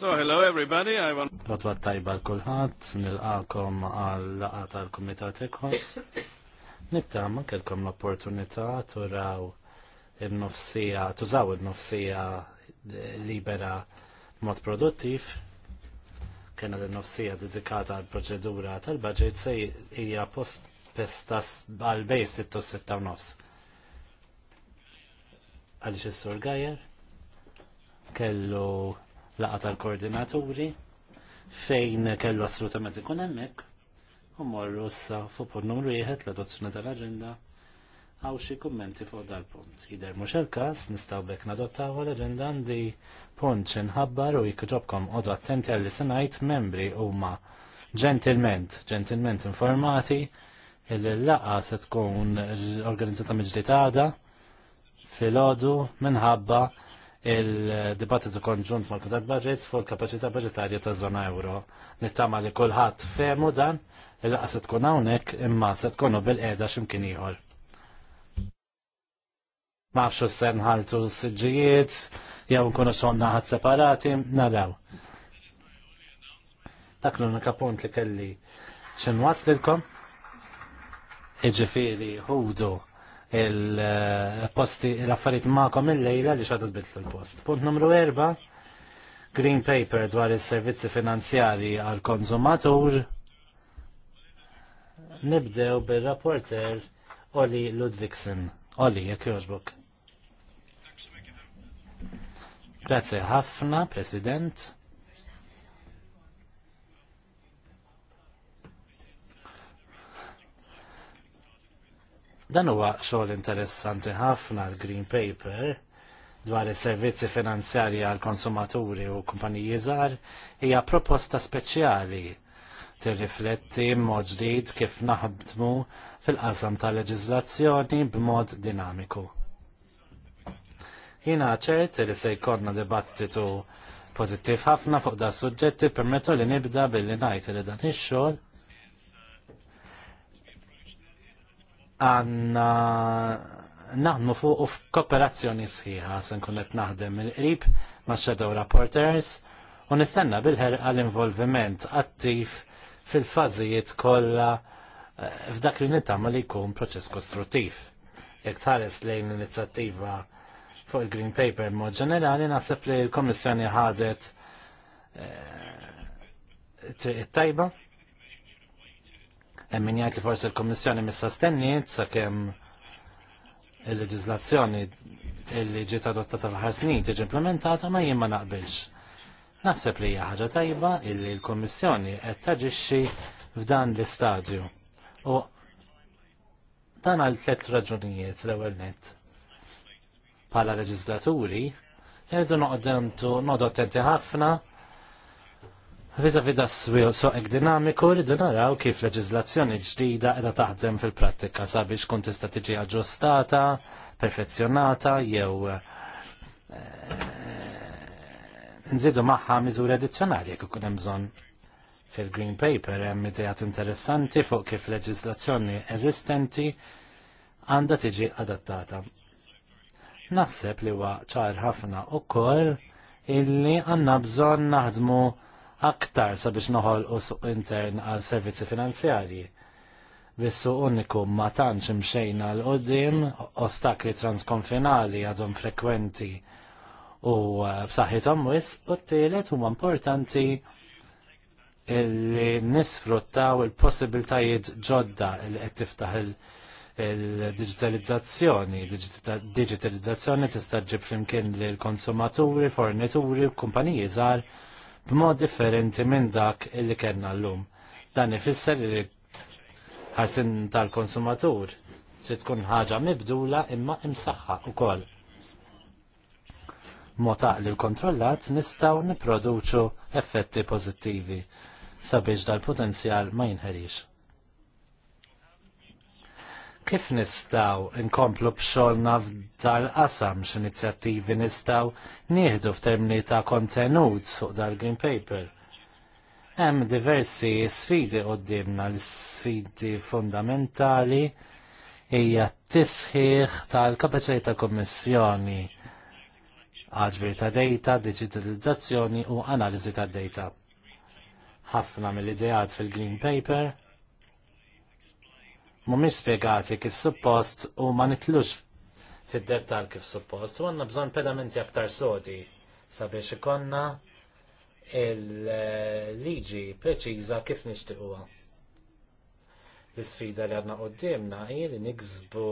So, hello everybody, I want... Lotwa tajba l-kulħat, nil-għakom għal-laqa tal-komitat ikħom. Nittama kelkom l-opportunità turaw il-nofsija, tużaw il-nofsija libera mod produttiv. Kena l-nofsija dedikata għal-proċedura tal-budget se hija post pestas għal-bej 6-6 nofs. Għalix il-sur Gajer kellu laqa tal-koordinaturi fejn kellu assolutament ikun hemmhekk u morru issa fuq punt numru wieħed l-adozzjoni tal-aġenda għaw xi kummenti fuq dal-punt. Jidher mhux il-każ nistgħu bekk nadottaw l-aġenda għandi punt xi nħabbar u jkġobkom għodu attenti għalli se ngħid membri huma ġentilment, ġentilment informati illi l-laqa se tkun organizzata miġli għada fil-ħodu minħabba il-dibattitu konġunt mal kutat budget fuq il-kapacità budgetarja ta' zona euro. Nittama li kulħadd fehmu dan il-laqqa se tkun hawnhekk imma se tkunu bil-qiegħda x'imkien ieħor. Ma s-senħaltu nħaltu s-sġijiet, jew nkunu xonna ħad separati, naraw. Dak l-unika punt li kelli xinwaslilkom, iġifiri ħudu il-posti, l-affarijiet ma'kom il-lejla li xadet bitlu l-post. Punt numru erba' Green Paper dwar is-servizzi finanzjari għal konsumatur nibdew bil-rapporter Oli Ludvigsen. Oli, jek joġbok. Grazie ħafna, President. Dan huwa xogħol interessanti ħafna l-Green Paper dwar is-servizzi finanzjarji għal konsumaturi u kumpaniji żgħar hija proposta speċjali tirrifletti mod ġdid kif naħdmu fil-qasam tal-leġiżlazzjoni b'mod dinamiku. Jiena ċert li se jkollna dibattitu pożittiv ħafna fuq da' suġġetti permettu li nibda billi ngħid li dan ix-xogħol għanna naħdmu fuq u f'kooperazzjoni sħiħa se nkun qed naħdem il-qrib ma' Shadow Rapporters u nistenna bil-ħerqa l-involviment attiv fil-fażijiet kollha eh, f'dak li nittama li jkun proċess kostruttiv. Jekk tħares lejn l-inizjattiva fuq il-Green Paper mod ġenerali naħseb li l-Komissjoni ħadet eh, triq tajba emminjajt jgħid li forsi l mis missa sa' sakemm il-leġizlazzjoni illi ġiet adottata l-ħar snin tiġi implementata ma jien ma naqbilx. Naħseb li hija ħaġa tajba illi l-Kummissjoni qed taġixxi f'dan l-istadju. U dan għal tliet raġunijiet l-ewwel nett. Bħala leġislaturi, irdu noqdentu noqgħod attenti ħafna Viza vida s-swil soqek dinamiku rridu naraw kif leġizlazzjoni ġdida edha taħdem fil-prattika sabiex kun tista' tiġi aġġustata, perfezzjonata jew eh, nżidu magħha miżuri addizzjonali jekk ikun hemm bżonn fil-Green Paper hemm idejat interessanti fuq kif leġizlazzjoni eżistenti għandha tiġi adattata. Naħseb li huwa ċar ħafna ukoll illi għandna bżonn naħdmu aktar sabiex noħol u suq intern għal servizzi finanzjarji. Bissu uniku ma tantx imxejna l qudiem ostakli transkonfinali għadhom frekwenti u eh, b'saħħithom wis u t-tielet huma importanti illi nisfruttaw il-possibiltajiet ġodda li qed tiftaħ il-digitalizzazzjoni, digitalizzazzjoni tista' ġib flimkien lill konsumaturi, fornituri, kumpaniji żgħar b'mod differenti minn dak illi kellna llum. Dan ifisser li ħarsin tal-konsumatur se tkun ħaġa mibdula imma imsaħħa wkoll. Motaq li l-kontrollat nistgħu nipproduċu effetti pożittivi sabiex dal-potenzjal ma jinħerix kif nistaw nkomplu bxolna f'dal-qasam x'inizjattivi nistaw nieħdu f'termini ta' kontenut fuq dal-Green Paper. Hemm diversi sfidi qudiemna l-sfidi fundamentali hija t-tisħiħ tal-kapaċità ta' kommissjoni għaġbir ta' data, digitalizzazzjoni u analiżi ta' data. Ħafna mill-ideat fil-Green Paper – mhumiex spjegati kif suppost u ma nitlux fid-dettal kif suppost u għandna bżonn pedamenti aktar sodi sabiex ikonna il-liġi preċiża kif nishtiquwa. L-isfida li għadna għoddimna hi li nigżbu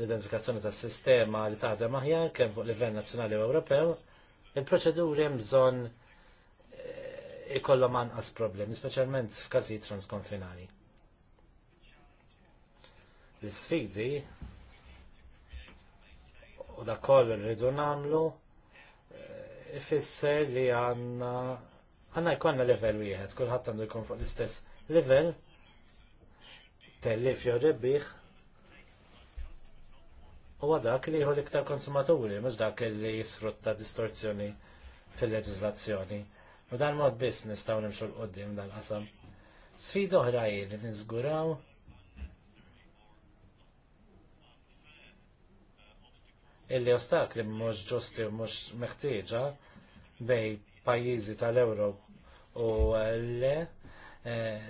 l-identifikazzjoni tas sistema li taħdem aħjar kemm fuq livell nazzjonali u Ewropew, il-proċeduri hemm bżonn eh, ikollhom anqas problemi, speċjalment f'każijiet transkonfinali l-sfidi u da kollu rridu namlu eh, ifisser li għanna għanna jkonna level wieħed, kullħat għandu jkun fuq l-istess level tellif jew rebbieħ u għadak li jħol l-iktar konsumaturi, mux dak li jisfrutta distorzjoni fil-leġizlazzjoni. U dan mod biss nistaw nimxu l-qoddim dal-qasam. Sfida oħra li nizguraw illi ostakli mhux ġusti u mhux meħtieġa bej pajjiżi tal ewro u eh, le eh,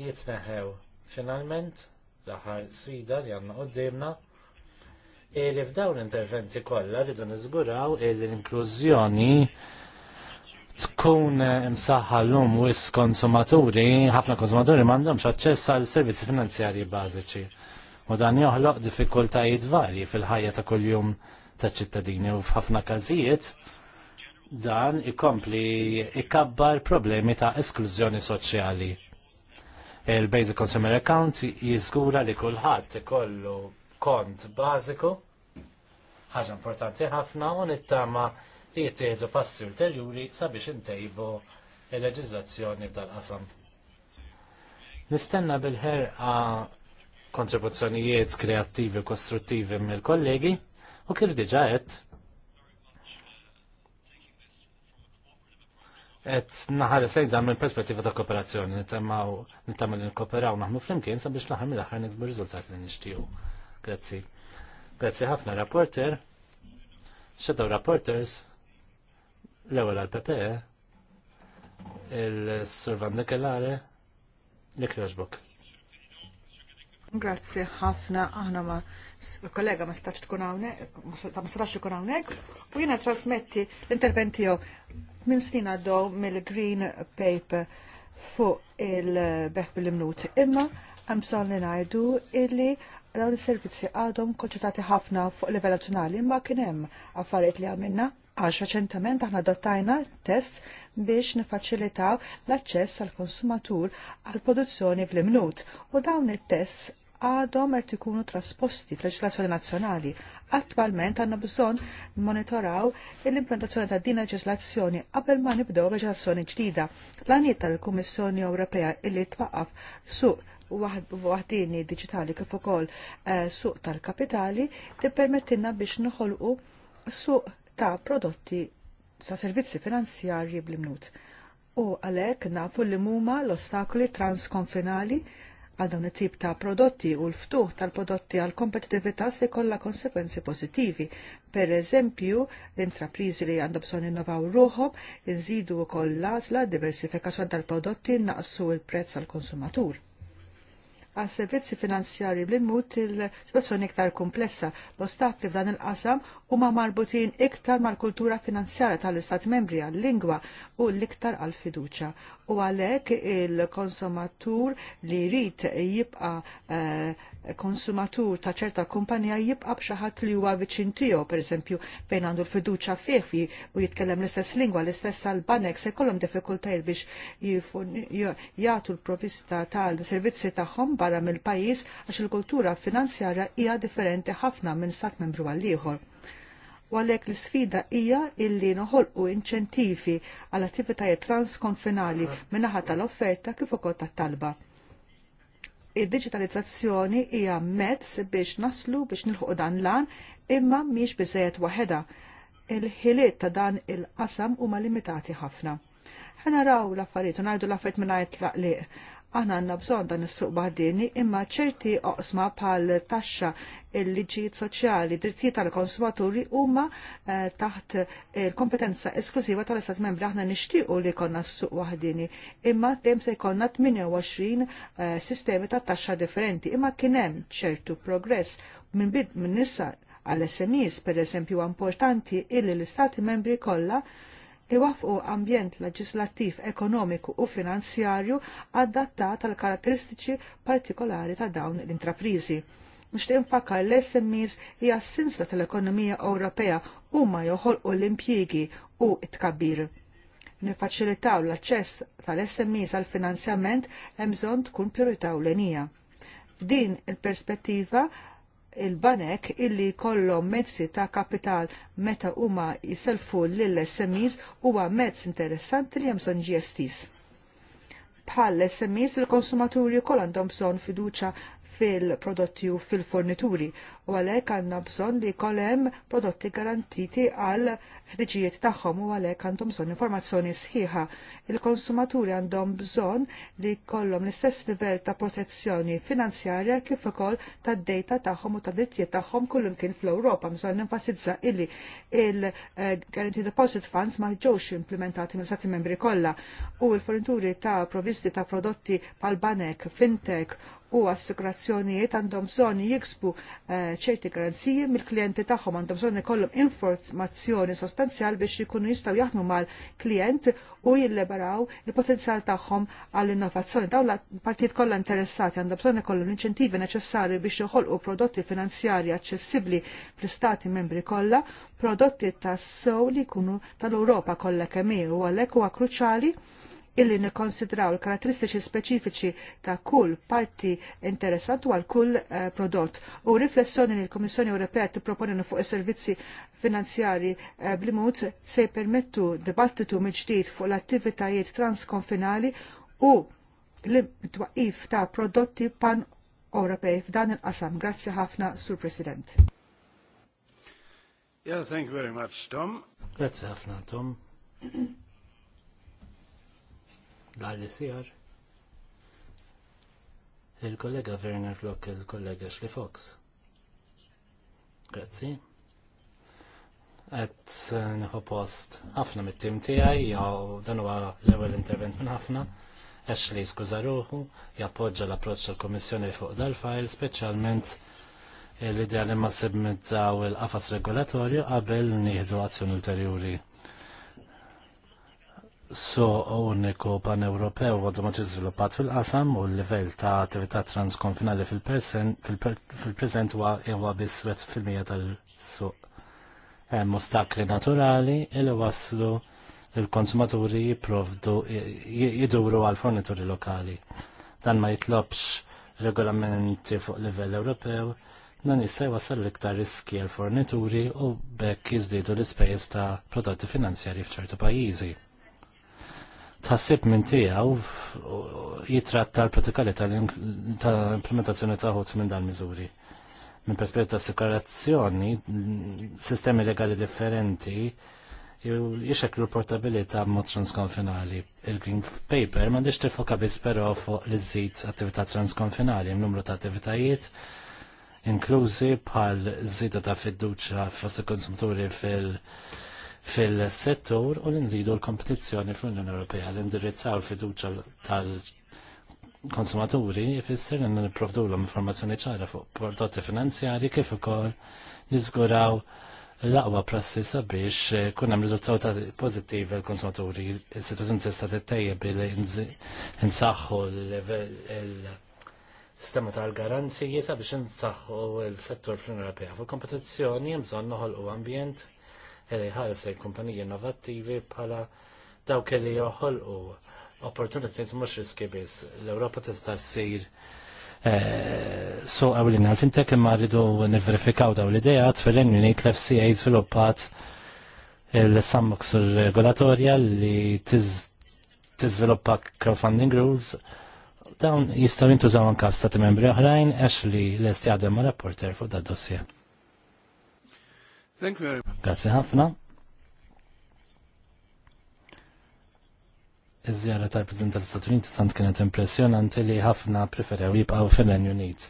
jitneħew finalment l-aħħar sfida li għandna għoddimna illi f'dawn l-interventi kollha rridu niżguraw l-inklużjoni tkun eh, msaħħa l-lum wis konsumaturi, ħafna konsumaturi m'għandhomx aċċess għal servizzi finanzjarji bażiċi. U dan joħloq diffikultajiet varji fil-ħajja ta' kuljum ta' ċittadini u f'ħafna każijiet dan ikompli ikabbar problemi ta' esklużjoni soċjali. Il-Basic Consumer Account jiżgura li kulħadd ikollu kont bażiku ħaġa importanti ħafna u nittama li jittieħdu passi ulterjuri sabiex intejbu il-leġizlazzjoni f'dal qasam. Nistenna bil-ħerqa kontribuzzjonijiet kreattivi u kostruttivi mill-kollegi u kif diġa għed. Et naħares lejn dan minn perspettiva ta' kooperazzjoni, nittamaw nittamaw li nkooperaw naħmu fl-imkien sabiex naħar mill-aħħar niksbu rizultat li nixtiju. Grazzi. Grazzi ħafna rapporter, shadow rapporters, l ewel għal PPE, il-Sur Van Dekelare, li kjoġbok. Grazzi ħafna aħna ma kollega ma setax tkun hawnhekk, ma setax ikun hawnhekk u jiena trasmetti l-intervent tiegħu minn snin għaddew mill-Green Paper fuq il-beħ bil-imnut. Imma hemm bżonn li ngħidu illi dawn is-servizzi għadhom konċetati ħafna fuq livell nazzjonali imma kien hemm affarijiet li għamilna għax reċentament aħna dottajna tests biex nifaċilitaw l-aċċess għal konsumatur għal produzzjoni bl-imnut u dawn it-tests għadhom qed ikunu trasposti fl-leġislazzjoni nazzjonali. Attwalment għandna bżonn monitoraw l-implementazzjoni ta' din leġislazzjoni qabel ma nibdew leġislazzjoni ġdida. L-għaniet tal-Kummissjoni Ewropea illi twaqqaf suq waħdini digitali kif ukoll eh, suq tal-kapitali tippermettilna biex noħolqu suq ta' prodotti ta' servizzi finanzjarji bl-imnut. U għalhekk nafu li huma l-ostakoli transkonfinali għal dawn it-tip ta' prodotti u l-ftuħ tal-prodotti għal kompetitività se jkollha konsekwenzi pożittivi. Per eżempju, l-intrapriżi li għandhom bżonn innovaw ruhom inżidu wkoll l-għażla diversifikazzjoni tal-prodotti naqsu l-prezz għall konsumatur għas servizzi finanzjari bl-immut il-situazzjoni iktar komplessa. l li f'dan il-qasam huma marbutin iktar mal-kultura finanzjara tal-Istat membri għal-lingwa u l-iktar għal-fiduċa. U għalhekk il-konsumatur li jrid jibqa' eh, konsumatur ta' ċerta kumpanija jibqa' b'xi ħadd li huwa viċin tiegħu pereżempju fejn għandu l-fiduċja fih u jitkellem l-istess lingwa l-istess għall-banek se jkollhom diffikultajiet biex jagħtu l-provista tal-servizzi tagħhom barra mill-pajjiż għax il-kultura finanzjarja hija differenti ħafna minn stat membru għal ieħor. U għalhekk l-isfida hija illi noħolqu inċentivi għall attivitajiet transkonfinali min-naħa tal-offerta kif ukoll tat-talba id-digitalizzazzjoni hija mezz biex naslu biex nilħuq dan lan imma miex biżejjed waħedha. Il-ħiliet ta' dan il-qasam huma limitati ħafna. Ħanaraw l-affarijiet u ngħidu l-affarijiet mingħajr tlaqliq Aħna għandna bżonn dan is-suq bħaddini imma ċerti oqsma bħal taxxa il-liġijiet soċjali, drittijiet tal-konsumaturi huma eh, taħt il-kompetenza esklusiva tal-Istat Membri aħna nixtiequ li jkollna s-suq waħdini imma dejjem se jkollna 28 eh, sistemi ta' taxxa differenti imma kien hemm ċertu progress minn bid minn nisa għal SMEs per eżempju importanti illi l-Istati Membri kollha iwafqu ambjent leġislattiv, ekonomiku u finanzjarju adattat għal karatteristiċi partikolari ta' dawn l-intraprizi. Nixtieq nfakkar l-SMEs hija sinsa tal-ekonomija Ewropea huma joħolqu l-impjiegi u t-tkabbir. Nifaċilitaw l-aċċess tal-SMEs għal finanzjament hemm bżonn tkun priorità ewlenija. F'din il-perspettiva il-banek illi jkollhom mezzi ta' kapital meta huma jiselfu lill-SMEs huwa mezz interessanti li hemm bżonn Bħal l SMEs il-konsumaturi wkoll għandhom bżonn fiduċa fil-prodotti u fil-fornituri u għalhekk għanna bżonn li kolem prodotti garantiti għal ħdiġijiet tagħhom u għalhekk għandhom bżonn informazzjoni sħiħa. Il-konsumaturi għandhom bżonn li jkollhom l-istess livell ta' protezzjoni finanzjarja kif ukoll tad-dejta tagħhom u tad-drittijiet tagħhom kullimkien fl-Ewropa. Bżonn nenfasizza illi il-Guarantee Deposit Funds ma ġewx implementati mill-Stati membri kollha u l-fornituri ta' provvisti ta' prodotti pal banek, fintech u assigurazzjonijiet għandhom bżonn jiksbu eh, ċerti garanziji mill-klijenti tagħhom għandhom bżonn ikollhom informazzjoni sostanzjal biex jkunu jistgħu jaħdmu mal-klijent u jilliberaw il-potenzjal tagħhom għall-innovazzjoni. Dawn l-partijiet kollha interessati għandhom bżonn ikollhom l-inċentivi neċessarji biex joħolqu prodotti finanzjarji aċċessibbli fl-istati membri kollha, prodotti tas-sew li jkunu tal-Ewropa kollha kemm u għalhekk huwa kruċjali illi nikkonsidraw il-karatteristiċi speċifiċi ta' kull parti interessant u għal kull eh, prodott. U riflessjoni li l-Komissjoni Ewropea tipproponinu fuq is-servizzi finanzjari eh, bl se jpermettu dibattitu mill-ġdid fuq l-attivitajiet transkonfinali u l-twaqif ta' prodotti pan Ewropej f'dan il-qasam. Grazzi ħafna, Sur President. Yeah, thank you very much, Tom. Grazzi ħafna, Tom l Sijar? Il-kollega Werner Flock, il-kollega Ashley Fox. Grazzi. Għet eh, neħu post ħafna mit-tim tijaj, jaw dan huwa l-ewel intervent minn ħafna. Ashley skuza ruħu, jappoġġa l-approċċ tal-Komissjoni fuq dal-fajl, speċjalment eh, l-idea li ma sebmizzaw il-qafas regolatorju qabel nieħdu azzjoni ulterjuri so uniku pan-Ewropew għadu maġi zviluppat fil-qasam u l-level ta' attività transkonfinali fil-prezent huwa biss wet fil-mija tal-suq. Hemm ostakli naturali li waslu il-konsumaturi jipprovdu jiduru għal fornituri lokali. Dan ma jitlobx regolamenti fuq livell Ewropew, dan jista' jwassal l-iktar riski għal fornituri u bekk jiżdiedu l-ispejjeż ta' prodotti finanzjarji f'ċertu pajjiżi tħassib minn tiegħu jitratta l-protokolli tal-implementazzjoni taħut minn dan miżuri. Minn perspettiva ta' assikurazzjoni, sistemi legali differenti jixeklu portabilità mod transkonfinali. Il-Green Paper m'għandix tifoka biss però fuq li żid attività transkonfinali, numru ta' attivitajiet, inklużi bħal żida ta' fiduċa il konsumaturi fil-, -fil fil-settur u li nżidu l-kompetizzjoni fl-Unjoni Ewropea li indirizzaw fiduċa tal-konsumaturi jfisser li nipprovdu l informazzjoni ċara fuq prodotti finanzjari kif ukoll niżguraw l-aqwa prassi sabiex eh, kun hemm riżultati pożittivi l konsumaturi Is-sitwazzjoni tista' tittejjeb li insaħħu l-level sistema tal-garanzija sabiex insaħħu l-settur fl-Unjoni Ewropea. Fuq kompetizzjoni hemm bżonn noħolqu ambjent li ħarsu l-kumpaniji innovattivi bħala dawk li joħolqu opportunities mhux riski biss. L-Ewropa tista' ssir eh, so għawlin għal-fintek imma rridu nirverifikaw daw l-idejat fil-Renju Unit l-FCA żviluppat il-sammux regolatorja li tiżviluppa crowdfunding rules dawn jistaw jintużaw anka stati membri oħrajn għax li l-estjadem ma rapporter fuq da dossier. Thank you very much. Grazie ħafna. Iż-żjara tal-President tal istat Uniti tant kienet impressjonanti li ħafna preferew jibqgħu fil renju Unit.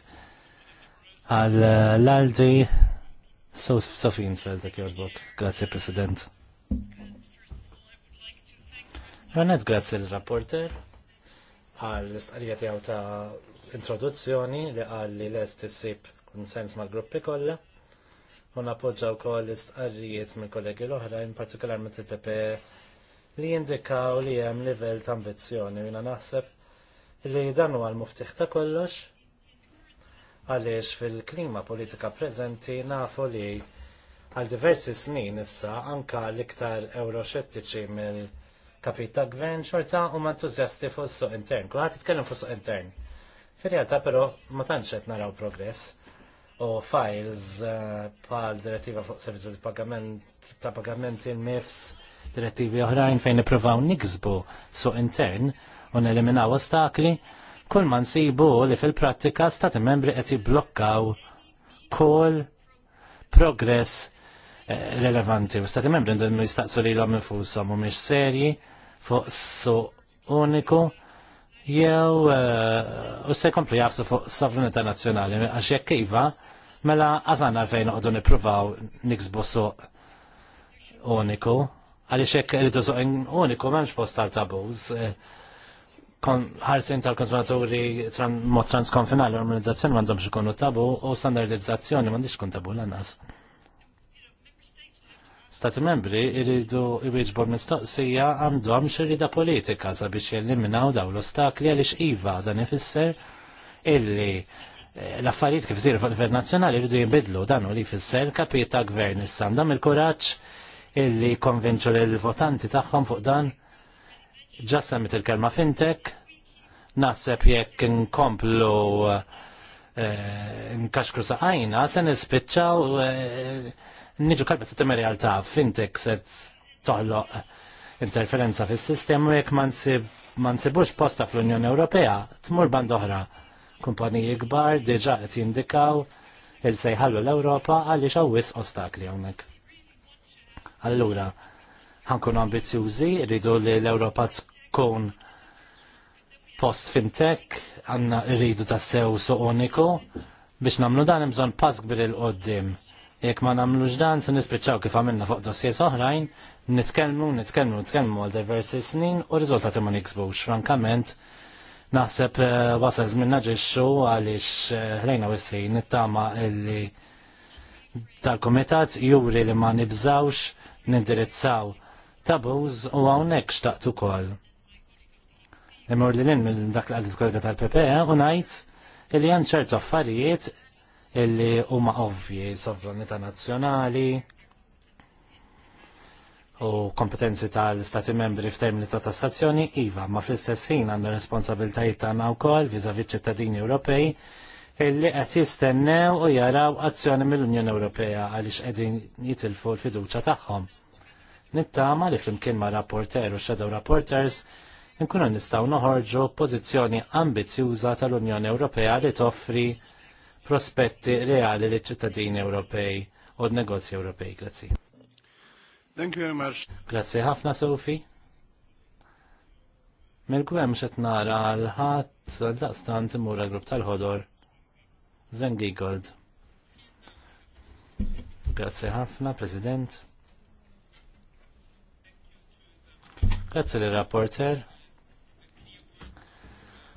Għal eh, l-Aldi Sofin Feldek jorbok. Grazie President. Ranet grazzi l-rapporter għal l-istqarija tiegħu ta' introduzzjoni li qal li lest issib konsens mal-gruppi kollha u napoġġaw kol l-istqarrijiet minn kollegi l-oħrajn, partikolarment il-PP e, li jindikaw li hemm livell ta' ambizzjoni. Jina naħseb li dan huwa l-muftiħ ta' kollox għaliex fil-klima politika preżenti nafu li għal diversi snin issa anka l-iktar euroxettiċi mill kapita gvern xorta u ma entuzjasti fuq suq intern. Kulħadd jitkellem fuq suq intern. fil realtà però ma tantx qed naraw progress u files eh, bħal direttiva fuq servizzi ta' pagamenti il-MIFS direttivi oħrajn fejn nippruvaw niksbu suq intern u neliminaw ostakli, kull ma nsibu li fil-prattika stati membri qed jibblokkaw kull progress eh, relevanti. U stati membri ndennu jistaqsu li l-om infusom u miex serji fuq su uniku jew eh, u se jkomplu jafsu fuq sovranità nazjonali. Għax jekk iva, Mela għazan għalfejn għodu nipruvaw niksbu suq uniku, għaliex hekk irridu suq uniku m'hemmx post tal-tabuż. Eh, ħarsin tal-konsumaturi mod transkonfinali l-organizzazzjoni m'għandhomx ikunu tabu u standardizzazzjoni m'għandix tkun tabu l lanqas. Stati membri irridu iwieġbu mistoqsija għandhom xirrida politika sabiex jeliminaw daw l-ostakli għaliex iva dan ifisser illi Eh, l-affarijiet kif siru fuq gvern Nazzjonali rridu jinbidlu dan u li fisser kapijiet ta' Gvern issa għandhom il-kuraġġ illi konvinċu l-votanti tagħhom fuq dan ġassa mit il-kelma fintech naħseb jekk nkomplu eh, nkaxkru saqajna se nispiċċaw eh, niġu kalba se temmer realtà fintech se toħloq interferenza fis-sistema u jekk ma nsibux posta fl-Unjoni Ewropea tmur band oħra kumpaniji kbar diġa qed jindikaw il sejħallu l-Ewropa għaliex għawis ostakli hawnhekk. Allura, ħankun ambizjużi, rridu li l-Ewropa tkun post fintech, għanna rridu tassew sew uniku, biex namlu dan imżon pass kbir il-qoddim. Jekk ma namlux dan, se nispiċċaw kif għamilna fuq dossiers oħrajn, nitkellmu, nitkellmu, nitkellmu għal diversi snin u riżultati ma niksbux. Frankament, Naħseb eh, wasal żmien naġixxu għaliex eh, ħlejna it nittama illi tal-komitat juri li ma nibżawx nindirizzaw tabuż u hawnhekk xtaqt ukoll. Imur li lin minn dak l-għaddit kollega tal-PPE u ngħid illi hemm ċertu affarijiet illi huma ovvji sovranità nazzjonali, u kompetenzi tal-Stati membri f'termini ta' tassazzjoni iva, ma fl-istess ħin għandna responsabiltajiet tagħna wkoll viżavi ċittadini Ewropej illi qed jistennew u jaraw azzjoni mill-Unjoni Ewropea għaliex qegħdin jitilfu l-fiduċja tagħhom. Nittama li flimkien ma' rapporter u shadow rapporters nkunu nistgħu noħorġu pożizzjoni ambizzjuża tal-Unjoni Ewropea li toffri prospetti reali li ċittadini Ewropej u negozji Ewropej. Grazzi. Thank you very much. Grazzi ħafna, Sofi. Mil-gwem xet nara għal-ħat għal-daqstan timura grupp tal-ħodor. Sven Giegold. Grazzi ħafna, President. Grazzi l rapporter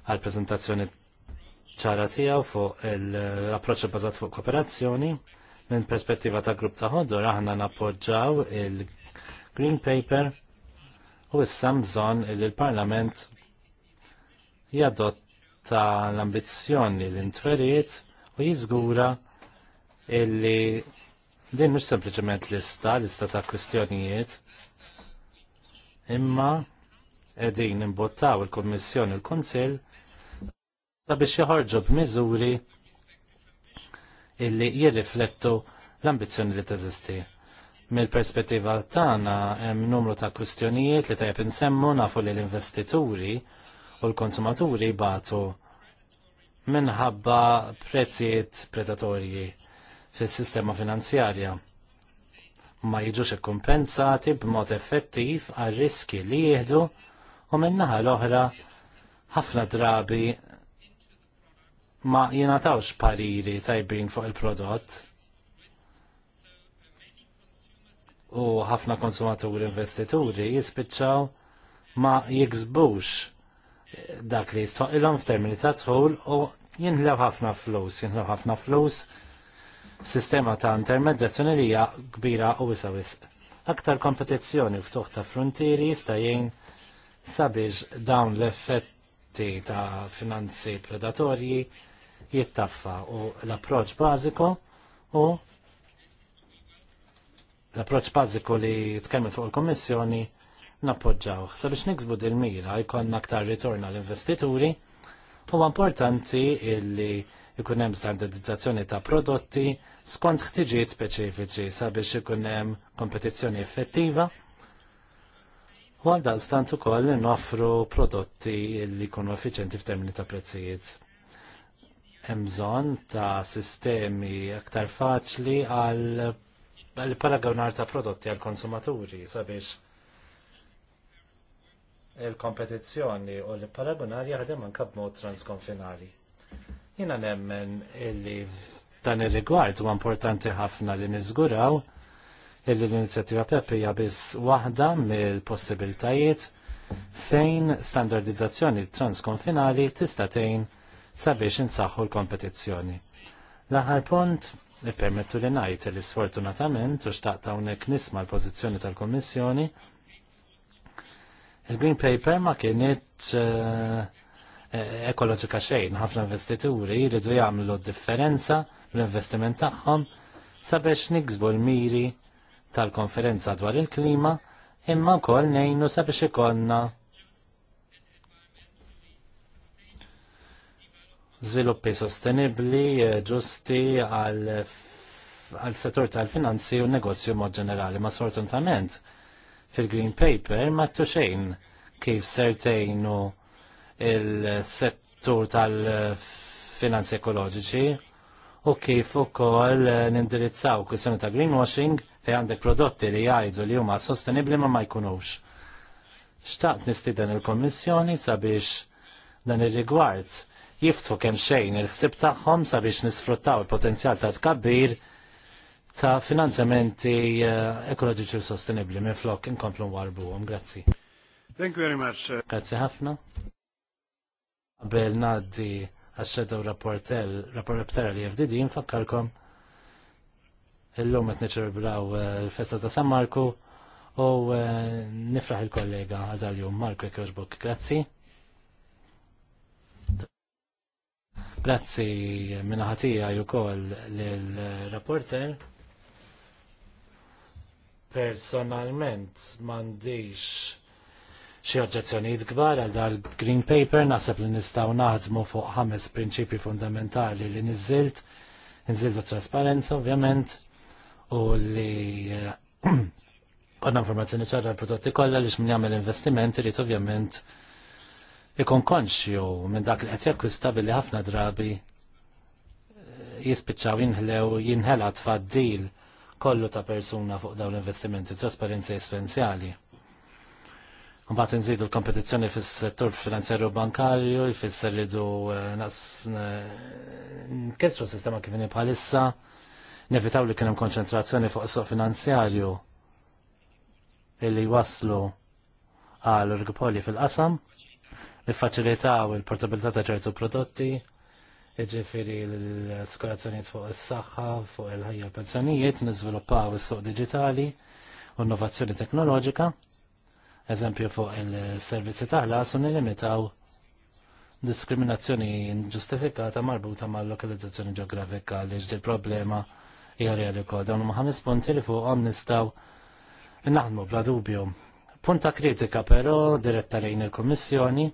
għal prezentazzjoni ċara tiegħu fuq l-approċċ bażat fuq kooperazzjoni. Minn perspettiva ta' grupp ta' ħodor aħna nappoġġaw il-Green Paper u issa bżonn li l-Parlament jadotta l-ambizzjoni l-intweriet u jiżgura illi din mhux sempliċement lista, lista ta' kwistjonijiet, imma qegħdin imbottaw il-Kummissjoni il-Kunsill sabiex joħorġu b'miżuri illi jirriflettu l-ambizzjoni li teżisti. Mill-perspettiva tagħna hemm numru ta' kwistjonijiet li tajjeb insemmu nafu li l-investituri u l-konsumaturi batu minħabba prezzijiet predatorji fis-sistema finanzjarja ma jiġux ikkumpensati b'mod effettiv għal riski li jieħdu u minnaħa l-oħra ħafna drabi ma tawx pariri tajbin fuq il-prodott. U ħafna konsumaturi investituri jispiċċaw ma jiksbux dak li jistoqilhom f'termini ta' tħul u jinħlew ħafna flus, jinħlew ħafna flus sistema ta' intermedjazzjoni li kbira u wisa Aktar kompetizzjoni ftuħ ta' frontieri jista' jgħin sabiex dawn l-effetti ta' finanzi predatorji jittaffa u l-approċ bażiku u l-approċ bażiku li tkemmi fuq il-Kommissjoni nappoġġaw. Sabiex niksbu dil-mira jkollna aktar ritorna l-investituri huwa importanti illi ikun hemm standardizzazzjoni ta' prodotti skont ħtiġijiet speċifiċi sabiex ikun hemm kompetizzjoni effettiva U għal dan stant ukoll noffru prodotti li jkunu effiċenti f'termini ta' prezzijiet hemm bżonn ta' sistemi aktar faċli għal għal-paragonar ta' prodotti għal-konsumaturi sabiex il-kompetizzjoni u l-paragonar jaħdem anka b'mod transkonfinali. Jina nemmen illi dan ir-rigward huwa importanti ħafna li niżguraw illi l-inizjattiva Peppi hija biss waħda mill-possibiltajiet fejn standardizzazzjoni transkonfinali tista' tgħin sabiex insaħħu l-kompetizzjoni. L-aħħar punt ippermettu li ngħid li sfortunatament u xtaqt hawnhekk nisma' l-pożizzjoni tal-Kummissjoni il-Green Paper ma kienet eh, eh, ekoloġika xejn, ħafna investituri jridu jagħmlu differenza l-investiment tagħhom sabiex niksbu l-miri tal-konferenza dwar il-klima imma wkoll ngħinu sabiex ikollna żviluppi sostenibbli, eh, ġusti għal għal settur tal-finanzi u negozju mod ġenerali. Ma sfortunatament fil-Green Paper ma xejn kif sertejnu il-settur tal-finanzi ekoloġiċi u kif ukoll eh, nindirizzaw kwistjoni ta' greenwashing fejn għandek prodotti li jgħidu li huma sostenibbli ma ma jkunux. Xtaqt dan il-Kommissjoni sabiex dan ir-rigward jiftu kemm xejn il-ħsib tagħhom sabiex nisfruttaw il-potenzjal ta' tkabbir ta' finanzjamenti eh, ekoloġiċi u sostenibli minn flok inkomplu warbuhom. Grazzi. Thank you very much. Eh. Grazzi ħafna. Qabel ngħaddi għax-shadow rapporter li FDD nfakkarkom illum qed niċċerebraw eh, il-festa ta' San Marku u nifraħ il-kollega għadal-jum Marku Ekjoġbuk. Grazzi. Grazzi minnaħatija ħatija jukoll l-rapporter. Personalment mandiġ xi oġġezzjonijiet kbar għal dal Green Paper naħseb li nistgħu naħdmu fuq ħames prinċipji fundamentali li nizzilt u trasparenza ovvjament u li konna eh, informazzjoni ċarra l-prodotti kollha li x'min jagħmel investimenti li ovvjament ikon konxju minn dak li qed jakkwista billi ħafna drabi eh, jispiċċaw jinħlew jinħela tfaddil kollu ta' persuna fuq dawn l-investimenti, trasparenza essenzjali. Mbagħad inżidu l-kompetizzjoni fis-settur finanzjarju bankarju, jfisser li du eh, eh, nkissru sistema kif inhi bħalissa, nevitaw li kien hemm konċentrazzjoni fuq is-suq finanzjarju illi waslu għal rigpoli fil-qasam niffaċilitaw il-portabilità ta' ċertu prodotti, iġifiri l-skolazzjoniet fuq is-saħħa, fuq il-ħajja pensjonijiet, niżviluppaw is-suq digitali u innovazzjoni teknoloġika, eżempju fuq il-servizzi taħlas u nilimitaw diskriminazzjoni inġustifikata marbuta mal lokalizzazzjoni ġeografika li ġdi problema jgħarja li wkoll. Dawn huma ħames punti li fuqhom nistgħu naħdmu bla dubju punta kritika però diretta lejn il komissjoni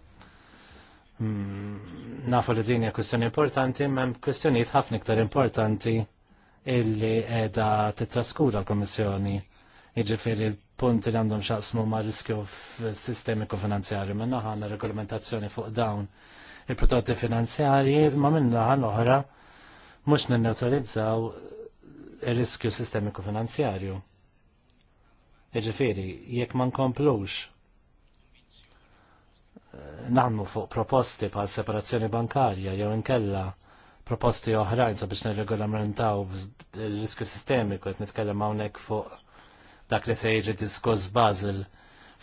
Hmm, nafu li din hija kwistjoni importanti, ma hemm kwistjonijiet ħafna iktar importanti illi t-traskura l-Kummissjoni. Jiġifieri l-punti li għandhom xaqsmu ma' riskju sistemiku finanzjarju minn naħa regolamentazzjoni fuq dawn il-prodotti finanzjarji, ma minn naħa l-oħra mhux neutralizzaw ir-riskju sistemiku finanzjarju. Jiġifieri, jekk ma nkomplux namlu fuq proposti pa' separazzjoni bankarja jew inkella proposti oħrajn sabiex nirregolamentaw il-riskju sistemiku qed nitkellem hawnhekk fuq dak li se jiġi diskuss Basel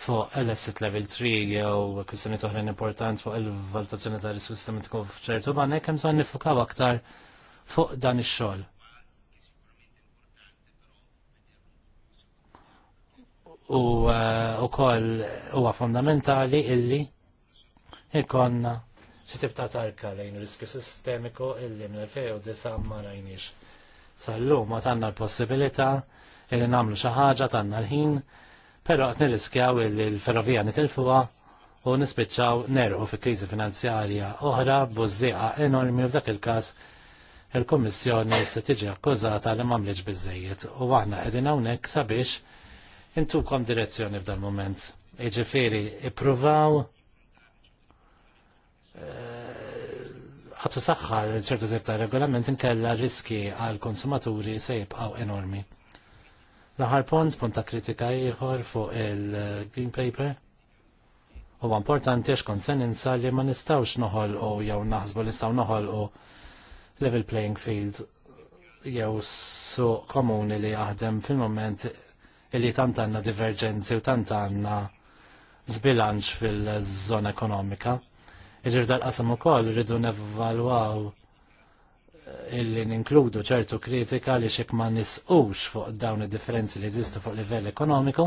fuq l-asset level 3 jew kwistjoni oħrajn importanti fuq il-valutazzjoni ta' riskju sistemiku f'ċertu banek hemm bżonn nifukaw aktar fuq dan ix-xogħol. U wkoll eh, huwa fondamentali illi ikonna xi tibta' ta' tarka lejn riskju sistemiku illi mill-2009 ma rajniex. Sallu ma tanna l-possibilità illi nagħmlu xi ħaġa tanna l-ħin, però għat nirriskjaw illi l-ferrovija nitilfuwa u nispiċċaw nerqu fi kriżi finanzjarja oħra bużieqa enormi u f'dak il-każ il-Kommissjoni se tiġi akkużata li mamliġ bizzejiet u aħna qegħdin hawnhekk sabiex intukom direzzjoni f'dan moment. Iġifieri ippruvaw ħatu saħħar ċertu tip ta' regolament inkella riski għal konsumaturi se għaw enormi. L-aħħar pont, ta' kritika ieħor fuq il-Green Paper. U importanti għax insa li ma nistawx noħol u jew naħsbu li staw noħol u level playing field jew su komuni li jaħdem fil-moment li tant għandna divergenzi u tant għanna zbilanċ fil-żona ekonomika Iġir dal-qasam u koll rridu nevvalwaw eh, illi ninkludu ċertu kritika li xek ma nisqux fuq dawn id-differenzi li jeżistu fuq livell ekonomiku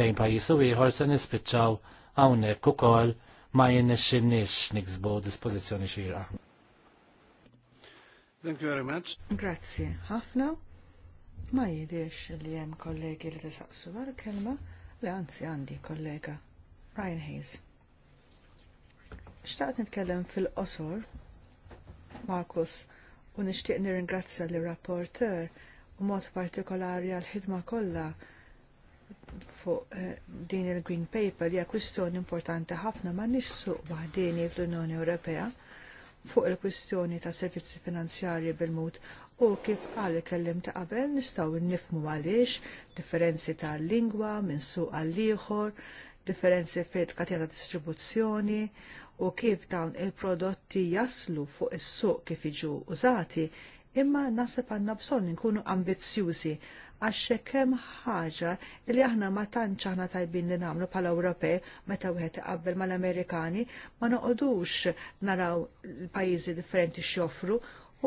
bejn pajjiż u ieħor se nispiċċaw hawnhekk ukoll ma jinnexxinniex niksbu dispożizzjoni xira. Thank you very much. Grazzi ħafna. Ma jidiex li hemm kollegi li tisaqsu għal kelma li anzi għandi kollega Ryan Hayes. Xtaqt nitkellem fil-qosor, Markus, u nixtieq nirringrazzja li rapporter u mod partikolari għal-ħidma kollha fuq eh, din il-Green Paper li kwistjoni importanti ħafna ma nix suq waħdini fl-Unjoni Ewropea fuq il-kwistjoni ta' servizzi finanzjarji bil-mod u kif għal kellim ta' qabel nistgħu nifmu għaliex differenzi ta' lingwa minn suq għal ieħor, differenzi fit katja ta' distribuzzjoni u kif dawn il-prodotti jaslu fuq is-suq kif iġu użati, imma nasib għandna bżonn nkunu ambizzjużi għax kemm ħaġa li aħna ma tantx aħna tajbin li nagħmlu bħala Ewropej meta wieħed iqabbel mal-Amerikani ma noqogħdux naraw l pajjiżi differenti x'joffru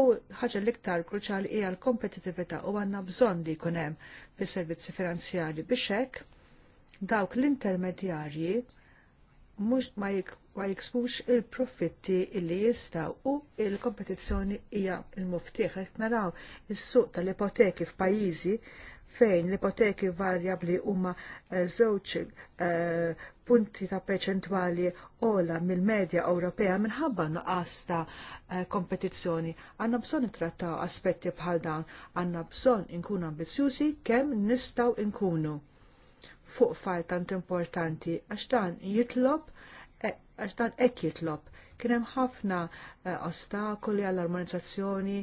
u ħaġa l-iktar kruċjali hija l-kompetitività u għandna bżonn li jkun hemm fis-servizzi finanzjari biex hekk dawk l-intermedjarji mhux ma jik ma jiksbux il-profitti li jistaw u il-kompetizzjoni hija il-muftiħ. Qed naraw is-suq tal-ipoteki f'pajjiżi fejn l-ipoteki varjabli huma eh, żewġ eh, punti ta' perċentwali ola mill-medja Ewropea minħabba nuqqas ta' eh, kompetizzjoni. Għandna bżonn trattaw aspetti bħal dawn, għandna bżonn inkunu ambizzjużi kemm nistgħu nkunu fuq fajl tant importanti għax dan jitlob għax dan hekk jitlob. Kien hemm ħafna eh, ostakoli għall-armonizzazzjoni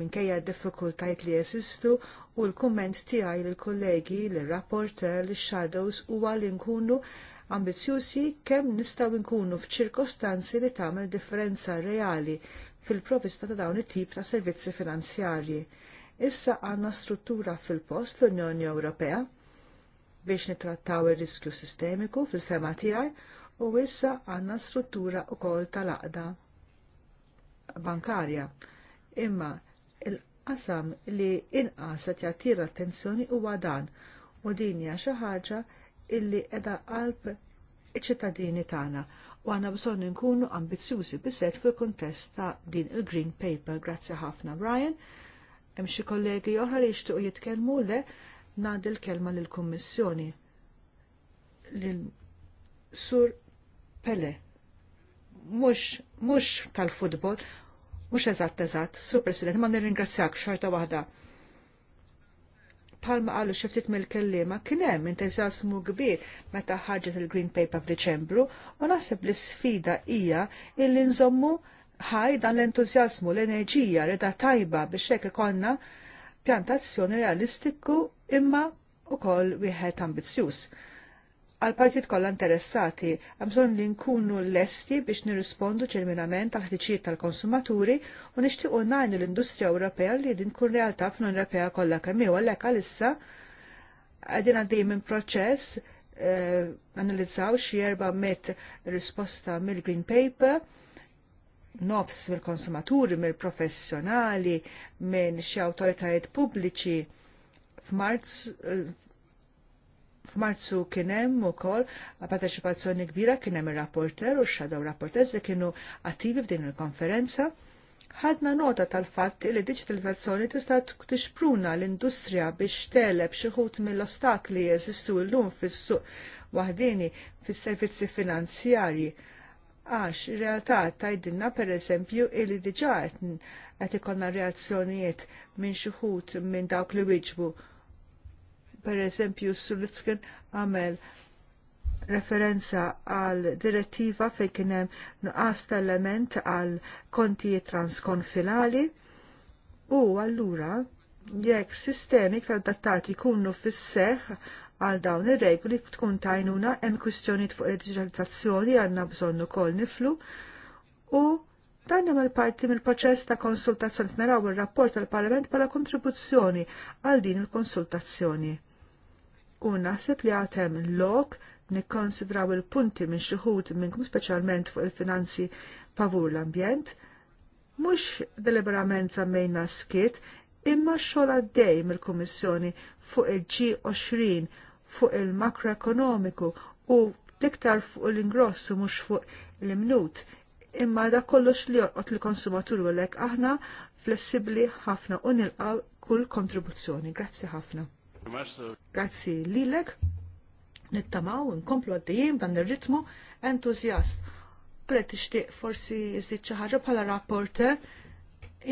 minkejja d-diffikultajiet li jesistu u l-kumment tiegħi lill kollegi lir-rapporter, l-shadows huwa li nkunu ambizjużi kemm nistgħu nkunu f'ċirkostanzi li tagħmel differenza reali fil-provista ta' dawn it-tip ta' servizzi finanzjarji. Issa għandna struttura fil-post fl-Unjoni Ewropea biex nittrattaw ir riskju sistemiku fil-fema tiegħi u issa għandna struttura wkoll tal-aqda bankarja. Imma il-qasam li inqaset jattira attenzjoni huwa dan u din hija xi ħaġa illi qiegħda qalb iċ-ċittadini tagħna u għanna bżonn nkunu ambizzjużi biset fil-kontest ta' din il-Green Paper. Grazzi ħafna, Brian. Hemm xi kollegi oħra li jixtiequ jitkellmu le ngħaddi l-kelma lill-Kummissjoni. Lil Sur Pele, mux, mux tal-futbol, mux eżatt eżatt, Sur President, ma nirringrazzjak xorta waħda. Palma għallu xiftit mill-kellima, kienem entuzjasmu kbir meta ħarġet il-Green Paper f'Diċembru, u naħseb li sfida hija illi nżommu ħaj dan l-entuzjasmu, l-enerġija, reda tajba biex hekk ikonna pjantazzjoni realistiku imma ukoll wieħed ambizzjuż għal partit kollha interessati, għamżon li nkunu lesti biex nirrispondu ġerminament għal ħtiġijiet tal-konsumaturi u nixtiequ najnu l-industrija Ewropea li din kun realtà fl Ewropea kollha kemm hu għalhekk għalissa qegħdin għaddim minn proċess eh, analizzaw xi erba' met risposta mill-Green Paper nofs mill-konsumaturi, mill-professjonali, minn xi awtoritajiet pubbliċi f'Marz eh, F'Marzu kien hemm ukoll partecipazzjoni kbira kien hemm ir-rapporter u x-shadow rapporters li kienu attivi f'din il-konferenza. Ħadna nota tal-fatt li digitalizzazzjoni tista' tixpruna l-industrija biex teleb xi ħut mill-ostakli jeżistu llum fis-suq waħdini fis-servizzi finanzjarji għax realtà tajdinna pereżempju li diġà qed ikollna reazzjonijiet minn xi ħut minn dawk li wieġbu Per eżempju, Sulitzken għamel referenza għal direttiva fejn kien hemm nuqqas element għal kontijiet transkonfinali u allura jekk sistemi adattati jkunu fis-seħħ għal dawn ir-regoli tkun tajnuna hemm kwistjonijiet fuq il-digitalizzazzjoni għandna bżonn ukoll niflu u dan hemm parti mill-proċess ta' konsultazzjoni naraw ir-rapport tal-Parlament bħala kontribuzzjoni għal din il-konsultazzjoni u naħseb li għatem lok nikkonsidraw il-punti minn xuħud minnkum speċjalment fuq il-finanzi favur l-ambjent, mux deliberament zammejna skit imma xogħol dej mill-Kummissjoni fuq il-G20 fuq il-makroekonomiku u l-iktar fuq l-ingrossu mhux fuq l-imnut imma da kollox li jorqot l-konsumatur u aħna flessibli ħafna u nilqaw kull kontribuzzjoni. Grazzi ħafna. Grazzi lilek, nittamaw, nkomplu għaddijim dan ir-ritmu entuzjast. Għalet ixtiq forsi jżid xi ħaġa bħala rapporter.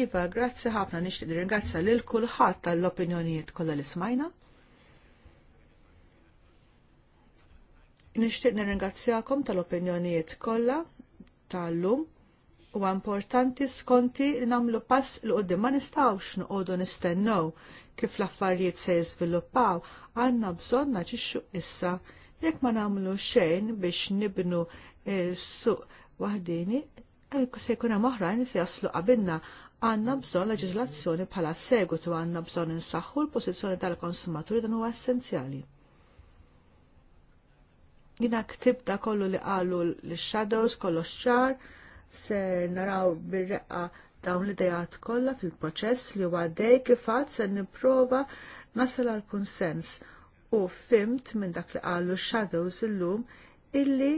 Iva, grazzi ħafna nixtieq ringrazzja lil kulħadd tal-opinjonijiet kollha li smajna. Nixtieq nirringrazzjakom tal-opinjonijiet kollha tal-lum huwa importanti skonti li nagħmlu pass l qudiem ma nistgħux noqogħdu nistennew kif l-affarijiet se jiżviluppaw, għandna bżonn naġixxu issa jekk ma nagħmlu xejn biex nibnu suq waħdini, se jkun hemm oħrajn se jaslu qabilna għandna bżonn leġiżlazzjoni bħala segwitu għandna bżonn insaħħu l-pożizzjoni tal-konsumaturi dan huwa essenzjali. Jina ktib da kollu li qalu l-shadows kollox ċar se naraw bir-reqqa dawn l-idejat kollha fil-proċess li huwa dej kifat se nipprova nasal għal kunsens u fimt minn dak li qalu shadows illum illi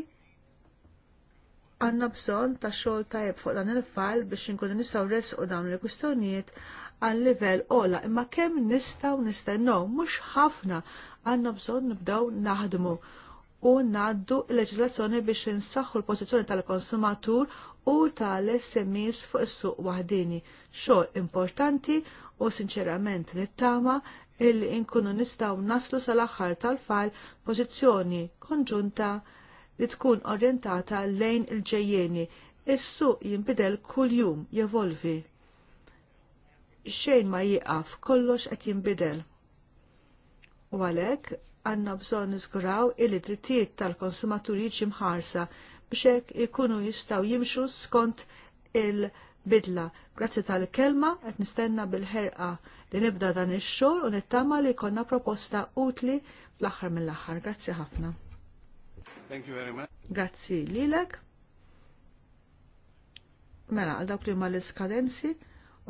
għanna bżon ta' xogħol tajjeb fuq dan il-fall biex inkunu nistgħu resqu dawn li kwistjonijiet għal livell ola imma kemm nistgħu nistennew mhux ħafna għandna bżonn nibdaw naħdmu u ngħaddu l leġizlazzjoni biex insaħħu l-pożizzjoni tal-konsumatur u tal sms fuq is-suq waħdini. Xogħol importanti u sinċerament nittama illi inkunu nistgħu naslu sal-aħħar tal-fall pożizzjoni konġunta li tkun orjentata lejn il-ġejjeni. Is-suq jinbidel kuljum jevolvi. Xejn ma jieqaf, kollox qed jinbidel. U għalhekk għandna bżonn niżguraw il drittijiet tal-konsumaturi ġimħarsa biex hekk ikunu jistgħu jimxu skont il-bidla. Grazzi tal-kelma qed nistenna bil-ħerqa li nibda dan ix-xogħol u nittama li jkollna proposta utli l-aħħar mill-aħħar. Grazzi ħafna. Thank you very much. Grazzi lilek. Mela, għal dawk li ma l-iskadenzi,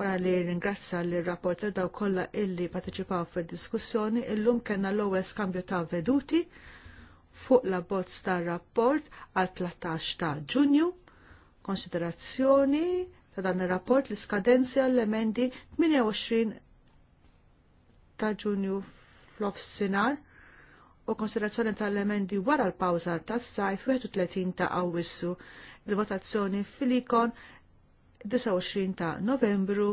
wara li ringrazza li rapporter daw kolla illi parteċipaw fid-diskussjoni, illum kellna l-ewwel skambju ta' veduti fuq la bozz tar rapport għal 13 ta' ġunju, konsiderazzjoni ta' dan ir-rapport l skadenzi għall emendi 28 e ta' ġunju fl-offsinar u konsiderazzjoni tal-emendi wara l-pawza tas sajf 31 ta' awwissu il-votazzjoni fil-ikon 29 ta' novembru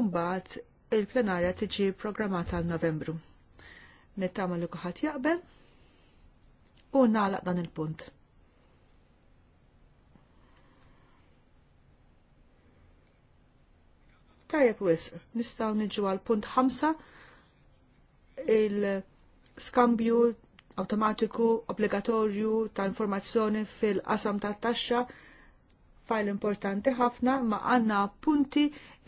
Umbat il-plenarja tiġi programmata għal novembru. Nittama li kuħat jaqbel u nalaq dan il-punt. Tajab wis, nistaw nġu għal punt 5 il-skambju automatiku obbligatorju ta' informazzjoni fil-qasam ta' taxxa fajl importanti ħafna ma għanna punti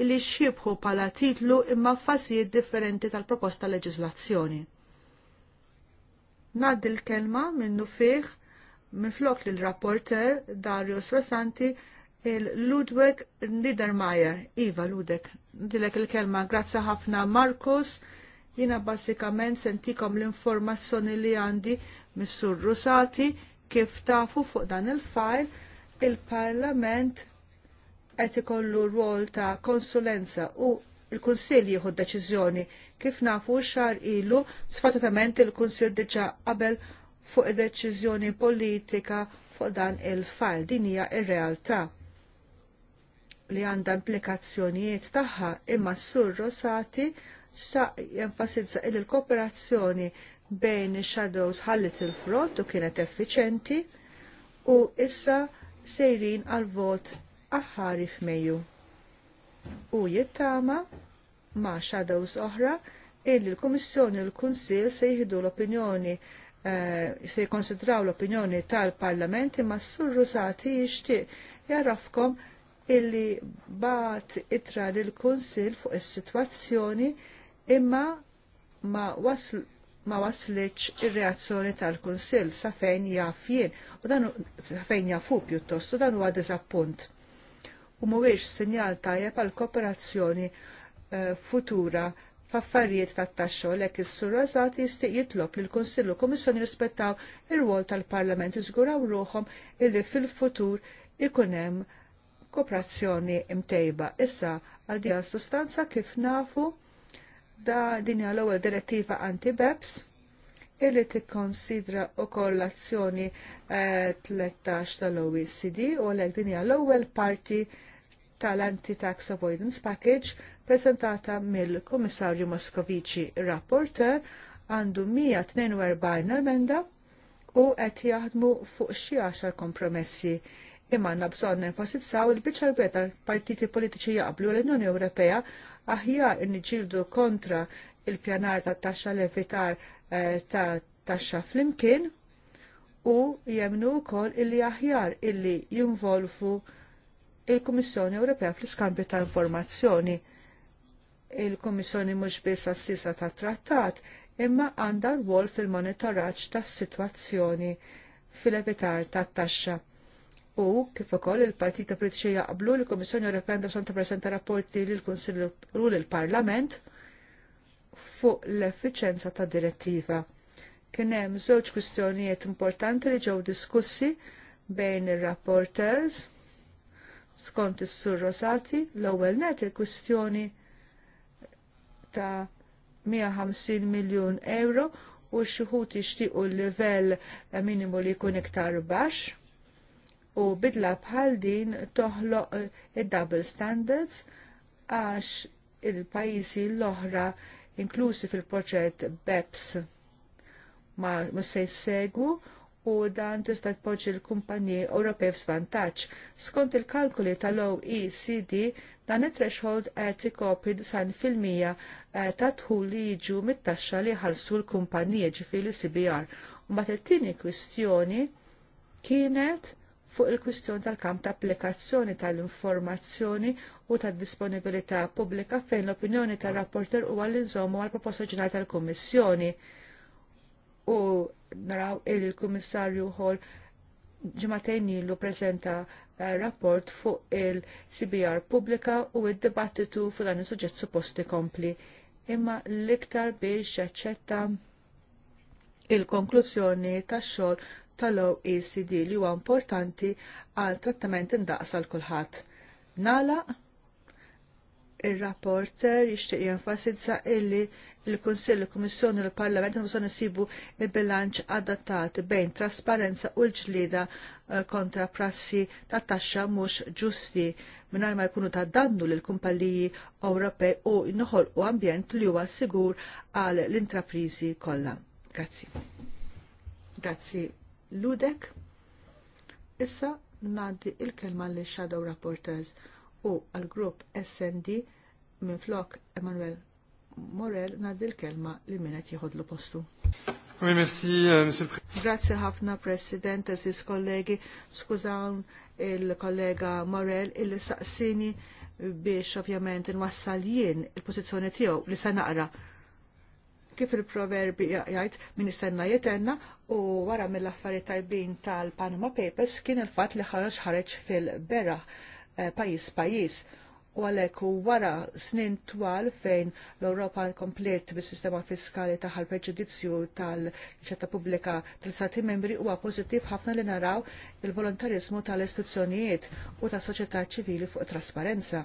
li xibħu pala titlu imma fasijiet differenti tal-proposta leġislazzjoni. Nad l-kelma minnu fiħ minn flok l rapporter Darius Rosanti il-Ludweg Niedermeyer. Iva Ludek, dilek il-kelma, grazzi ħafna Markus, jina basikament sentikom l-informazzjoni li għandi missur Rusati kif tafu fuq dan il-fajl il-Parlament qed ikollu rwol ta' konsulenza u il-Kunsill jieħu deċiżjoni kif nafu xar ilu sfatutament il-Kunsill diġà qabel fuq id-deċiżjoni politika fuq dan il-fall. Din hija ir-realtà li għandha implikazzjonijiet tagħha imma s-sur Rosati xtaq jenfasizza il kooperazzjoni bejn ix-shadows ħallit il-frott u kienet effiċenti u issa sejrin għal vot aħħari f'Mejju. U jittama ma' xadows oħra illi l-Kummissjoni u l-Kunsil se jihdu l-opinjoni eh, se jikonsidraw l-opinjoni tal-Parlament imma s-sur Rusati jishtiq jarrafkom illi bat itra l-Kunsil fuq is-sitwazzjoni imma ma waslu ma waslitx ir-reazzjoni tal-Kunsill sa fejn jaf jien u dan sa fejn jafu pjuttost u dan huwa diżappunt. U mhuwiex sinjal tajjeb għal kooperazzjoni eh, futura f'affarijiet tat-taxxo lek is-sur Rażat jistieq jitlob l kunsill u Kummissjoni rispettaw ir-rwol tal-Parlament iżguraw ruhom illi fil-futur ikun hemm kooperazzjoni imtejba. Issa għal din sostanza kif nafu Da din l ewwel direttiva anti-BEPS illi tikkonsidra u kollazzjoni 13 eh, tal-OECD u għalhekk din hija l-ewwel parti tal-Anti-Tax Avoidance Package prezentata mill-Kummissarju Moskovici Rapporter għandu 142 emenda u qed jaħdmu fuq xi 10 kompromessi imma għandna bżonn nenfasizzaw il-biċċa l-beta partiti politiċi jaqblu l-Unjoni Ewropea aħjar niġildu kontra il-pjanar ta' taxxa levitar eh, ta' taxxa flimkien u jemnu wkoll illi aħjar illi jinvolvu il-Kummissjoni Ewropea fl-iskambju ta' informazzjoni. Il-Kummissjoni mhux biss assisa ta' trattat, imma għandha rwol fil-monitoraġġ tas-sitwazzjoni fil-evitar tat-taxxa u kif ukoll il-partit politiċi jaqblu li l-Kummissjoni Ewropea għandha santa tippreżenta rapporti lil kunsill u lil Parlament fuq l-effiċenza ta' direttiva. Kien hemm żewġ kwistjonijiet importanti li ġew diskussi bejn ir-rapporters skont is-Sur Rosati l-ewwel net il-kwistjoni ta' 150 miljun euro u xi ħuti jixtiequ l-livell minimu li jkun iktar baxx u bidla bħal din toħloq eh, id-double standards għax il-pajjiżi l-oħra inklusi fil-proġett BEPS ma, ma se jsegwu u dan tista' tpoġġi l-kumpaniji Ewropej f'svantaġġ. Skont il-kalkuli tal-OECD dan it-threshold qed ikopri 90% eh, ta' dħul li jiġu mit-taxxa li ħalsu l-kumpaniji ġifieri CBR. Mbagħad it-tieni kwistjoni kienet fuq il-kwistjoni tal-kamp ta' applikazzjoni tal-informazzjoni u tad-disponibilità pubblika fejn l-opinjoni tar-rapporter huwa l-inżommu għal proposta ġenerali tal-Kummissjoni. U naraw il-Kummissarju Hall ġimatejn ilu prezenta eh, rapport fuq il-CBR pubblika u id-dibattitu fuq dan is-suġġett supposti kompli. Imma l-iktar biex jaċċetta il-konklużjoni tax xogħol tal-OECD li huwa importanti għal trattament indaqsa l kulħadd. Nala, ir-rapporter jixtieq jenfasizza illi il-Kunsill, il-Kummissjoni u l-Parlament nibżon nisibu il-bilanċ adattat bejn trasparenza u l-ġlida eh, kontra prassi ta' taxxa mhux ġusti mingħajr ma jkunu ta' dannu lill kumpaniji Ewropej u noħolqu ambjent li huwa sigur għal l-intraprizi kollha. Grazzi. Grazzi Ludek. Issa ngħaddi l kelma li Shadow Rapporters u għall grupp SND minn flok Emanuel Morel ngħaddi l-kelma li min qed jieħodlu postu. Oui, merci, euh, Monsieur le Président. Grazie ħafna, President, sis kollegi, skużawn il-kollega Morel, il saqsini biex ovvjament n-wassal jien il-pozizjoni tiegħu li se naqra kif il-proverbi jgħid min istenna jitenna u wara mill-affarijiet tajbin tal-Panama Papers kien il-fatt li ħareġ ħareġ fil-bera eh, pajis pajis u għalek u wara snin twal fejn l-Europa komplet bis sistema fiskali taħal preġudizzju tal-ċetta pubblika tal sati membri huwa pożittiv ħafna li naraw il-volontarizmu tal-istituzzjonijiet u ta' soċjetà ċivili fuq trasparenza.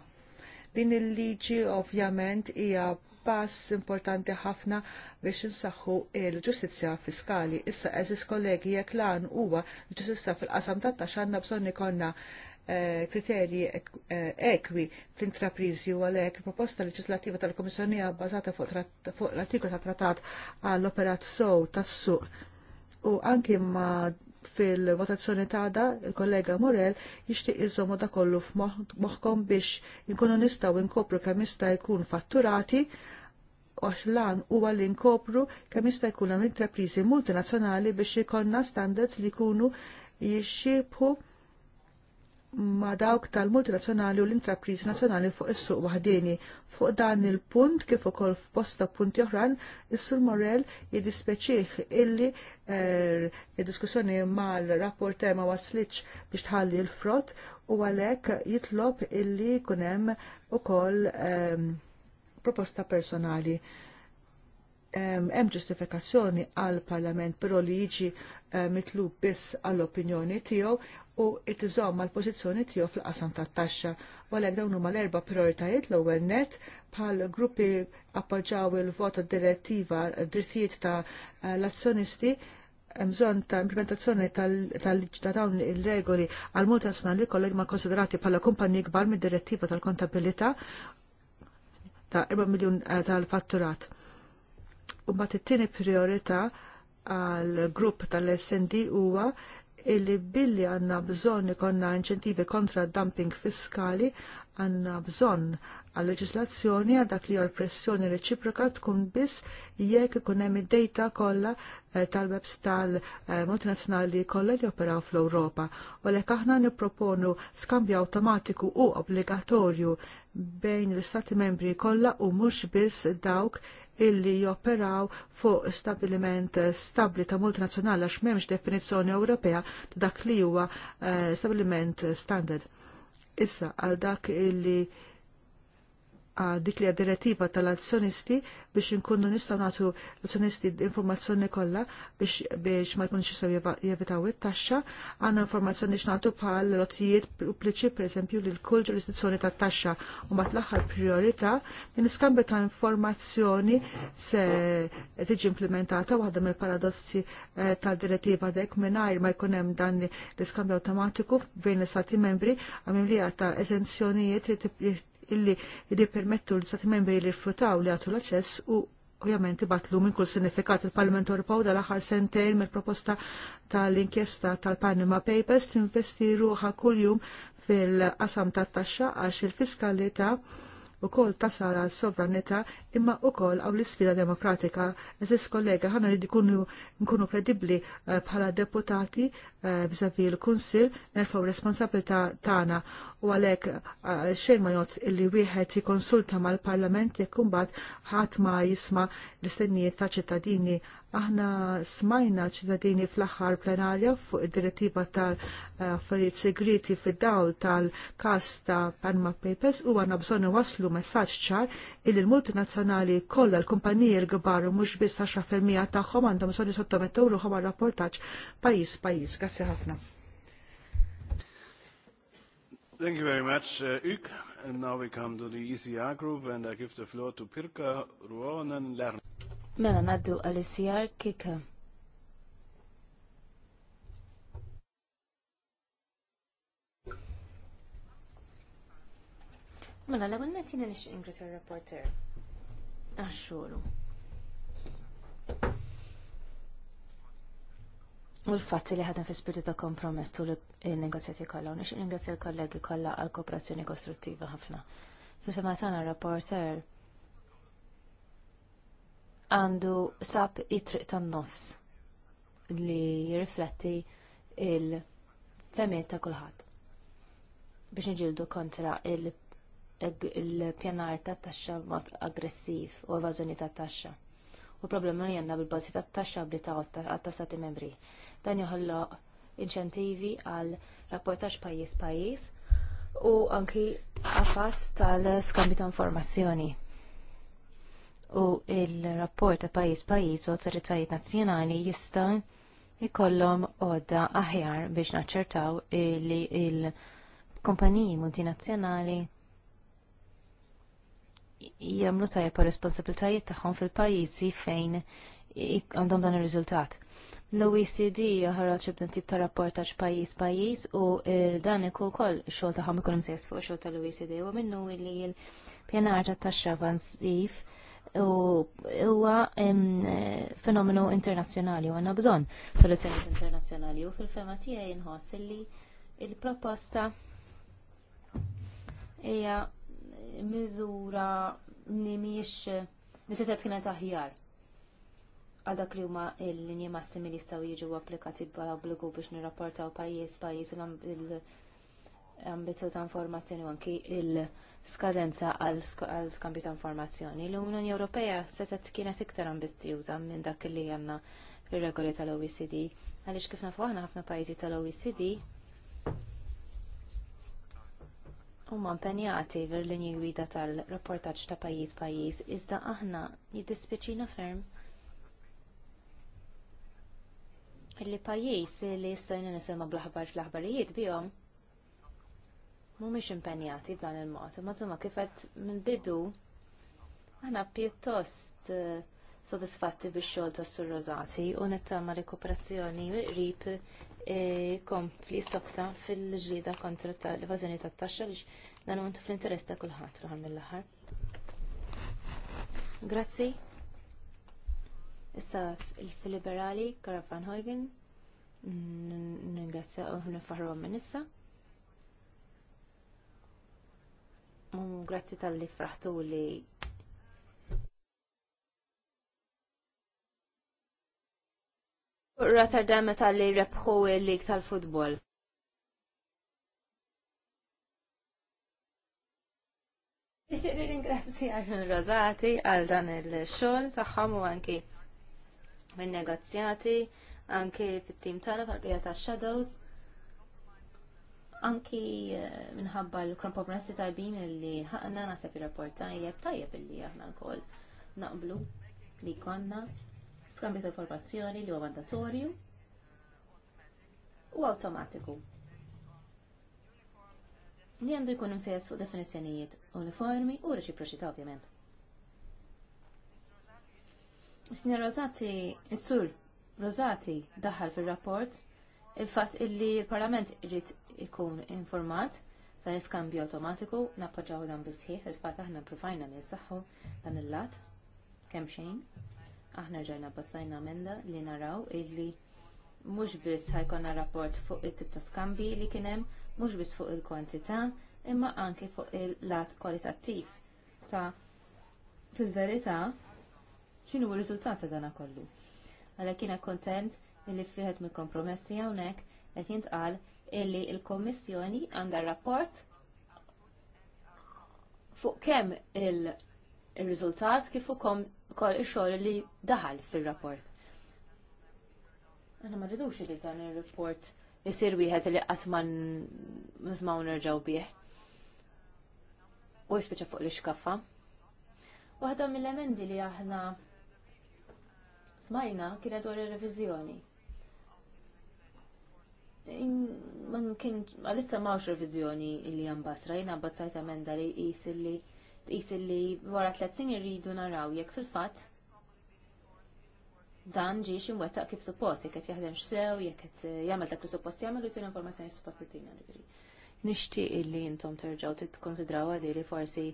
Din il-liġi ovvjament hija pass importanti ħafna biex insaħħu il-ġustizzja fiskali. Issa eżis kollegi jekk lan huwa l-ġustizzja fil-qasam tatta xanna bżonn konna eh, kriterji eh, ekwi fl-intraprizi u għalhekk proposta leġislativa tal-Komissjoni bbażata fuq l-artiklu ta' trattat għall-operat sow tas-suq u anki ma' fil-votazzjoni tada il-kollega Morel jixtieq iżommu da kollu f'moħħkom biex inkunu nistaw inkopru kemm jista' jkun fatturati għax lan huwa li nkopru kemm jista' jkun għan intrapriżi multinazzjonali biex ikonna standards li jkunu jixxiebħu ma dawk tal-multinazzjonali u l-intrapriżi nazzjonali fuq is-suq waħdini. Fuq dan il-punt kif ukoll f'posta punti oħrajn, is-Sur Morel jiddispeċih illi er, id-diskussjoni mal-rapporter ma waslitx biex tħalli l-frott u għalhekk jitlob illi kunem ukoll proposta personali. Hemm ġustifikazzjoni għal parlament però li jiġi eh, mitlub biss għall-opinjoni tiegħu u it-tiżomm għal pożizzjoni tiegħu fil-qasam tat-taxxa. Walek dawn huma l-erba' prioritajiet l-ewwel net bħal gruppi appoġġaw il-vot direttiva drittijiet ta' eh, l-azzjonisti bżonn ta' implementazzjoni ta' dawn il-regoli għal multinazzjonali kollha ma' konsiderati bħala kumpanji kbar mid-direttiva tal-kontabilità ta' 4 miljun eh, tal-fatturat. U bat it-tieni priorità għal grupp tal-SND huwa illi billi għanna bżon ikonna inċentivi kontra dumping fiskali għanna bżon għal leġislazzjoni għal dak li għal pressjoni reċiproka tkun biss jekk ikun hemm id-dejta kollha eh, tal-webs tal-multinazzjonali kollha li operaw fl-Ewropa. U lek aħna nipproponu skambju awtomatiku u obbligatorju bejn l-Istati membri kollha u mhux biss dawk illi joperaw fuq stabiliment stabli ta' multinazzjonali għax m'hemmx definizzjoni Ewropea ta' dak li huwa eh, stabiliment standard. Issa għal dak illi dik li direttiva tal-azzjonisti biex inkunu nistgħu nagħtu l-azzjonisti informazzjoni kollha biex biex ma jkunx jistgħu jevitaw it-taxxa, għandna informazzjoni x'nagħtu bħal lotijiet pubbliċi pereżempju lil kull ġurisdizzjoni tat-taxxa u mat l-aħħar priorità li niskambju ta' informazzjoni se tiġi implementata waħda mill-paradossi eh, tal-direttiva dek mingħajr ma jkun hemm dan l-iskambju awtomatiku bejn l-istati membri għamim li ta' eżenzjonijiet illi li permettu l-Stati membri li rifrutaw li għatu l-aċess u ovvjament batlu minn kull sinifikat il-Parlament Europew dal-aħħar sentejn mill-proposta tal-inkjesta tal-Panama Papers tinvesti ruħa kuljum fil-qasam tat-taxxa għax il-fiskalità kol tasara għal sovranità imma wkoll għaw l-isfida demokratika. Eżis kollega ħana rridu kunu nkunu kredibbli eh, bħala deputati bżavi eh, l-Kunsil nerfaw responsabilità tagħna u għalhekk eh, xejn ma jgħod illi wieħed jikonsulta mal-Parlament jekk imbagħad ħadd ma jisma' l-istennijiet ta' ċittadini Aħna smajna ċittadini fl-aħħar plenarja fuq id-direttiva tal-affarijiet segreti fid-dawl tal-kas ta' Panama Papers u għanna bżonn waslu messaġġ ċar il l-multinazzjonali kollha l-kumpaniji l-gbar mhux biss 10% tagħhom għandhom bżonn sottomettew ruħhom għal rapportaġġ pajjiż pajjiż. Grazzi ħafna. Thank you very much, uh, Uk. And now we come to the ECR group, and I give the floor to Pirka Ruonen Lerner. Mela naddu għal-isjar kika. Mela, l-għan tina nix ingrit il-reporter. Għaxxuru. U l-fatti li ħadna fi spirtu ta' kompromess tul il-negozjati kollha, nix ingrit il-kollegi kollha għal kooperazzjoni kostruttiva ħafna. Fil-fema tana reporter għandu sab it-triq tan-nofs li jirrifletti il-femiet ta' kulħadd biex nġildu kontra il-pjanar ta' taxxa mod aggressiv u evażjoni ta' taxxa. U problema li għanna bil-bazi ta' taxxa bli ta' għattastati membri. Dan joħollo inċentivi għal rapportax pajis pajis u anki għafas tal-skambi ta' informazzjoni u il-rapport ta' pajis pajis u autoritajiet nazzjonali jista' jkollhom għodda aħjar biex naċċertaw li l kumpaniji multinazzjonali jagħmlu tajja pa' responsabiltajiet tagħhom fil-pajjiżi fejn għandhom dan ir-riżultat. L-OECD ħarraċ ibdan tip ta' rapportaġ pajjiż pajjiż u eh, dan iku wkoll xogħol tagħhom ikun imsejs fuq xogħol tal-OECD u minnu li l-pjanar ta' taxxa avanzif u huwa fenomenu internazzjonali u għanna bżonn soluzzjoni internazzjonali u fil-fema tiegħi inħoss li l proposta hija miżura nimiex nisetet li se kienet aħjar għal dak li huma l-linji massimi li jistgħu jiġu applikati bħala obbligu biex nirrapportaw pajjiż pajjiż u l-ambitu ta' informazzjoni u anki il- skadenza għal skambi ta' informazzjoni. L-Unjoni Ewropea setet kienet iktar ambizzjuża minn dak li għandna fir-regoli tal-OECD. Għaliex kif nafu aħna ħafna pajjiżi tal-OECD huma impenjati ver linji gwida tal-rapportaġġ ta' pajjiż pajjiż, iżda aħna jiddispiċina ferm li pajjiż li jista' nisimgħu blaħbar fl-aħbarijiet bihom mhumiex impenjati b'dan il-mod. Imma żumma kif qed mill-bidu aħna pjuttost sodisfatti bix-xogħol tas Sur u nittama li kooperazzjoni rib kompli sokta fil-ġlida kontra l-evażjoni tat-taxxa li dan huwa fl-interess ta' kulħadd ruħan mill-aħħar. Grazzi. Issa fil-liberali Karafan Huygen, ningrazzja u nifaħru minn issa. grazzi tal-li fraħtu li Rotterdam tal-li rebħu l lig tal-futbol. ringrazzi ringrazzja Rosati għal dan il-xogħol tagħhom u anki min-negozjati anki fit-tim tagħna bħal bija tax-Shadows. Anki eh, minħabba l Prassi tajbin li ħaqna naħseb il rapporta tajjeb tajjeb illi aħna l kol naqblu li konna skambju ta' informazzjoni li huwa mandatorju u automatiku. Li għandu jkun imsejjas fuq definizzjonijiet uniformi u reċiproċità ovvjament. Signor Rosati, is-sur Rosati daħal fil-rapport il-fatt illi il-Parlament irrid ikun informat dan iskambju automatiku nappoġġaw dan bisħieħ il-fatt aħna provajna li nsaħħu dan il-lat kemm xejn. Aħna rġajna bazzajna amenda li naraw illi mhux biss ħajkonna rapport fuq it-tip ta' skambi li kien hemm, mhux biss fuq il-kwantità, imma anke fuq il-lat kwalitattiv Sa, fil-verità x'inhu r-riżultat ta' dana kollu. Għalhekk jiena kontent li fieħed mill kompromessi hawnhekk qed jintqal illi l-Kommissjoni għandha rapport fuq kemm il-riżultat kif ukoll ix-xogħol li daħal fir-rapport. Aħna ma rridux li dan ir-rapport isir wieħed li qatt ma nismgħu nerġgħu bih. U jispiċċa fuq l-iskaffa. Waħda mill-emendi li aħna smajna kienet dwar ir-reviżjoni man kien għalissa mawx revizjoni li jambasra, jina battajt amenda li jisilli jisilli wara tlet sin irridu naraw jekk fil-fat dan ġi ximwettaq kif suppost, jekk qed x'sew, jekk qed jagħmel dak li suppost jagħmel u jsir informazzjoni suppost tina Nishti Nixtieq li intom terġgħu konsidraw għadi li forsi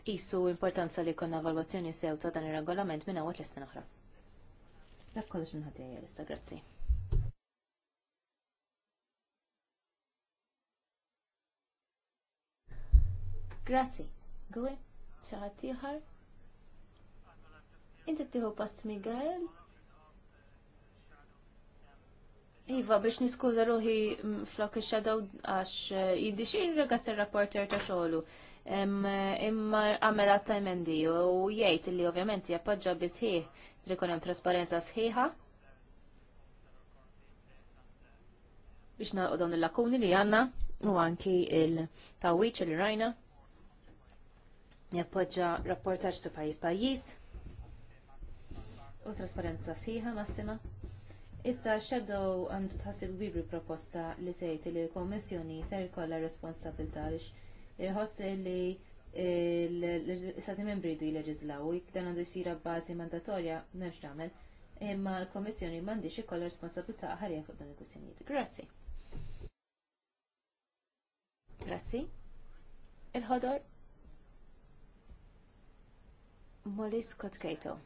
tqisu importanza li jkollna valvazzjoni sew ta' dan ir-regolament minn hawn l sena oħra. Dak kollox minn ħaddejja grazzi. Grazzi. Gwe, xaħat tiħar. Inti tiħu past Miguel. Iva, biex niskuza ruħi mm, flok il-shadow għax eh, jiddi xin regas il-rapporter ta' xoħlu. Imma għamela għattajmendi emendi u jgħid li ovvjament jappoġġa bisħiħ trikun hemm trasparenza sħiħa. Biex naqgħu dawn il-lakuni li għanna u anki il tawiċ il rajna jappoġġa rapportaġġ ta' pajjiż pajjiż u trasparenza sħiħa massima. Iżda xedow għandu tħassib bibri proposta li tgħid li l-Kommissjoni ser ikollha responsabilità biex irħoss li l istati membri jdu jleġislaw u dan għandu jsir bbażi mandatorja m'hemmx tagħmel, imma l-Kommissjoni m'għandix kolla responsabilta ħarja fuq dan il-kwistjonijiet. Grazzi. Grazzi. Il-ħodor Molly Scott Cato.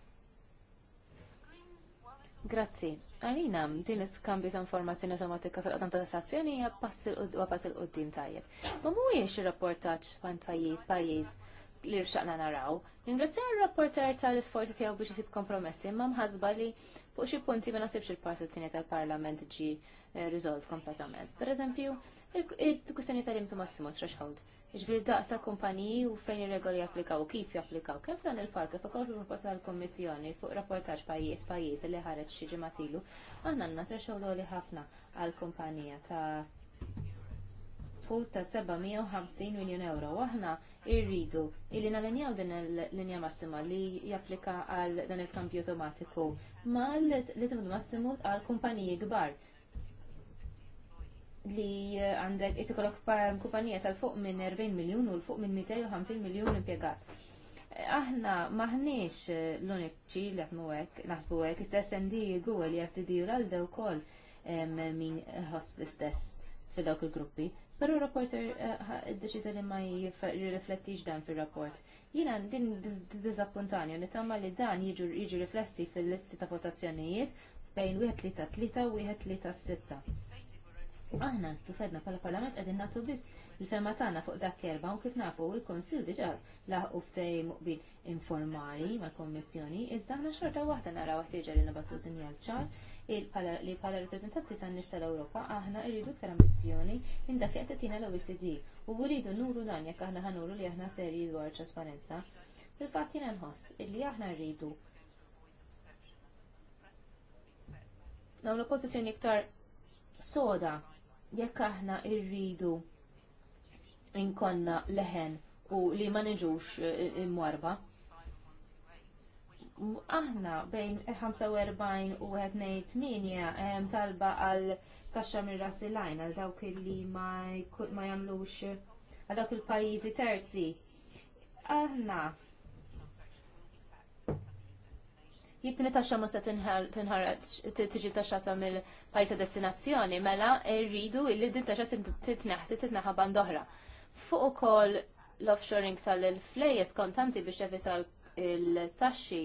Grazzi. Għalina, din l-skambju ta' informazzjoni automatika fil-qasam ta' tassazzjoni hija pass il-qoddim tajjeb. Ma mhuwiex ir-rapportaġġ pan pajjiż pajjiż li rxaqna naraw. Ringrazzja r-rapporter tal-isforzi tiegħu biex isib kompromessi, imma mħasba li fuq xi punti ma nasibx il-parti tieni tal-Parlament ġi eh, riżolt kompletament. Per eżempju, il-kustjoni tal-imtu massimo threshold. Ġbir daqsa kumpaniji u fejn il regoli japplikaw, kif japplikaw, kemm dan il-fark kif ukoll proposta l-Kummissjoni fuq rapportaġġ pajjiż pajis li ħareġ xi għanna għanna għandna threshold li ħafna għal kumpanija ta' fuq ta' 750 miljon euro. Aħna irridu illi nalinjaw din l-linja massima li japplika għal dan il-kampju automatiku ma l-litimu massimu għal kumpaniji kbar li għandek itikolok kumpanija tal-fuq minn 40 miljon u l-fuq minn 250 miljon impiegat. Aħna maħniex l-uniċi li għatnu għek, naħsbu għek, istess ND, li FTD u l-għalda u minn ħoss l-istess fil-dawk il-gruppi. Pero rapporter eh, id-deċida li ma jirriflettix dan fil-rapport. Jina din dizappuntani, u nitamma li dan jiġu riflessi fil-listi ta' votazzjonijiet bejn 1-3-3 u 1-3-6. Aħna kif għedna pala parlament għedin natu biss il-fema tagħna fuq dak erba' u kif nafu il-Kunsill diġà laħqu ftehim muqbil informali mal-Kommissjoni, iżda aħna xorta waħda nara ħtieġa li nabatu sinjal ċar li bħala rappreżentanti tan nisa l-Ewropa aħna rridu iktar ambizzjoni minn dak li qed l-OECD u rridu nuru dan jekk aħna ħanuru li aħna serji dwar trasparenza. Fil-fatt jiena nħoss illi aħna rridu Nawlu pozizjoni iktar soda jekk aħna rridu inkonna leħen u li ma neġux eh, eh, imwarba. Aħna bejn 45 u 28 talba għal taxxa mir rasilajn għal dawk li ma jagħmlux għal dawk il-pajjiżi terzi. Aħna jitni taxxa ma se tinħarġ tiġi taxxata mill-pajsa destinazzjoni, mela rridu illi din taxxa titneħti titneħa band oħra. Fuq ukoll l-offshoring tal-flejes kontanti biex tevita l-taxxi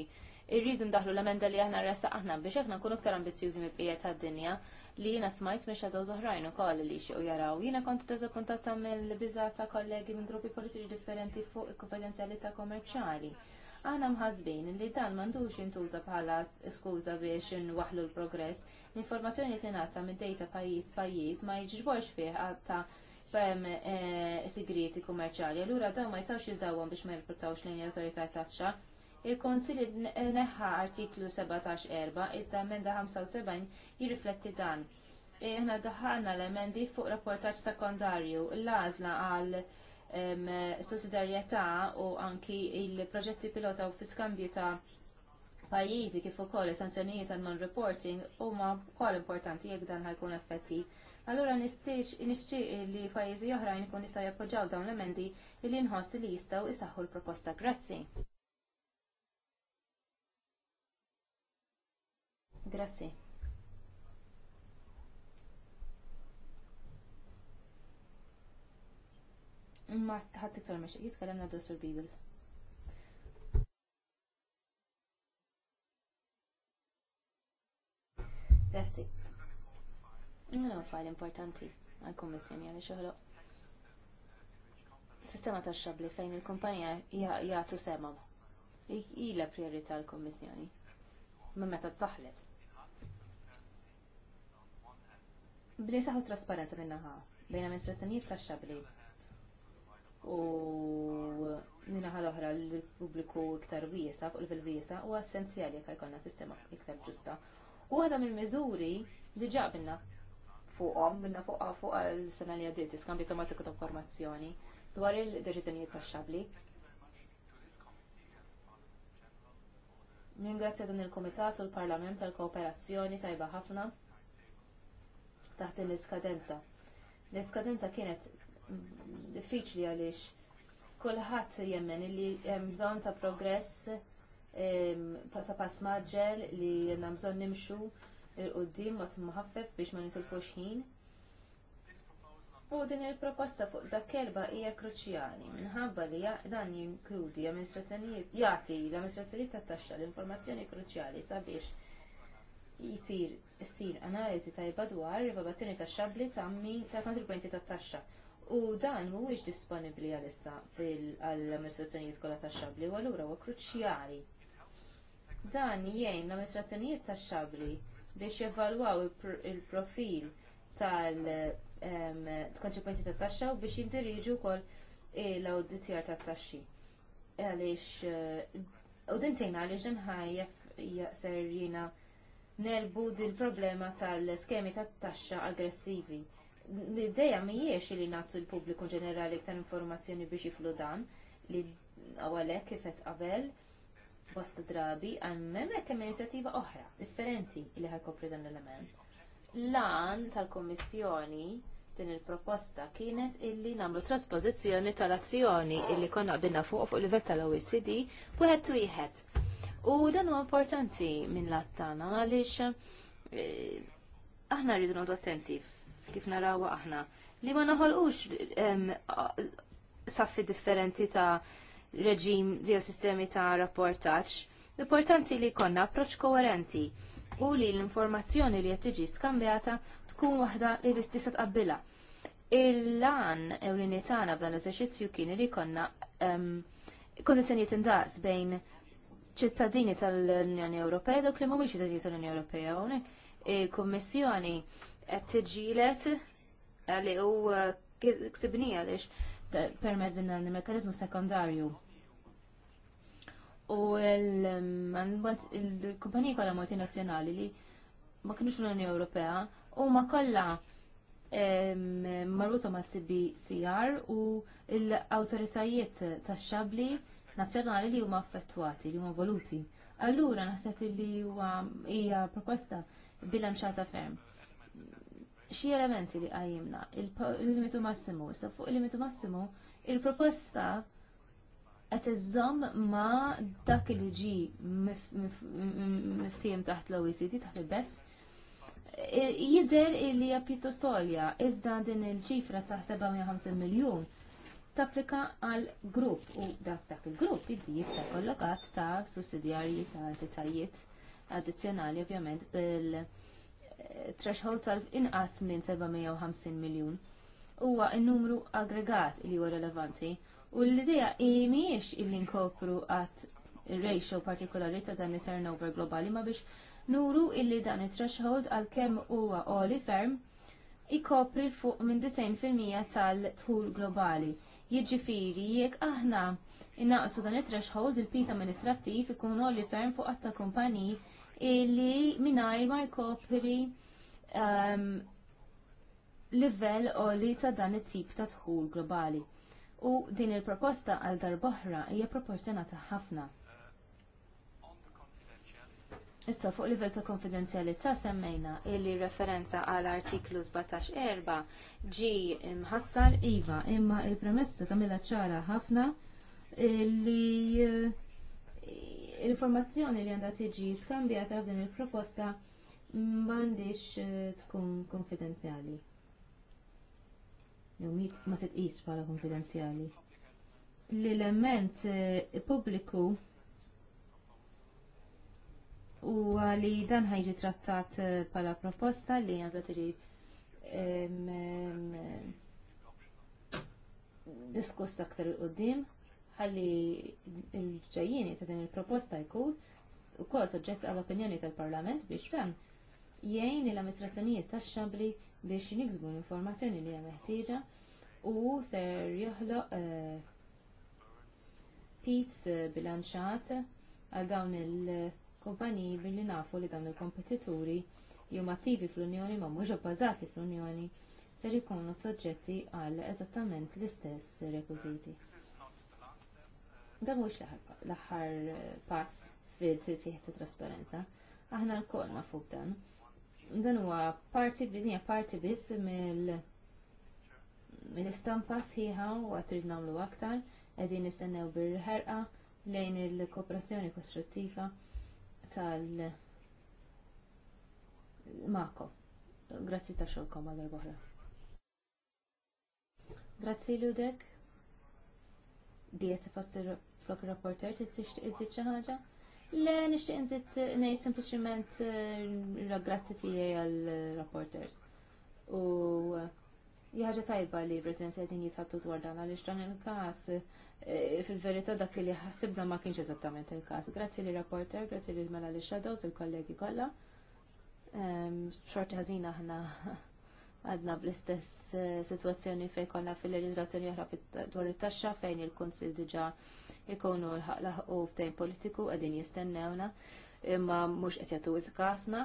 irridu ndaħlu l-emenda li aħna ressa aħna biex aħna nkunu iktar ambizjużi mill tad-dinja li jina smajt miex għadaw zoħrajnu u koll li xie u jaraw. Jina konti dezappuntata mill-bizata kollegi minn gruppi politiċi differenti fuq il-kompetenzjali ta' komerċali. Aħna mħazbin li dan mandux jintuża bħala skuża biex nwaħlu l-progress. L-informazzjoni li tingħata minn dejta pajjiż pajjiż ma jiġborx fih għatta fem eh, sigriti kummerċali. Allura dawn ma jistgħux jizawon biex ma jirportawx lejn l-awtorità taċċa. Il-Konsil neħħa artiklu 17.4 iżda emenda 75 jirrifletti dan. Eh, aħna daħħalna l-emendi fuq rapportaġġ sekondarju l-għażla għal sussidjarjetà u anki il-proġetti pilota u fiskambju ta' pajjiżi kif ukoll sanzjonijiet ta' non-reporting huma wkoll importanti jekk dan ħajkun effettiv. Allura nixtieq li pajjiżi oħrajn ikun jistgħu jappoġġjaw dawn l-emendi li nħoss li jistgħu isaħħu l-proposta. Grazzi. Grazzi. ma ħadd iktar ma xejn jitkellemna dwar sur Bibel. Grazzi. Nħu mela, fajl importanti għal-Kommissjoni għal xoħlo. Sistema ta' xabli fejn il-kumpanija jgħatu semam. Ila priorità l-Kommissjoni. Ma meta taħlet. Bli saħu trasparenza minnaħa bejn amministrazzjonijiet ta' xabli u minna ħal-oħra l-pubbliku iktar wiesa fuq il-fil wiesa u essenzjali jekk jkollna sistema iktar ġusta. U għadha mill-miżuri diġà binna fuqhom, minna fuqha fuq l-sena li għaddiet iskambju automatiku ta' informazzjoni dwar il-deċiżjonijiet tax-xabli. Ningrazzja dan il-Komitat u l-Parlament tal-kooperazzjoni tajba ħafna taħt din l-iskadenza. L-iskadenza kienet diffiċli għaliex kulħadd jemmen li hemm bżonn ta' progress ta' pass maġġel li għandna bżonn nimxu il-qoddim mod muħaffef biex ma nisulfux ħin. U din il-proposta fuq dak kelba hija kruċjali minħabba li dan jinkludi amministrazzjonijiet jagħti l-amministrazzjonijiet tat-taxxa l-informazzjoni kruċjali sabiex jisir issir analiżi tajba dwar rivalvazzjoni tax-xabli ta' min ta' kontribwenti tat-taxxa U dan mhuwiex disponibbli għalissa għall-amministrazzjonijiet kollha ta' xabli u allura huwa kruċjali. Dan jgħin l-amministrazzjonijiet tax-xabli biex jevalwaw il-profil tal konsekwenzi tat taxxa u biex jindiriġu wkoll l-awdizjar tat taxxi. Għaliex eh, u dintejna għaliex dan ħajjef ser jina nelbu din problema tal-skemi tat taxxa aggressivi l-ideja mhijiex li nagħtu l-pubbliku ġenerali iktar informazzjoni biex jiflu dan li għawalek kifet qabel bosta drabi għammem hekk hemm inizjattiva oħra differenti li ħajkopri dan l-element. Lan tal-Kommissjoni din il-proposta kienet illi namlu traspożizzjoni tal-azzjoni illi konna binna fuq fuq livell tal-OECD wieħed tu wieħed. U dan huwa importanti minn lattana għaliex eh, aħna rridu nodu attenti kif naraw aħna li ma noħolqux saffi differenti ta' reġim zew sistemi ta' rapportaċ. L-importanti li konna approċ koherenti u li l-informazzjoni li qed tiġi skambjata tkun waħda li tista' tqabbila. Il-lan ewlieni tagħna f'dan l-eżerċizzju kien li konna kondizzjonijiet indaqs bejn ċittadini tal-Unjoni Ewropea dok li mhumiex ċittadini tal-Unjoni Ewropea hawnhekk il-Kummissjoni qed tiġilet għalli u uh, ksibni għaliex permezz dan il-mekkaniżmu sekondarju. U um, l-kumpaniji kollha multinazzjonali li ma kienux l-Unjoni Ewropea um, u ma kollha marruta ma' CBCR u l-awtoritajiet tax-xabli nazzjonali li huma affettwati, li huma voluti. Allura naħseb li huwa hija proposta bilanċata ferm xi elementi li għajjimna, il-limitu massimu, sa fuq il-limitu massimu, il-proposta qed iżomm ma dak li ġi miftim taħt l-OECD taħt il-BEPS jidher li hija pjuttost għolja iżda din il-ċifra ta' 750 miljun tapplika għal grupp u dak dak il-grupp jiddi jista' kollokat ta' sussidjarji ta' detajiet addizzjonali ovvjament bil- threshold tal-inqas minn 750 miljun. Huwa n-numru aggregat li huwa relevanti u l-idea hi mhijiex illi nkopru għat ratio partikolari ta' dan it-turnover globali ma biex nuru illi dan it-threshold għal kemm huwa oli ferm ikopri fuq minn 90% tal-tħul globali. Jiġifieri jekk aħna innaqsu dan it-threshold il-pis amministrattiv ikun oli ferm fuq għatta kumpaniji illi mingħajr ma jkopri um, livell li ta' dan it-tip ta' dħul globali. U din il-proposta għal darboħra hija proporzjonata ħafna. Issa fuq livell ta' konfidenzjalità semmejna illi referenza għal artiklu 17.4 ġi mħassar iva imma il-premessa ta' mela ċara ħafna illi eh, l-informazzjoni li għandha tiġi skambjata f'din il-proposta m'għandix eh, tkun konfidenzjali. Jew ma titqis bħala konfidenzjali. L-element eh, pubbliku u li dan ħajġi trattat eh, bħala proposta li għandha tiġi diskuss aktar il-qoddim ħalli il ġajjini ta' din il-proposta jkun kol soġġett għall opinjoni tal-Parlament biex dan jgħin l-amministrazzjonijiet tax-xabli biex niksbu l-informazzjoni li hija meħtieġa u ser joħloq eh, peace eh, bilanċat għal dawn il-kumpaniji billi nafu li dawn il-kompetituri jew attivi fl-Unjoni ma mhux bbażati fl-Unjoni ser ikunu soġġetti għal eżattament l-istess rekwiżiti. Dan mhux l-aħħar eh, pass fil-tisieħ ta' trasparenza. Aħna l-kol ma' fuq dan. Dan huwa parti bidnija parti biss mill mill-istampa sħiħa u għatrid nagħmlu aktar, qegħdin nistennew bir-ħerqa lejn il-kooperazzjoni kostruttiva tal- Mako. Grazzi ta' xolkom għal boħra. Grazzi Ludek. Diet fost Flok rapporter tixtieq iżid xi ħaġa? Le nixtieq inżid ngħid sempliċiment l-grazzi eh, tiegħi għall-rapporters. U eh, ħaġa tajba li president qegħdin jitħattu dwar dan għaliex dan il-każ eh, fil-verità dak li ħassibna ma kienx eżattament il-każ. Grazzi li rapporter, grazzi li mela li shadows il-kollegi kollha. Ehm, xorti ħażina aħna għadna bl-istess eh, situazzjoni fejn konna fil-leġizrazzjoni oħra dwar it-taxxa fejn il-Kunsil diġà ikunu laħqu ftejn politiku qegħdin jistennewna imma mhux qed jagħtu iżkasna.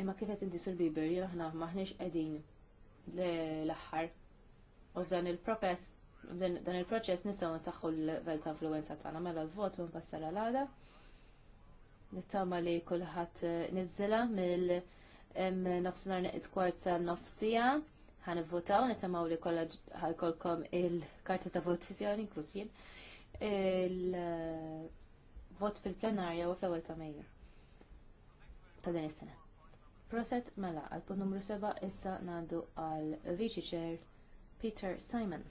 Imma kif qed indisur Biber jew aħna maħniex qegħdin l-aħħar u f'dan il propess dan il-proċess nistgħu nsaħħu l velta influenza tagħna mela l-vot u nfassara l-għada nittama li kullħat eh, nizzela mill nofsinar neqis kwarta nofsija ħan votaw nittamaw li kolla ħajkolkom il-karta ta' votizjoni inklus il-vot eh, fil-plenarja u fl-ewwel ta' mejja. ta' din is-sena. Proset mela għal punt numru seba' issa ngħaddu għal Vice Chair Peter Simon.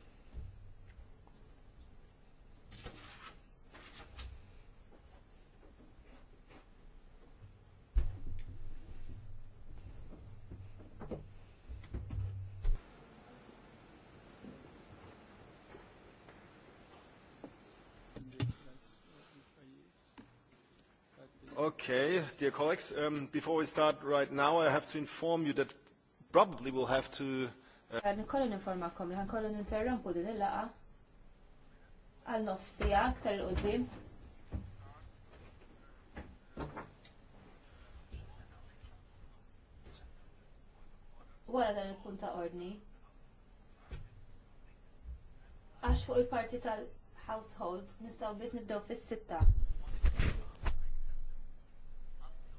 Okay, dear colleagues, um, before we start right now, I have to inform you that probably we'll have to... Uh, Nikollu ninformakom li ħankollu din il-laqa għal qoddim dan il ordni. Għax fuq il-parti tal-household nistaw biz nibdew fis-sitta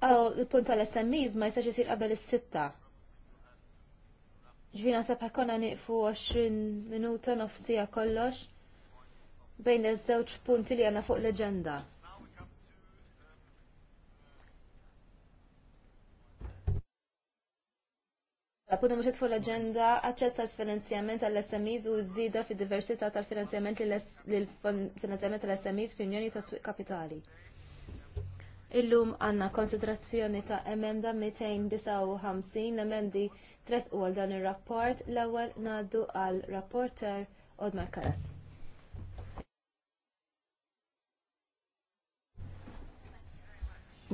il-punt tal-SMEs ma jistax jisir qabel is-sitta. Ġvina sabħa konna niqfu 20 minuta nofsija kollox bejn iż-żewġ punti li għandna fuq l agenda Appunto mux fuq l-agenda aċċess tal-finanzjament tal-SMEs u z-zida fid diversità tal-finanzjament tal-SMEs fl-Unjoni tas-Suq Kapitali. Illum għanna konsiderazzjoni ta' emenda 259 emendi tres u għal dan il-rapport l-ewwel naddu għal rapporter Odmar Karas.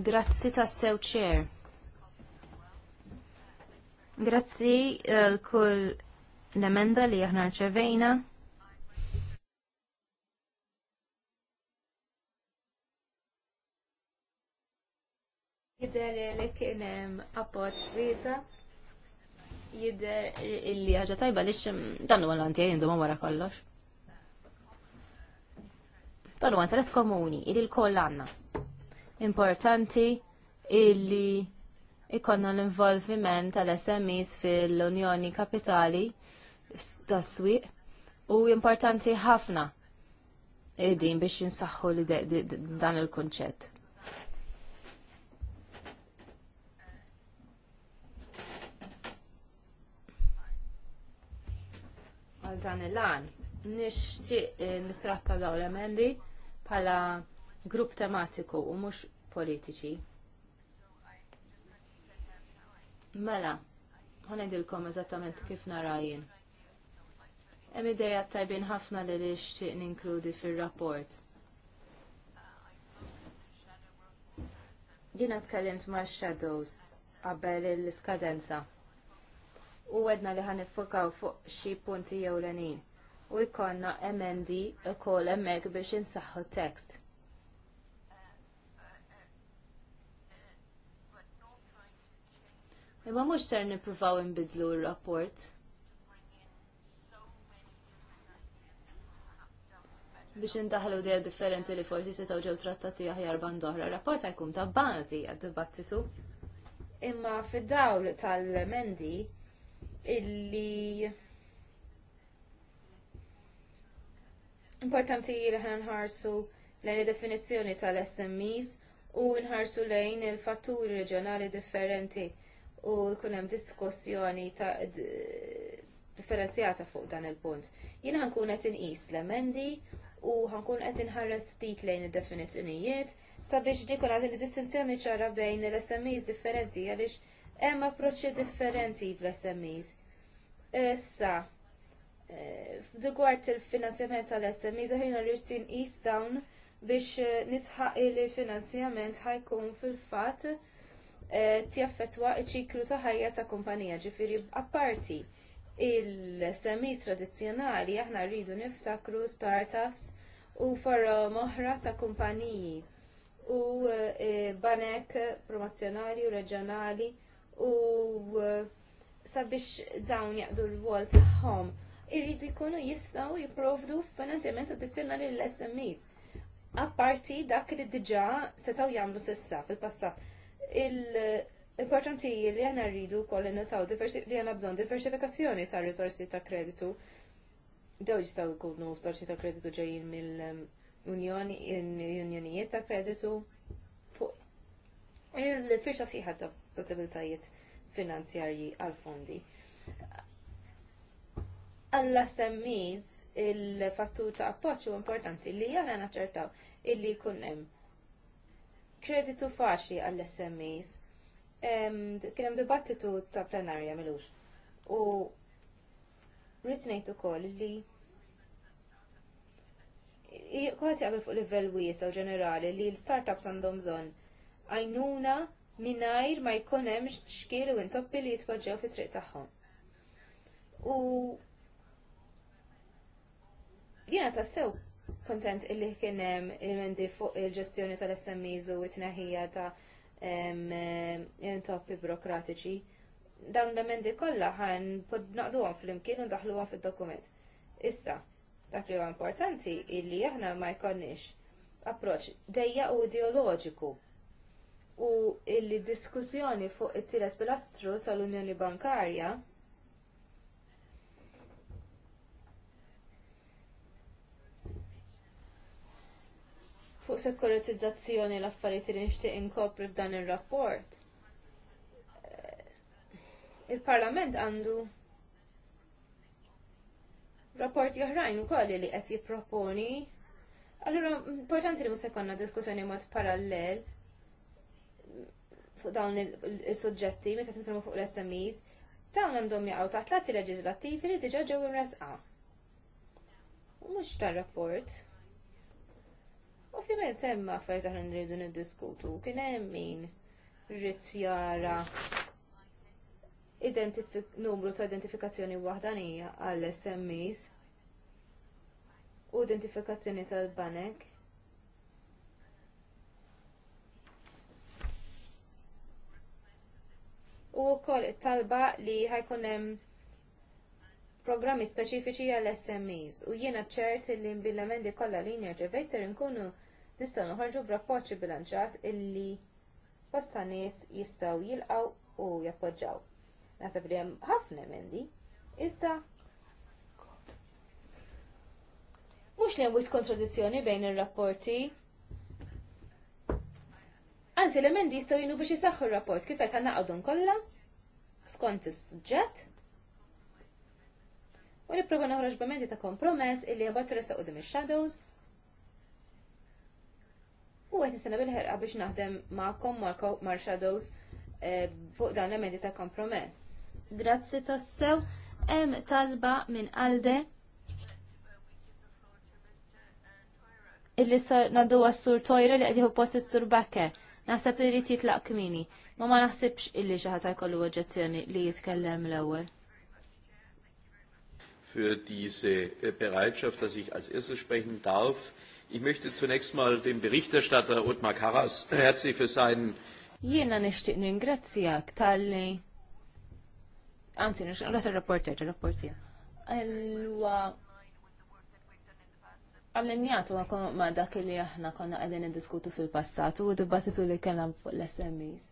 Grazzi ta' sew chair. Grazzi eh, l-kull l-emenda li aħna rċevejna. Jidher li kien hemm appoġġ wiesa jidher illi ħaġa tajba li dan huwa l-antija jinduma wara kollox. Dan huwa interess komuni li l-koll għandna. Importanti illi ikonna l-involviment tal-SMEs fil-Unjoni Kapitali tas-swieq u importanti ħafna eh, din biex jinsaħħu dan il-kunċett. dan il-għan. Nixtieq eh, nitratta dawn l-emendi bħala grupp tematiku u mhux politiċi. Mela, ngħidilkom eżattament kif narajin. Hemm ideja tajbin ħafna li nixtieq ninkludi fir-rapport. Jiena tkellimt ma' shadows qabel l-iskadenza u għedna li ħan nifokaw fuq xi punti jew lenin. U jkollna MND ukoll hemmhekk biex insaħħu t tekst. Imma mhux ser nippruvaw inbidlu r-rapport. biex indaħlu dija differenti li forsi setaw ġew trattati aħjar bandoħra. Rapport jkun ta' bażi għad-dibattitu. Imma fid-dawl tal-emendi illi importanti li ħan nħarsu lejn id-definizzjoni tal-SMEs u nħarsu lejn il-fatturi reġjonali differenti u jkun hemm diskussjoni ta' differenzjata fuq dan il-punt. Jiena ħankun qed inqis l-emendi u ħankun qed inħares ftit lejn id-definizzjonijiet sabiex dikun għad il-distinzjoni ċara bejn l-SMEs differenti għaliex hemm approċċi differenti fl-SMEs. Issa, eh, f'dugward il-finanzjament tal-SMI, e, zaħirna li rtin East Down biex eh, nisħaq li finanzjament ħajkun fil-fat eh, tjaffetwa ċiklu ta' ħajja ta' kumpanija ġifiri apparti il smi e tradizzjonali aħna rridu niftakru startups u forom oħra ta' kumpaniji u banek promozzjonali u reġjonali u sabiex dawn jaqdu l-wol tagħhom irridu jkunu jistgħu jipprovdu finanzjament addizzjonali l-SMEs. Apparti dak li diġà setgħu jagħmlu s'issa fil-passat. Il-importanti li għana rridu kolli notaw li għana bżon diversifikazzjoni ta' risorsi ta' kreditu. Daw staw jkunu sorsi ta' kreditu ġejjin mill-unjoni, unjonijiet ta' kreditu fuq il-firxa siħat ta' possibilitajiet finanzjarji għal-fondi. Alla semmiz il-fattur ta' appoċu importanti li jana naċertaw illi jkun hemm kreditu faċli għall-SMEs. Kien hemm dibattitu ta' plenarja milux. U rrid ngħid ukoll li kważi qabel fuq livell wiesa u ġenerali li l-startups għandhom bżonn għajnuna mingħajr ma jkun hemm xkiel intoppi li jitpoġġew fi triq tagħhom. U jiena tassew kontent illi kien hemm il-mendi fuq il-ġestjoni tal-SMEs u it-tneħħija ta' intoppi burokratiċi. Dawn l-emendi kollha ħan naqduhom fl-imkien u ndaħluhom fid-dokument. Issa, dak li huwa importanti illi aħna ma jkollniex approċċ dejja u ideoloġiku u illi diskussjoni fuq it-tielet pilastru tal-Unjoni Bankarja fuq sekuritizzazzjoni l-affarijiet li nixtieq inkopri f'dan ir-rapport. Il eh, Il-Parlament għandu rapporti oħrajn ukoll li qed jipproponi. Allura importanti li mhux se konna diskussjoni mod parallel fuq dawn il-soġġetti meta titkellmu fuq l-SMEs, dawn għandhom jaqgħu taħt lati leġislattivi li diġà ġew imrasqa. U mhux tar-rapport. Ovvjament hemm affarijiet aħna nridu niddiskutu, kien hemm min rrid jara numru ta' identifikazzjoni waħdanija għall-SMEs u identifikazzjoni tal-banek u wkoll it-talba li ħajkun hemm programmi speċifiċi għal smes u jiena ċert li mbillamendi lamendi kollha li nirġevejter inkunu nistgħu noħorġu b'rapporti bilanċat illi bosta nies jistgħu jilqgħu u jappoġġaw. Nasab li hemm ħafna emendi, iżda mhux li hemm wis kontradizzjoni bejn ir-rapporti Anzi, l-emendi jistaw jinu biex jisaxħu rapport kifet għanna għadun kollha skont is-suġġett. U nipprova noħroġ b'emendi ta' kompromess illi resa u qudiem ix-shadows. U qed nistenna bil-ħerqa biex naħdem magħkom mar shadows eh, fuq dan l-emendi ta' kompromess. Grazzi tassew, hemm talba minn għalde. illi naddu għas-sur Tojra li għediħu post sur Bakke. Nasab li jrid jitlaq kmini, ma ma nasibx illi xaħat għajkollu jkollu oġġezzjoni li jitkellem l ewel Für diese äh, Bereitschaft, dass ich als Erster sprechen darf. Ich möchte zunächst mal dem Berichterstatter Otmar Karas herzlich für seinen Jena nixtieq ningrazzjak tal-li Anzi, nixtieq reporter, reporter. Elwa, allinjatu ma dak li aħna konna għedin diskutu fil-passatu u dibattitu li kena fuq l-SMEs.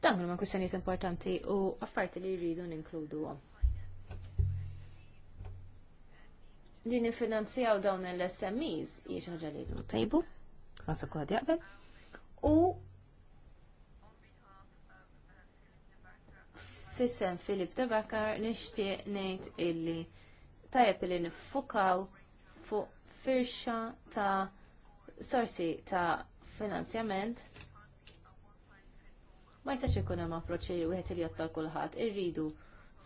Dan ma kwistjonijiet importanti u affarijiet li jridu ninkludu għom. Li nifinanzjaw dawn l-SMEs jiex li tajbu, għasa kod jaqbel, u fissem Filip Tabakar nixtieq ngħid illi tajjeb li nifukaw fuq firxa ta' sorsi ta' finanzjament ma jistax ikun hemm approċċ li wieħed il jottal kulħadd irridu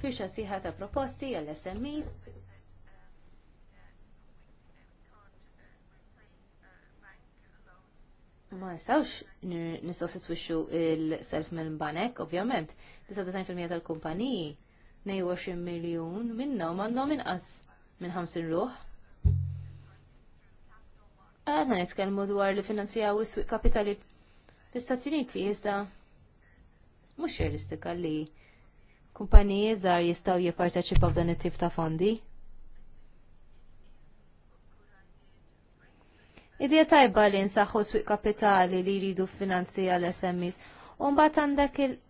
firxa sieħa ta' proposti għall SMEs Ma nistgħu sitwixxu il-self minn banek, ovvjament, 99% tal-kumpaniji miljon miljun minnhom għandhom inqas minn 50 ruħ. Aħna nitkellmu dwar li finanzjaw is-swieq kapitali fl-Istati Uniti iżda mhux realistika li kumpaniji żgħar jistgħu jipparteċipaw f'dan it-tip ta' fondi. Idea tajba li nsaħħu swieq kapitali li jridu finanzja l-SMEs. mbagħad għandek il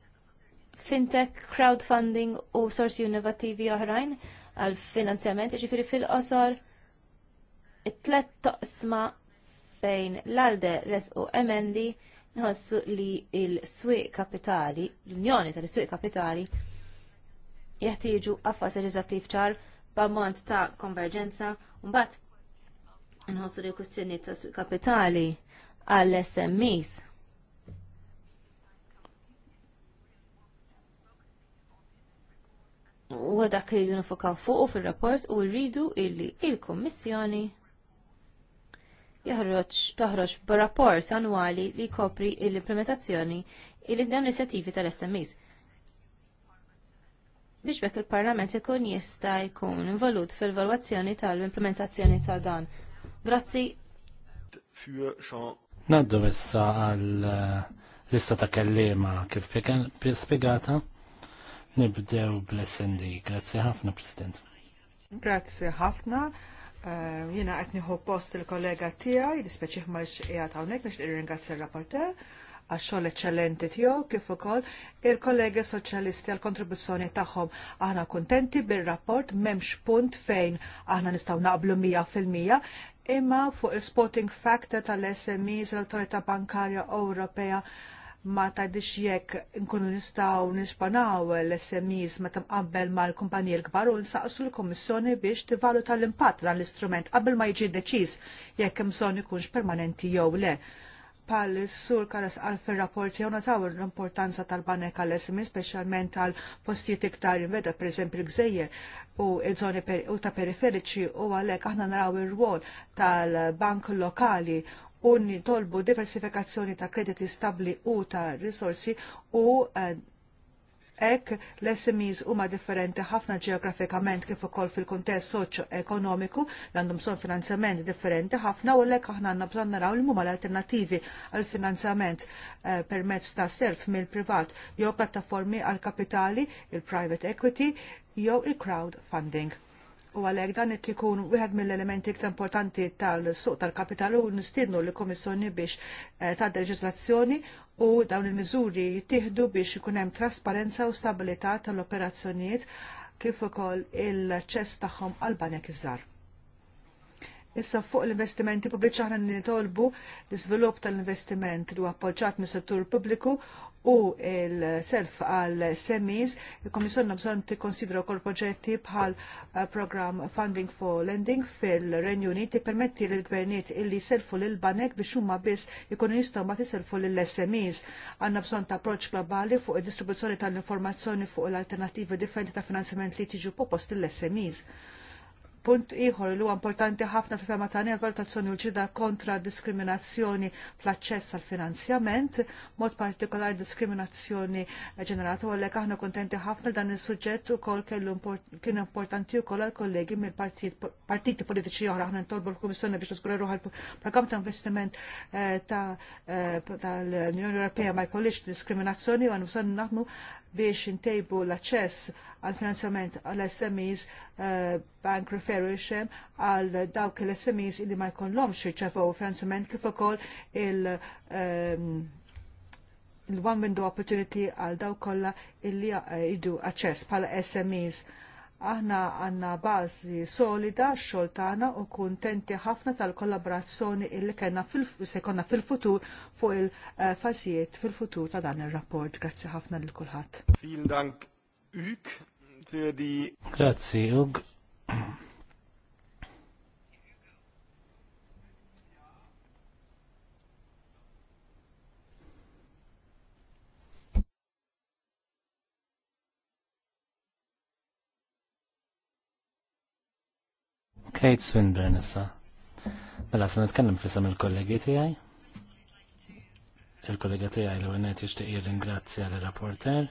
fintech, crowdfunding u sorsi innovativi oħrajn għal finanzjament, ġifiri fil-qosor it-tlet toqsma bejn l-alde res u emendi nħossu li il-swiq kapitali, l-unjoni tal-swiq kapitali, jeħtieġu għaffa seġizattiv ċar b'ammont ta' konverġenza un mbagħad nħossu li kustjoni ta' swiq kapitali għall-SMEs u dak li rridu nifokaw fuq fil-rapport u rridu illi il-Kommissjoni taħroċ b b'rapport annwali li kopri l-implementazzjoni il dawn l-inizjattivi tal-SMEs. Biex bekk il-Parlament ikun jista' jkun involut fil-valwazzjoni tal-implementazzjoni ta' dan. Grazzi. Naddu issa għal eh, lista ta' kellima kif spiegata. Nibdew bl essendi Grazzi ħafna, President. Grazzi ħafna. Uh, eh, jena għetni post il-kollega tija, dispeċiħ ma jgħat għawnek, biex ringrazzja il-rapporter għaxxol eccellenti tiegħu kif ukoll il-kollegi soċjalisti għal kontribuzzjoni tagħhom. Aħna kuntenti bir-rapport m'hemmx punt fejn aħna nistgħu naqblu mija fil-mija, imma fuq il-spotting factor tal-SMEs l-Autorità Bankarja Ewropea ma tgħidix jekk nkunu nistgħu nispanaw l-SMEs meta mqabbel mal-kumpaniji l-kbar u nsaqsu l-Kummissjoni biex tivaluta l-impatt dan l-istrument qabel ma jiġi deċiż jekk hemm bżonn ikunx permanenti jew le. Pal sur karas għal fil-rapport jew nataw l-importanza tal-banek għal SMI, specialment għal postijiet iktar meda, per eżempju, gżejjer u il-żoni ultraperiferiċi u għalek aħna naraw ir-rwol tal-bank lokali u nitolbu diversifikazzjoni ta' krediti stabli u ta' risorsi u eh, Ek, l-SMEs huma differenti ħafna ġeografikament kif ukoll fil-kuntest soċjo-ekonomiku li għandhom son finanzjament differenti ħafna u lek aħna għandna bżonn naraw li huma l-alternattivi għal finanzjament eh, permezz ta' self mill-privat jew plattaformi għal kapitali, il-private equity jew il-crowdfunding u għalhekk dan qed ikun wieħed mill-elementi iktar importanti tal-suq tal kapitalu u nistiednu li komissjoni biex eh, tad leġislazzjoni u dawn il-miżuri jittieħdu biex ikun hemm trasparenza u stabilità tal-operazzjonijiet kif ukoll il-ċess tagħhom għal banek iż-żar. Issa fuq l-investimenti pubbliċi aħna nitolbu l-iżvilupp tal-investiment li appoġġat mis settur pubbliku u il-self għal semis, il-Komissjoni bżon tikkonsidra kol proġetti bħal eh, program Funding for Lending fil-Renju Unit permetti l-gvernijiet illi selfu l-banek biex huma biss ikunu jistgħu ma tiselfu l-SMEs. Għandna bżon ta' approċ globali fuq id-distribuzzjoni tal-informazzjoni fuq l-alternativi differenti ta' finanzjament li tiġu popost l-SMEs Punt ieħor li huwa importanti ħafna fil-fema tagħna l-valutazzjoni u ġida kontra diskriminazzjoni fl-aċċess għal finanzjament, mod partikolar diskriminazzjoni ġenerata u għallek aħna kontenti ħafna dan is-suġġett ukoll kellu kien importanti kol għal kollegi mill-partiti politiċi oħra aħna ntolbu l komissjoni biex tiżgura għal programm ta' investiment eh, eh, tal-Unjoni Ewropea ma jkollix diskriminazzjoni u għandu naħdmu biex intejbu l-aċċess għal finanzjament għal SMEs eh, bank referralship għal dawk l-SMEs li ma jkollhomx jirċevew finanzjament kif ukoll il- ehm, il-one window opportunity għal daw kolla illi eh, jiddu aċċess bħala SMEs Aħna għandna bażi solida x u kuntenti ħafna tal-kollaborazzjoni illi kellna se sekonna fil-futur fuq il fazijiet fil-futur ta' dan ir-rapport. Grazzi ħafna lil kulħadd. Vielen Dank Grazzi Kate Swinburne issa. Mela se nitkellem f'isem il-kollegi tiegħi. Il-kollega tiegħi li għanet jixtieq jirringrazzja l-rapporter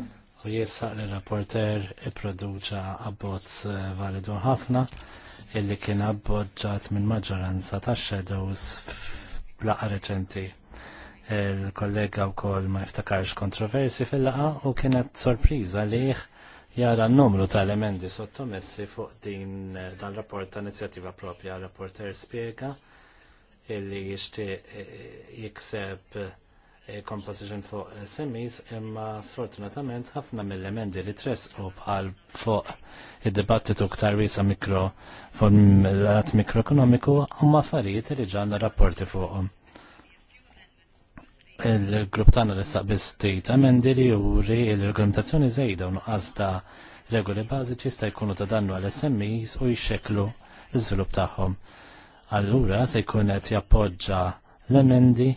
u jisħaq l-rapporter ipproduċa abbozz eh, validu ħafna illi kien abboġġat minn maġġoranza ta' shadows f'laqa reċenti. Il-kollega wkoll ma jiftakarx kontroversi fil-laqa u kienet sorpriza liħ jara n-numru ta' elementi sottomessi fuq din eh, dan rapport ta' inizjattiva propja. Rapporter spiega illi jixtieq eh, jikseb eh, composition fuq semis imma sfortunatament ħafna mill-elementi li tres u bħal fuq id-dibattitu ktar wisa mikro formulat mikroekonomiku huma affarijiet li ġanna rapporti fuqhom il-grupp tagħna li saqbis stit emendi li juri l-regolamentazzjoni żejda u nuqqas regoli bażiċi sta' jkunu ta' dannu għal SMEs u jxeklu l-iżvilupp tagħhom. Allura se jkun qed jappoġġa l-emendi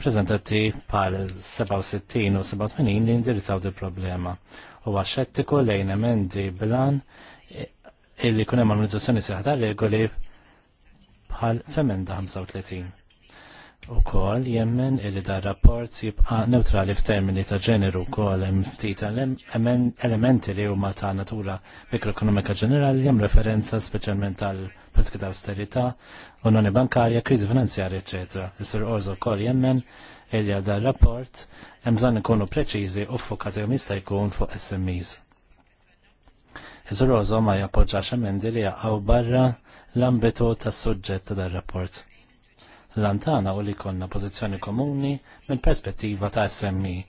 prezentati pal 67 u 87 li indirizzaw di problema. U għaxettiku lejn emendi bilan illi kunem armonizzazzjoni seħta regoli bħal femenda 35 u kol jemmen illi da rapport jibqa neutrali f'termini ta' ġeneru kol hemm ftit elementi li huma ta' natura mikroekonomika ġenerali hemm referenza speċjalment tal-politika ta' austerità, unjoni bankarja, kriżi finanzjarja, ecc. Isir Orzo kol jemmen illi għal dar rapport hemm bżonn ikunu preċiżi u fokati jom jista' jkun fuq SMEs. Isir Orzo ma jappoġġax emendi li jaqgħu barra l-ambitu tas-suġġett ta' dar rapport Lantana u li konna pozizjoni komuni minn perspettiva ta' SMI e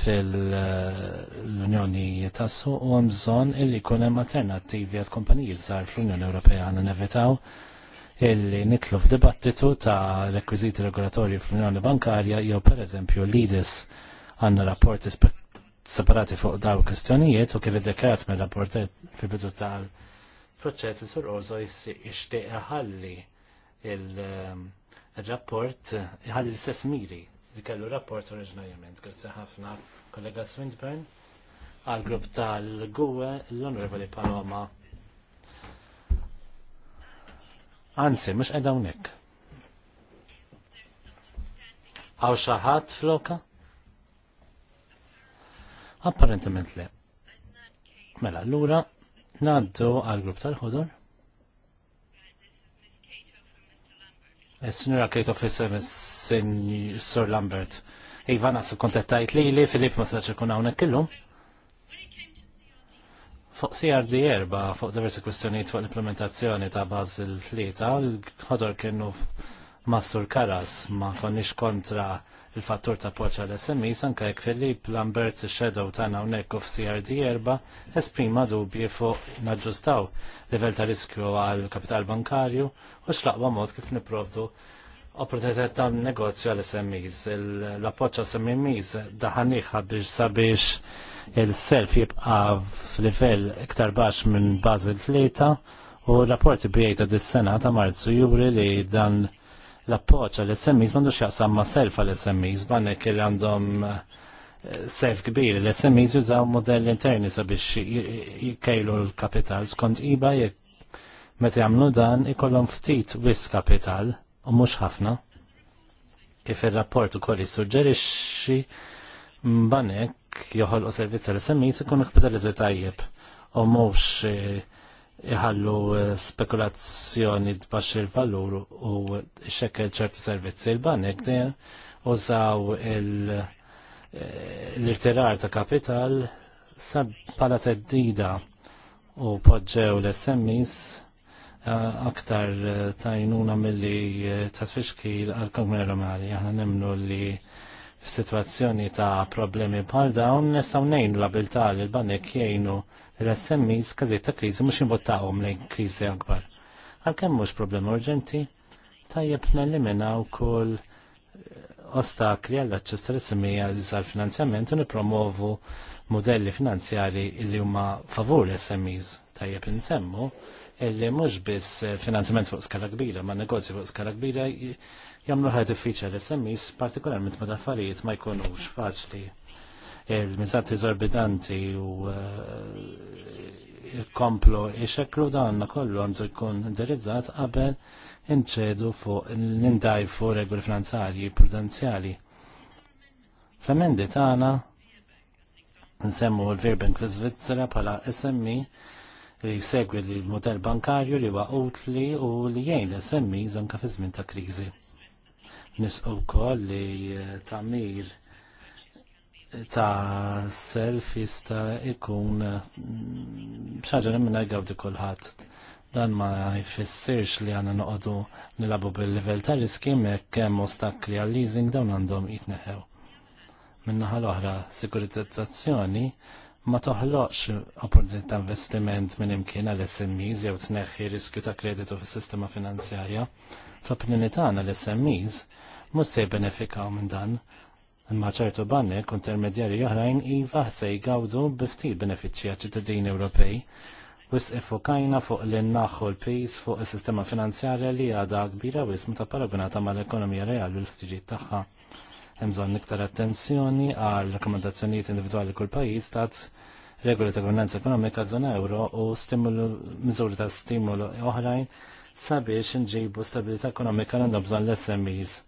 fil-Unjoni tassu u għamżon illi kunem alternativi għal kompanijiet żgħar fl-Unjoni Ewropea għan nevitaw illi nitlu f'dibattitu ta' rekwiziti regolatorji fl-Unjoni Bankarja jew per eżempju l-IDIS għanna rapporti separati fuq daw kwistjonijiet u kif id-dekrat me rapporti fil-bidu tal-proċess sur orzo jixtieq ħalli il- il-rapport ħalli l-istess miri li kellu rapport oriġinarjament. Grazie ħafna kollega Swindburn għal grupp tal gue l-Onorevoli Paloma. Anzi, mux edha unik. Għaw xaħat floka? Apparentement le. Mela, l-ura naddu għal grupp tal-ħodur. kajt uffisem S. Sur Lambert. Iva nasib kontettajt li li Filip ma saċ ikun hawnhekk illum. Fuq CRD erba, fuq diversi kwistjonijiet fuq l-implementazzjoni ta' il tlieta, l-ħodor kienu Massur Karas ma konniex kontra il-fattur ta' poċa l-SMI sanka jek Filip Lambert il-shadow ta' unek u f-CRD erba esprima dubi fuq naġġustaw level ta' riskju għal kapital bankarju u xlaqwa mod kif niprovdu opportunitet ta' negozju għal smis L-appoċa SMEs daħaniħa biex sabiex il-self jibqa f'livell iktar bax minn Basel 3 u rapporti bijaj ta' dis-sena ta' marzu juri li dan l appoċ għall-SMEs m'għandux jaqsam ma' self għall-SMEs b'għandek li għandhom eh, self kbir. L-SMEs jużaw modell interni sabiex jkejlu l-kapital skont iba jekk meta jagħmlu dan ikollhom ftit wis kapital u mhux ħafna. Kif ir-rapport ukoll jissuġġerixxi mbanek u servizz għall-SMEs ikunu kapitaliżi tajjeb u mhux eh, iħallu eh, spekulazzjoni tbaxxi il valur u xekkel ċertu servizzi l-banek użaw eh, l-irtirar ta' kapital sab pala teddida u podġew l-SMIs eh, aktar tajnuna mill-li ta' tfixkil għal Romali. Aħna nemnu li f-situazzjoni ta' problemi bħal dawn nesaw nejnu l-abilta' l-banek jgħinu l-SMEs kazit ta' kriżi mhux imbottaqhom lejn kriżi akbar. Għalkemm mhux problema urġenti, tajjeb neliminaw kull eh, ostakli għall-aċċess tal-SMEs e għal finanzjament u nipromovu modelli finanzjari li huma favur SMEs tajjeb nsemmu illi mhux biss eh, finanzjament fuq skala kbira, ma negozju fuq skala kbira jagħmlu ħadd diffiċli l-SMEs partikolarment meta affarijiet ma jkunux faċli il-mizzat izorbitanti u eh, komplu ixeklu danna kollu għandu jkun indirizzat qabel inċedu fuq l-indajfu regoli finanzarji prudenzjali. Fl-emendi tagħna nsemmu l-Virbank fl-Svizzera bħala SMI e li jsegwi l-modell bankarju li waqut li u li jgħin l-SMI zanka fi żmien ta' kriżi. Nisqu wkoll li eh, tagħmir ta' self jista' ikun mm, xaġa li minna jgawdi kulħadd. Dan ma jfissirx li għana noqogħdu nilabu bil-livell ta' riski mekk hemm ostakli għal leasing dawn għandhom jitneħew. Minnaħa l-oħra sikuritizzazzjoni ma toħloqx opportunità ta' investiment minn imkien għal SMEs jew tneħħi riskju ta' kreditu fis-sistema finanzjarja. Fl-opinjoni tagħna l-SMEs mhux se jbenefikaw minn dan Imma ċertu banne kontermedjari oħrajn iva se jgawdu biftit benefiċċji ċittadini Ewropej. Wis ifokajna fuq l naħħu l-pis fuq is-sistema finanzjarja li għadha kbira wis ta' paragunata mal-ekonomija reali u l-ħtiġijiet tagħha. Hemm bżonn iktar attenzjoni għal rakkomandazzjonijiet individwali kull pajjiż tat regoli ta' governanza ekonomika żona euro u stimulu miżuri ta' stimulu oħrajn sabiex nġibu stabilità ekonomika għandhom bżonn l-SMEs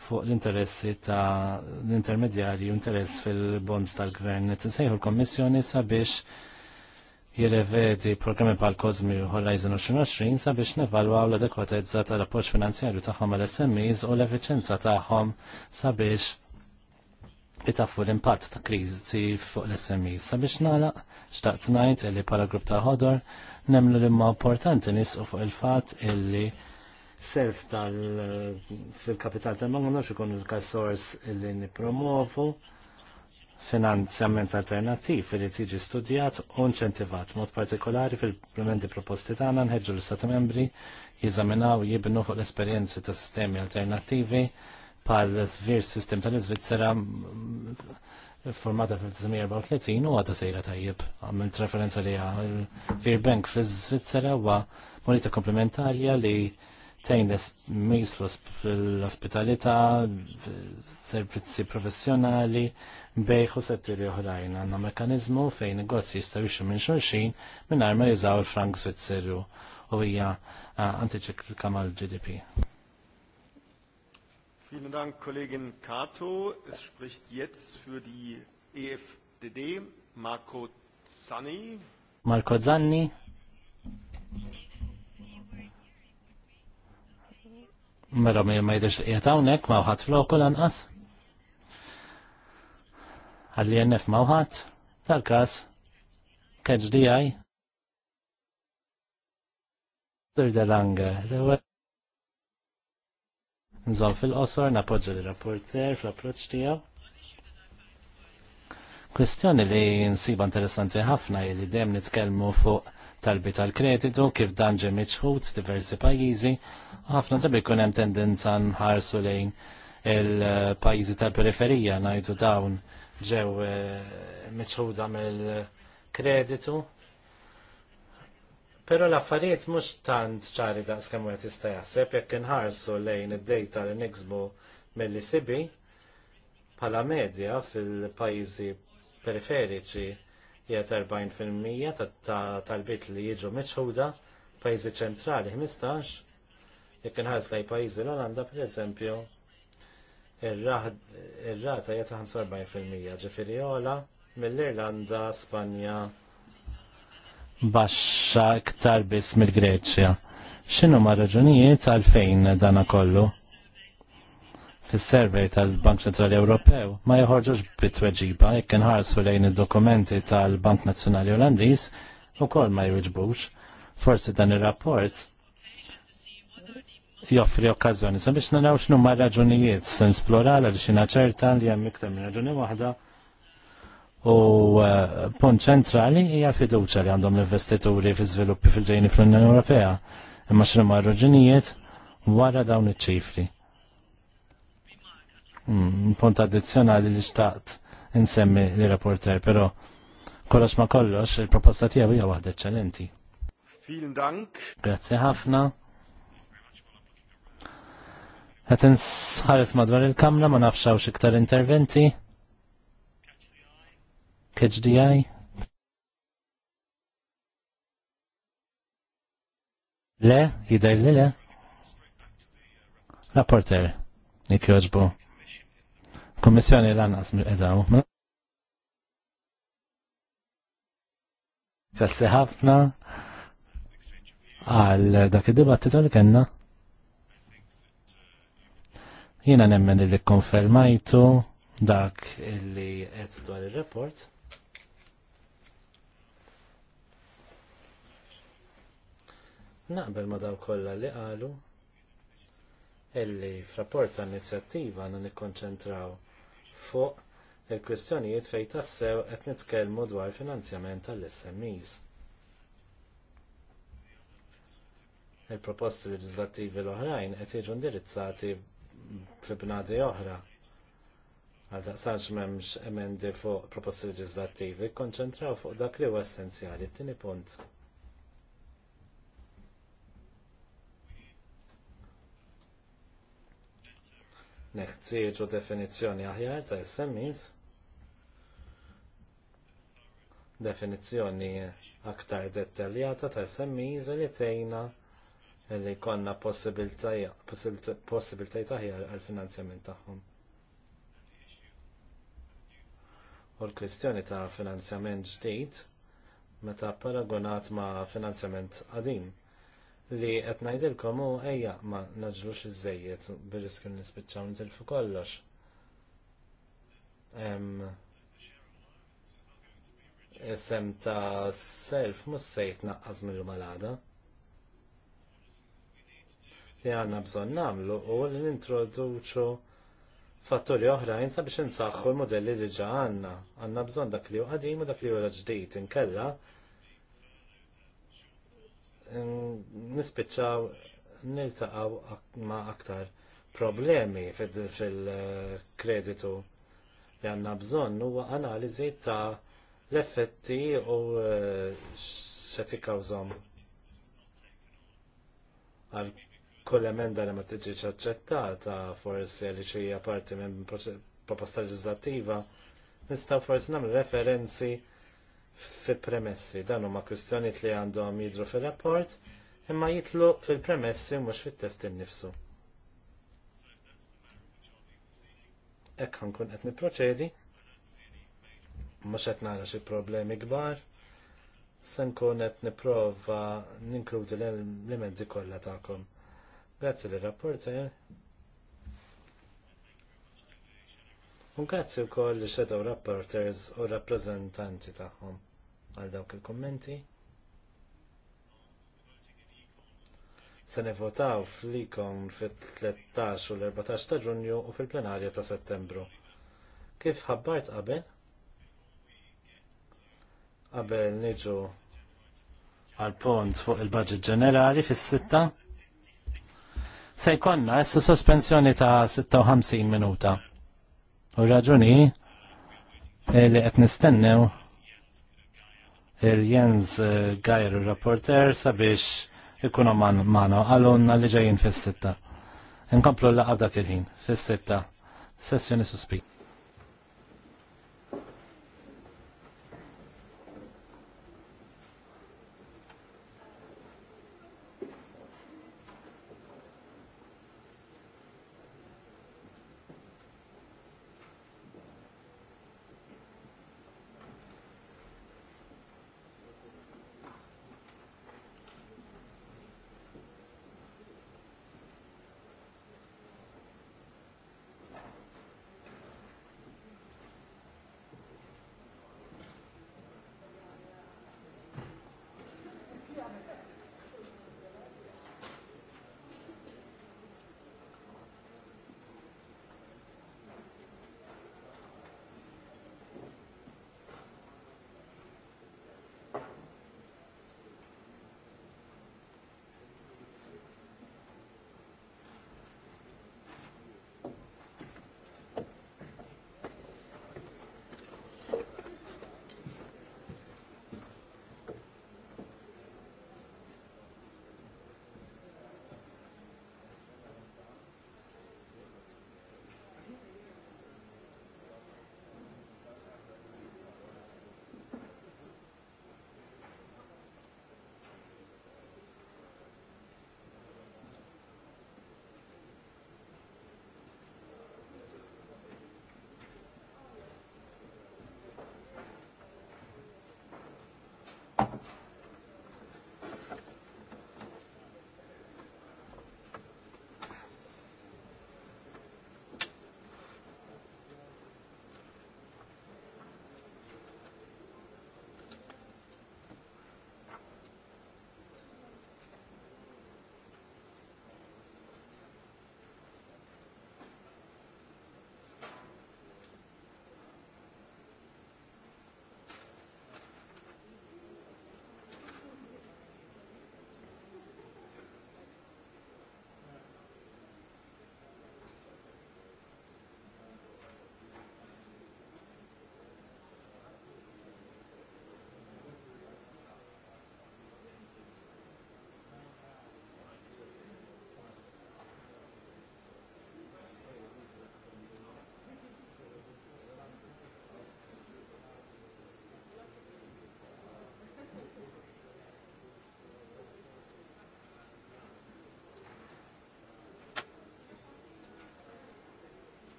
fuq l-interessi ta' l-intermedjari u interess fil-bonds tal-gvern. Tinsejħu l-Kommissjoni sabiex jirrevedi programmi pal kozmi u Horizon 2020 sabiex nevalwaw l-adekwatezza tal-appoġġ finanzjarju tagħhom għal SMEs u l-efficienza tagħhom sabiex jitaffu l-impatt ta' kriżi fuq l-SMEs. Sabiex nagħlaq xtaqt ngħid illi bħala grupp ta' ħodor nemlu l-imma importanti nisqu fuq il-fatt illi self tal fil-kapital tal-bank nox ikun il-kassors li nipromovu finanzjament alternativ li tiġi studjat u nċentivat mod partikolari fil-plementi proposti tagħna nħedġu l istat membri jiżaminaw jibnu fuq l-esperjenzi ta' sistemi alternattivi pal vir sistem tal-Iżvizzera formata fil-1934 u għata sejra tajjeb għamilt referenza li għal Vir Bank fl-Svizzera huwa moneta komplementarja li tejnes mis fl-ospitalità, servizzi professjonali, bejħu setturi oħrajn Għanna mekanizmu fejn negozji jistaw jixu minn xulxin minn arma jużaw il-frank Svizzeru u hija antiċiklika mal-GDP. Vielen Dank, Kollegin Kato. Es spricht jetzt für die EFDD Marco Zanni. Marco Zanni. mela ma jidhirx li qiegħed hawnhekk ma wħadd floku lanqas. Għalli jennef ma ħadd, tal-każ keġ DI. Sir Delanga, Nżom fil-qosor, napoġġa l-rapporter, fl-approċ tiegħu. Kwestjoni li nsiba interessanti ħafna li dejjem nitkellmu fuq talbi tal-kreditu kif dan ġie miċħud diversi pajjiżi ħafna drabi jkun hemm tendenza nħarsu lejn il-pajjiżi tal-periferija ngħidu dawn ġew eh, miċħuda mill-kreditu. Però l-affarijiet mhux tant ċari daqs kemm wieħed jista' jaħseb jekk inħarsu lejn id-dejta li niksbu mill-ICB bħala medja fil-pajjiżi periferiċi hija 40% tal-bit li jiġu miċħuda, pajjiżi ċentrali 15, Jekk inħares lej pajjiżi l-Olanda, pereżempju, ir-rata hija ta' 45%, ġifieri ola mill-Irlanda, Spanja, baxxa iktar biss mill-Greċja. X'inhu ma' raġunijiet għalfejn dana kollu? fis-server tal-Bank Ċentrali Ewropew ma joħorġux bit-tweġiba jekk inħarsu lejn id-dokumenti tal-Bank Nazzjonali Olandiż ukoll ma jwiġbux. Forsi dan ir-rapport joffri okkazjoni. Sa biex nanaw x'nu ma' raġunijiet, sens plurala li xina ċerta li hemm iktar minn raġuni waħda u eh, punt ċentrali hija fiduċa li għandhom l-investituri fi żviluppi fil-ġejni fl-Unjoni Ewropea. Imma x'nu ma' raġunijiet wara dawn iċ-ċifri. Hmm, punt addizzjonali li xtaqt insemmi li rapporter, però kollox ma kollox il-proposta tiegħu hija waħda eċċellenti. Vielen Dank. Grazie ħafna. Għet nsħares madwar il-kamra ma nafxaw xiktar interventi. KHDI. Le, jidaj li le. Rapporter, nik joġbu. Komissjoni l annas edaw. Felsi ħafna għal dak id-dibattitu li kena. Jiena nemmen li konfermajtu dak illi għed dwar ir-report. Naqbel ma daw kollha li qalu illi f'rapport ta' inizjattiva għandna nikkonċentraw fuq il-kwistjonijiet fejn tassew qed nitkellmu dwar finanzjament tal-SMEs. Il-proposti leġislattivi l-oħrajn qed jiġu indirizzati fi bnadi oħra. Għal daqsax memx emendi fuq proposti leġislattivi, konċentraw fuq dak li huwa essenzjali. Tini punt. Neħtieġu definizzjoni aħjar ta' SMEs. Definizzjoni aktar dettaljata ta' SMEs li tejna li konna possibiltajiet aħjar għal-finanzjament tagħhom. U l-kwistjoni ta' finanzjament ġdid meta paragonat ma' finanzjament qadim li qed ngħidilkom hu ejja ma naġlux iż-żejjed nispiċċaw nitilfu kollox. Isem ta' self mhux se jitnaqqas mill-malada li għanna bżon namlu u li nintroduċu fatturi oħrajn sabiex nsaħħu l-modelli li ġa għanna. Għanna bżon dak li u għadim u dak li u ġdijt inkella nispiċċaw niltaqaw ma' aktar problemi fil-kreditu li għanna bżon huwa analiżi ta' l-effetti u eh, x'qed ikkawżhom għal kull emenda li ma tiġiċ aċċettata forsi li xija parti minn proposta leġislattiva, nistaw forsi namlu referenzi fi premessi. Dan huma kwistjonijiet li għandhom jidru fir-rapport imma jitlu fil-premessi mhux fit-test innifsu. Hekk ħankun qed nipproċedi, mhux qed nara xi problemi kbar se nkun qed nipprova ninkludi l-elementi kollha tagħkom. Grazzi li rapporter. Un grazzi a tutti li shadow rapporters u rappresentanti taħħom għal dawk il-kommenti. Se nivotaw flikom fil-13 u l-14 ta' ġunju u fil-plenarja ta' settembru. Kif ħabbart qabel? Qabel niġu għal-pont fuq il-budget ġenerali fis-sitta? se jkollna issa sospensjoni ta' 56 minuta. U raġuni li qed nistennew il-Jens gajru rapporter sabiex ikunu man mano għalunna li ġejjin fis-sitta. Inkomplu l-laqa dak il-ħin fis-sitta. Sessjoni sospit.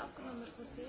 aufgenommen mit Rosé?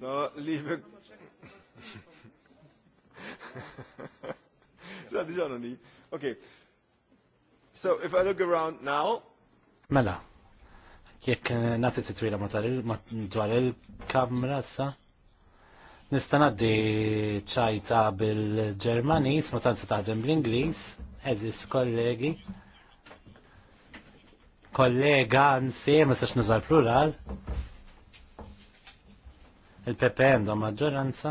So, liebe... so, diġa non Okay. So, if I look around now... Mela, Jek nati titwila dwar il-kamra sa? Nista' ngħaddi ċajta bil-Ġermaniż, ma tantx taħdem bl inglis eżis kollegi. Kollega, nsi, ma sax nużar plural. Il-PP għandha maġġoranza.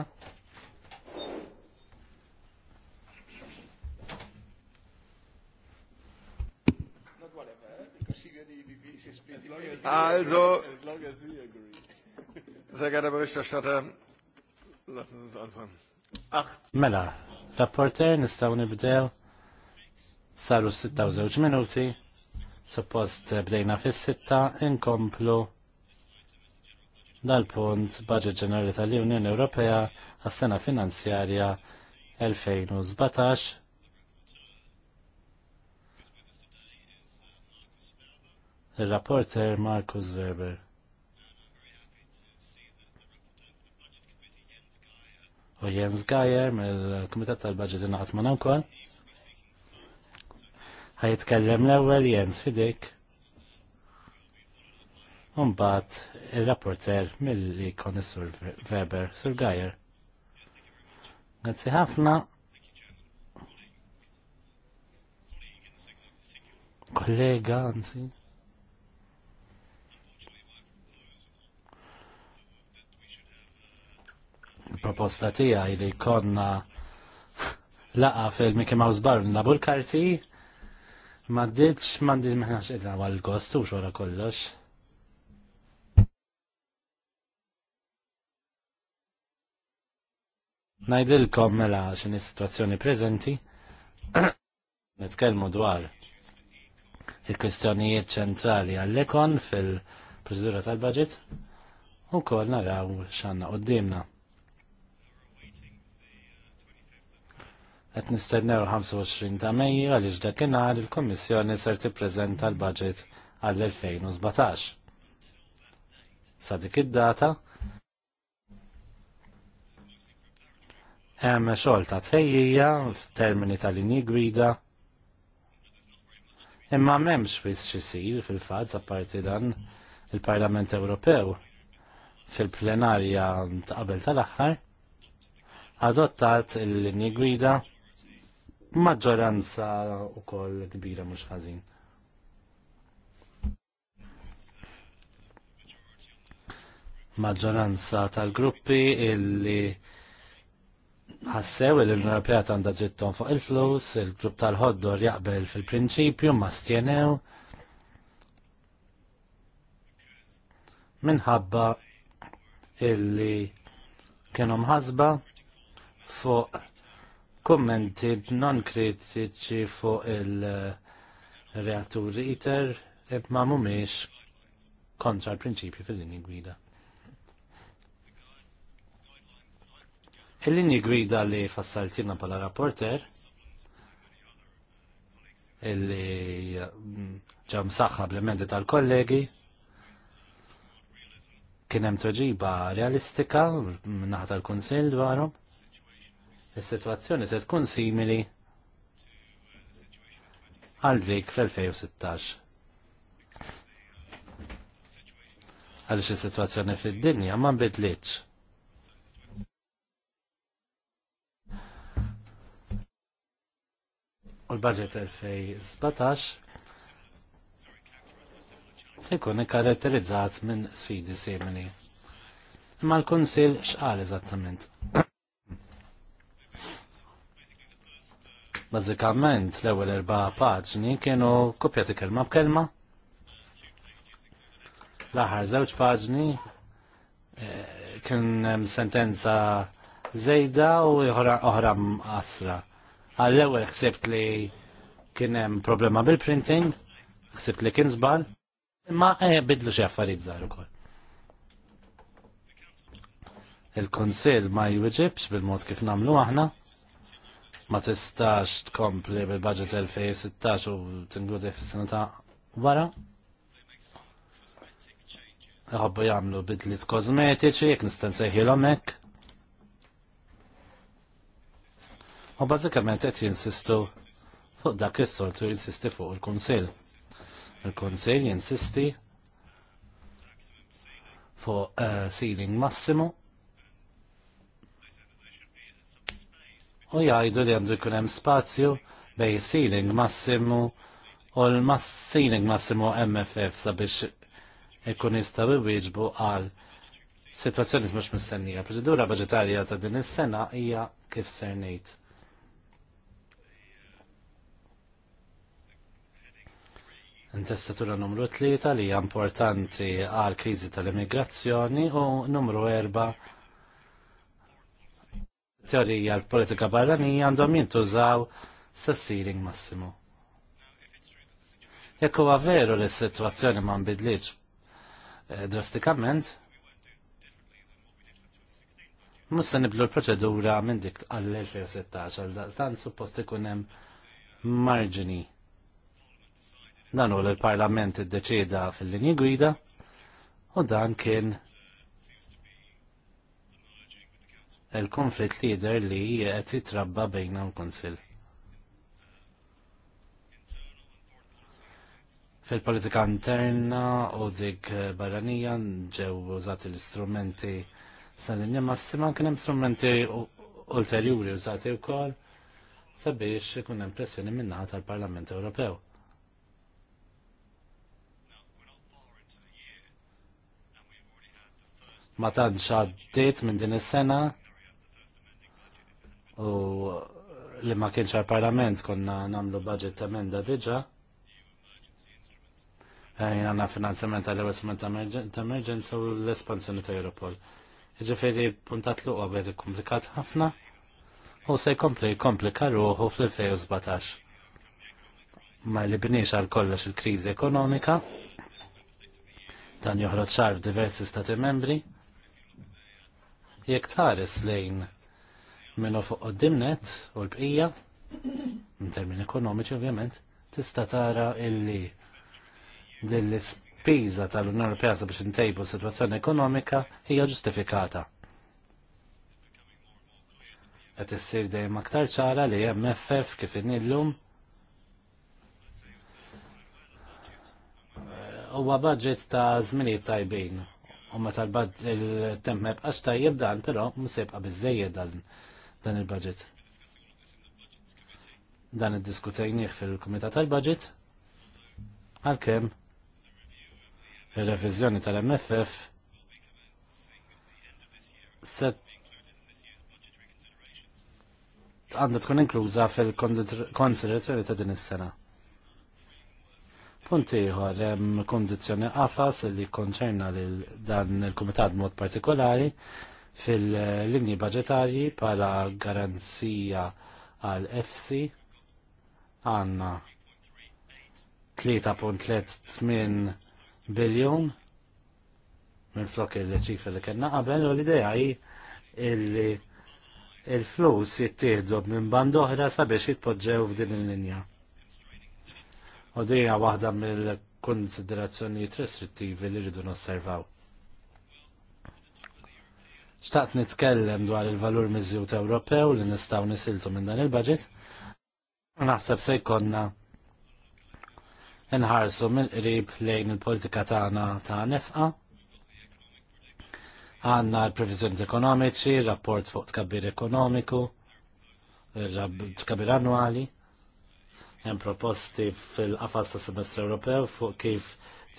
Also, sehr geehrter Berichterstatter, lassen Sie uns anfangen. Acht. Mela, rapporteur, nistaw nibdew saru 6 minuti, suppost bdejna fis-sitta, inkomplu dal-punt Budget Ġenerali tal-Unjoni Ewropea għas-sena finanzjarja 2017 il-rapporter Markus Weber. U Jens Gajer mill-Kumitat tal-Budget inaqat ma' wkoll. Ħajitkellem l-ewwel Jens fidik. Umbat il-rapporter mill-li kon sur Weber, sur Gajer. Grazzi ħafna. Kollega, anzi. proposta tijaj li konna laqa fil-Mickey Mouse minna nabu karti ma ditx ma ditx meħnax id-għal għal-gostu xora kollox. Najdilkom mela xin situazzjoni prezenti. Nitkellmu dwar il-kwestjonijiet ċentrali għall-ekon fil-proċedura tal-budget u kol naraw xanna d-dimna. Qed nistennew 25 ta' Mejju għaliex dakinhar il-Kommissjoni ser tippreżenta l-budget għall-2017. Sa dik id-data, hemm xogħol ta' tfejjija f'termini tal-linji gwida. Imma m'hemmx biss xisir fil-fatt apparti dan il-Parlament Ewropew fil-plenarja ta' qabel tal-aħħar adottat il-linji gwida maġġoranza wkoll kbira mhux ħażin. Maġġoranza tal-gruppi illi ħassew li l rapjat għanda għandha ġittom fuq il-flus, il-grupp tal-ħoddor jaqbel fil-prinċipju ma stjenew. Minħabba illi kienu mħasba fuq kommenti non kritiċi fuq il-reaturi iter ma mhumiex kontra l-prinċipju fil-linji gwida. Il-linji gwida li fassaltina pala rapporter illi mm, ġam saħħa bl-emendi tal-kollegi kien hemm realistika mm, naħa tal kunsil dwarhom. Is-sitwazzjoni se tkun simili għal dik fl-2016. Għaliex is-sitwazzjoni fid-dinja ma nbidlitx. u l-budget 2017 se jkun ikkaratterizzat minn sfidi simili. Imma l-Kunsil x'qal eżattament? Bażikament l-ewwel erba' paġni kienu kopjati kelma b'kelma. L-aħħar żewġ paġni eh, kien sentenza zejda u oħra mqasra. Għall-ewwel ħsibt li kien hemm problema bil-printing, ħsibt li kien ma imma eh, bidlu xi affarijiet żgħar ukoll. Il-Kunsill ma jwiġibx bil-mod kif nagħmlu aħna, ma tistax tkompli bil-budget 2016 u tingudi fis-sena ta' wara. Ħobbu jagħmlu bidlit kozmetiċi, jekk nista' l-omek, U bażikament qed jinsistu fuq dak is-soltu jinsisti fuq il-Kunsill. Il-Kunsill jinsisti fuq eh, ceiling massimu u jgħidu li għandu jkun hemm spazju bej ceiling massimu u l-ceiling massimu MFF sabiex ikun jistaw iwieġbu għal situazzjoni mhux mistennija. Proċedura budgetarja ta' din is-sena hija kif ser ngħid. Intestatura numru 3 li hija importanti għal kriżi tal-immigrazzjoni u numru 4 teorija l-politika barranija għandhom jintużaw s sealing massimo. Jekk huwa veru li s-sitwazzjoni ma nbidlitx eh, drastikament, Musta niblu l-proċedura minn dik għall-2016, għal dazdan suppost ikun hemm marġini nanu li l-Parlament id deċeda fil-linji gwida u dan kien il-konflitt leader li qed jitrabba bejna l-Kunsill. Fil-politika interna u dik barranija ġew użati l-istrumenti sal-linja massima kien hemm strumenti ulterjuri użati wkoll sabiex ikun hemm pressjoni minna tal-Parlament Ewropew. ma tantx għaddiet minn din is-sena u li ma kienx għal-parlament konna namlu budget ta' menda diġa. Għajna eh, għanna finanzjament għal investment ta' emerġenza u l-espansjoni ta' Europol. Ġifiri puntat l-uqqa għabedi komplikat ħafna u se jkompli komplika ruħu fl-2017. Ma li bniex għal kollox il-krizi ekonomika, dan joħroċ ċar diversi stati membri, jekk tares lejn minnu fuq dimnet u l-bqija, in termini ekonomiċi ovvjament, tista' tara illi dill-ispiża tal-Unjoni Ewropea biex intejbu s-sitwazzjoni ekonomika hija ġustifikata. Qed issir dejjem aktar ċara li hemm MFF kif inillum eh, huwa budget ta' żminijiet tajbin u meta l temp ma jibqax tajjeb dan, però mhux se jibqa' biżejjed dan il-budget. Dan iddiskutejnieh fil-Kumitat tal-Budget għalkemm ir-reviżjoni tal-MFF għandha tkun inkluża fil-konsiderazzjoni ta' din is-sena. Punt ieħor hemm li konċerna lil dan il-kumitat mod partikolari fil-linji budgetarji bħala garanzija għal FC għanna 3.38 biljon minn flok il-ċifra li kena qabel u l-ideja illi il-flus jittieħdu minn band oħra sabiex jitpoġġew f'din il-linja. U dejja waħda mill konsiderazzjoni restrittivi li rridu nosservaw. Xtaqt nitkellem dwar il-valur miżjut Ewropew li nistgħu nisiltu minn dan il-budget. Naħseb se jkollna nħarsu mill-qrib lejn il-politika tagħna ta' nefqa. Għanna l-previżjoni ekonomiċi, rapport fuq tkabbir ekonomiku, tkabbir annwali Hemm proposti fil-qafas ta' semestru Ewropew fuq kif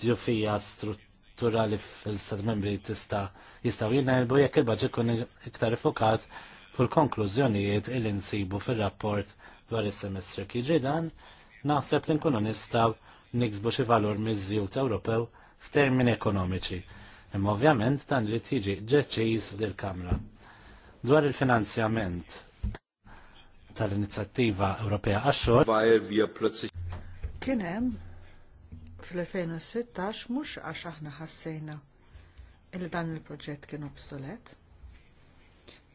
ġufija strutturali fil-Stat membri tista' jistgħu jingħelbu jekk il-baġġi kun iktar ifokat fuq il-konklużjonijiet il insibu fil-rapport dwar is-semestru kiġri dan, naħseb li nkunu nistgħu niksbu xi valur miżjut Ewropew f'termini ekonomiċi. Imma ovvjament dan li tiġi ġeċċiż lill kamra Dwar il-finanzjament, tal-Inizjattiva Ewropea għax Kienem Kien hemm fl-2016 mhux għax aħna ħassejna li dan il-proġett kien obsolet.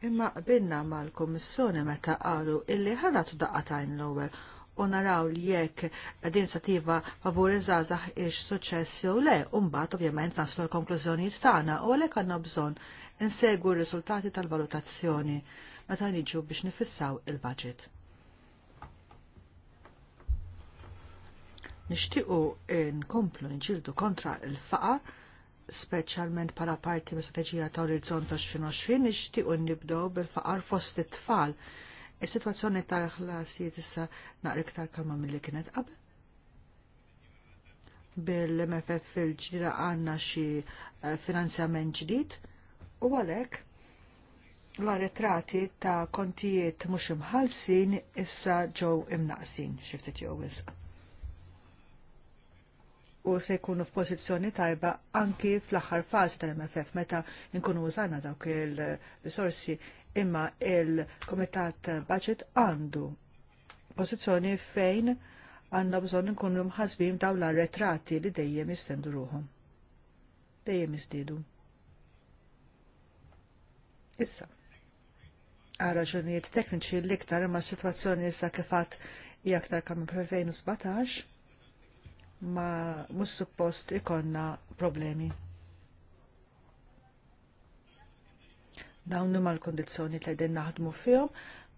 Imma qbilna mal-Kummissjoni meta qalu illi ħaratu daqqatajn l-ewwel u naraw li jekk din sativa favuri żgħażagħ ix suċċess jew le, u mbagħad ovvjament naslu l-konklużjonijiet tagħna u għalhekk għandna bżonn insegwu r-riżultati tal-valutazzjoni meta niġu biex nifissaw il-budget. Nixtiequ nkomplu nġildu kontra il-faqar, speċjalment bħala parti mis strategija ta' Orizzont 2020, nixtiequ nibdew bil-faqar fost it-tfal. Is-sitwazzjoni tal-ħlasijiet issa naqra iktar kalma milli kienet qabel bil-MFF fil ġdida għanna xi eh, finanzjament ġdid u għalhekk l-arretrati ta' kontijiet mhux imħallsin issa ġew imnaqsin xi ftit jew wisq. U se jkunu f'pożizzjoni tajba anki fl-aħħar fażi tal-MFF meta nkunu użana dawk il-risorsi imma il-Komitat Budget għandu pożizzjoni fejn għandna bżonn nkunu mħasbin dawn l-arretrati li dejjem jistendu ruhom. Dejjem jistidu. Issa għal raġunijiet tekniċi l-iktar imma s-sitwazzjoni issa kifat jaktar aktar kemm 2017 ma mhux suppost ikonna problemi. Dawn huma l-kondizzjoni li qegħdin naħdmu fihom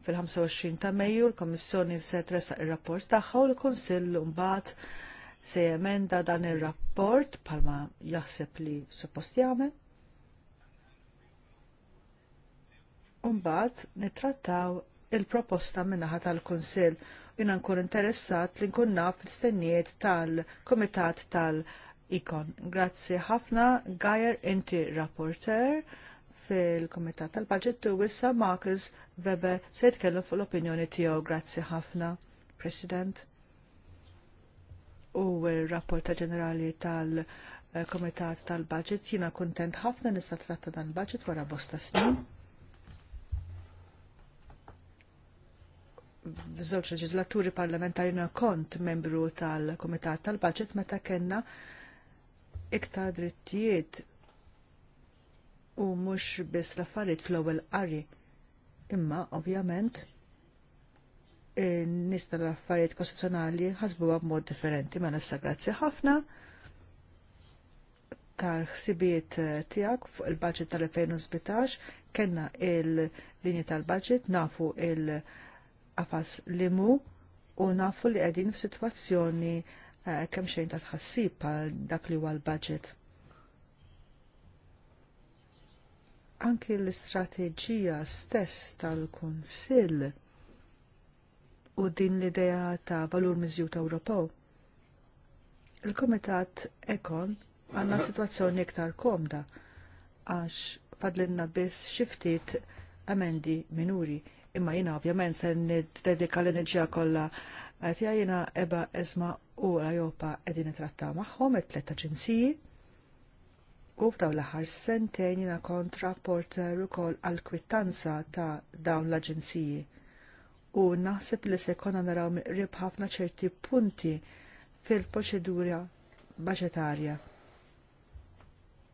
fil-25 ta' Mejju l-Kommissjoni se tressaq ir-rapport tagħha u l-Kunsill mbagħad se jemenda dan ir-rapport bħalma jaħseb li suppost jagħmel Umbat nitrattaw il-proposta minnaħat tal-Konsil jina nkun interessat li nkun naf l-istennijiet tal-Komitat tal-Ikon. Grazzi ħafna, Gajer, inti rapporter fil-Komitat tal-Budget u wissa Marcus Weber se kellu fuq l-opinjoni tiegħu. Grazzi ħafna, President. U il rapporta ġenerali tal-Komitat tal-Budget jina kuntent ħafna nista' tratta dan budget wara bosta snin. żewġ leġislaturi parlamentari kont membru tal-Kumitat tal-Baġit meta kellna iktar drittijiet u mhux biss l-affarijiet fl-ewwel qari. Imma ovvjament nies tal-affarijiet kostituzzjonali ħasbuha b'mod differenti ma mela nissa grazzi ħafna tal-ħsibiet tiegħek fuq il-budget tal-2017 kellna il-linji tal-budget nafu il-, -budget, għafas li mu u nafu li qegħdin f'sitwazzjoni situazzjoni eh, kemm xejn ta' tħassib għal dak li huwa l-budget. Anki l-istrateġija stess tal-Kunsill u din l-idea ta' valur miżjut Ewropew. Il-Komitat Ekon għanna situazzjoni iktar komda għax fadlinna biss xiftit amendi minuri imma jina ovvjament se niddedika l-enerġija kolla. għatja jina eba esma u għajopa edin tratta maħħom it-tletta ġinsiji u f'daw l-aħħar sentejn jina kont rapporter ukoll għal-kwittanza ta' dawn l-aġenziji u naħseb li se konna naraw ribħafna ħafna ċerti punti fil-proċedura baġetarja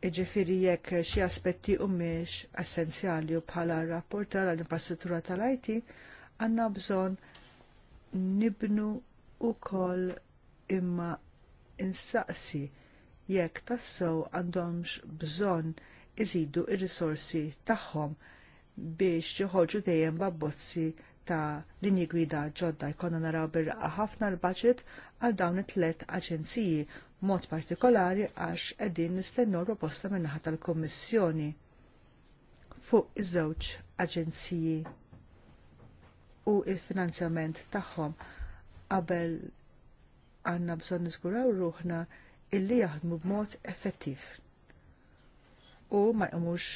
Iġifiri jekk xi aspetti humiex essenzjali u bħala rapporta l-infrastruttura tal-IT għandna bżonn nibnu wkoll imma insaqsi jekk tassew għandhomx bżonn iżidu ir-risorsi tagħhom biex joħorġu dejjem babbozzi ta' linji gwida ġodda jkollna naraw birraqa ħafna l-budget għal dawn it-tlet aġenziji, mod partikolari għax qegħdin nistennu proposta min-naħa tal-Kummissjoni fuq iż-żewġ aġenziji u l finanzjament tagħhom qabel għandna bżonn niżguraw ruħna illi jaħdmu b'mod effettiv u ma jqumux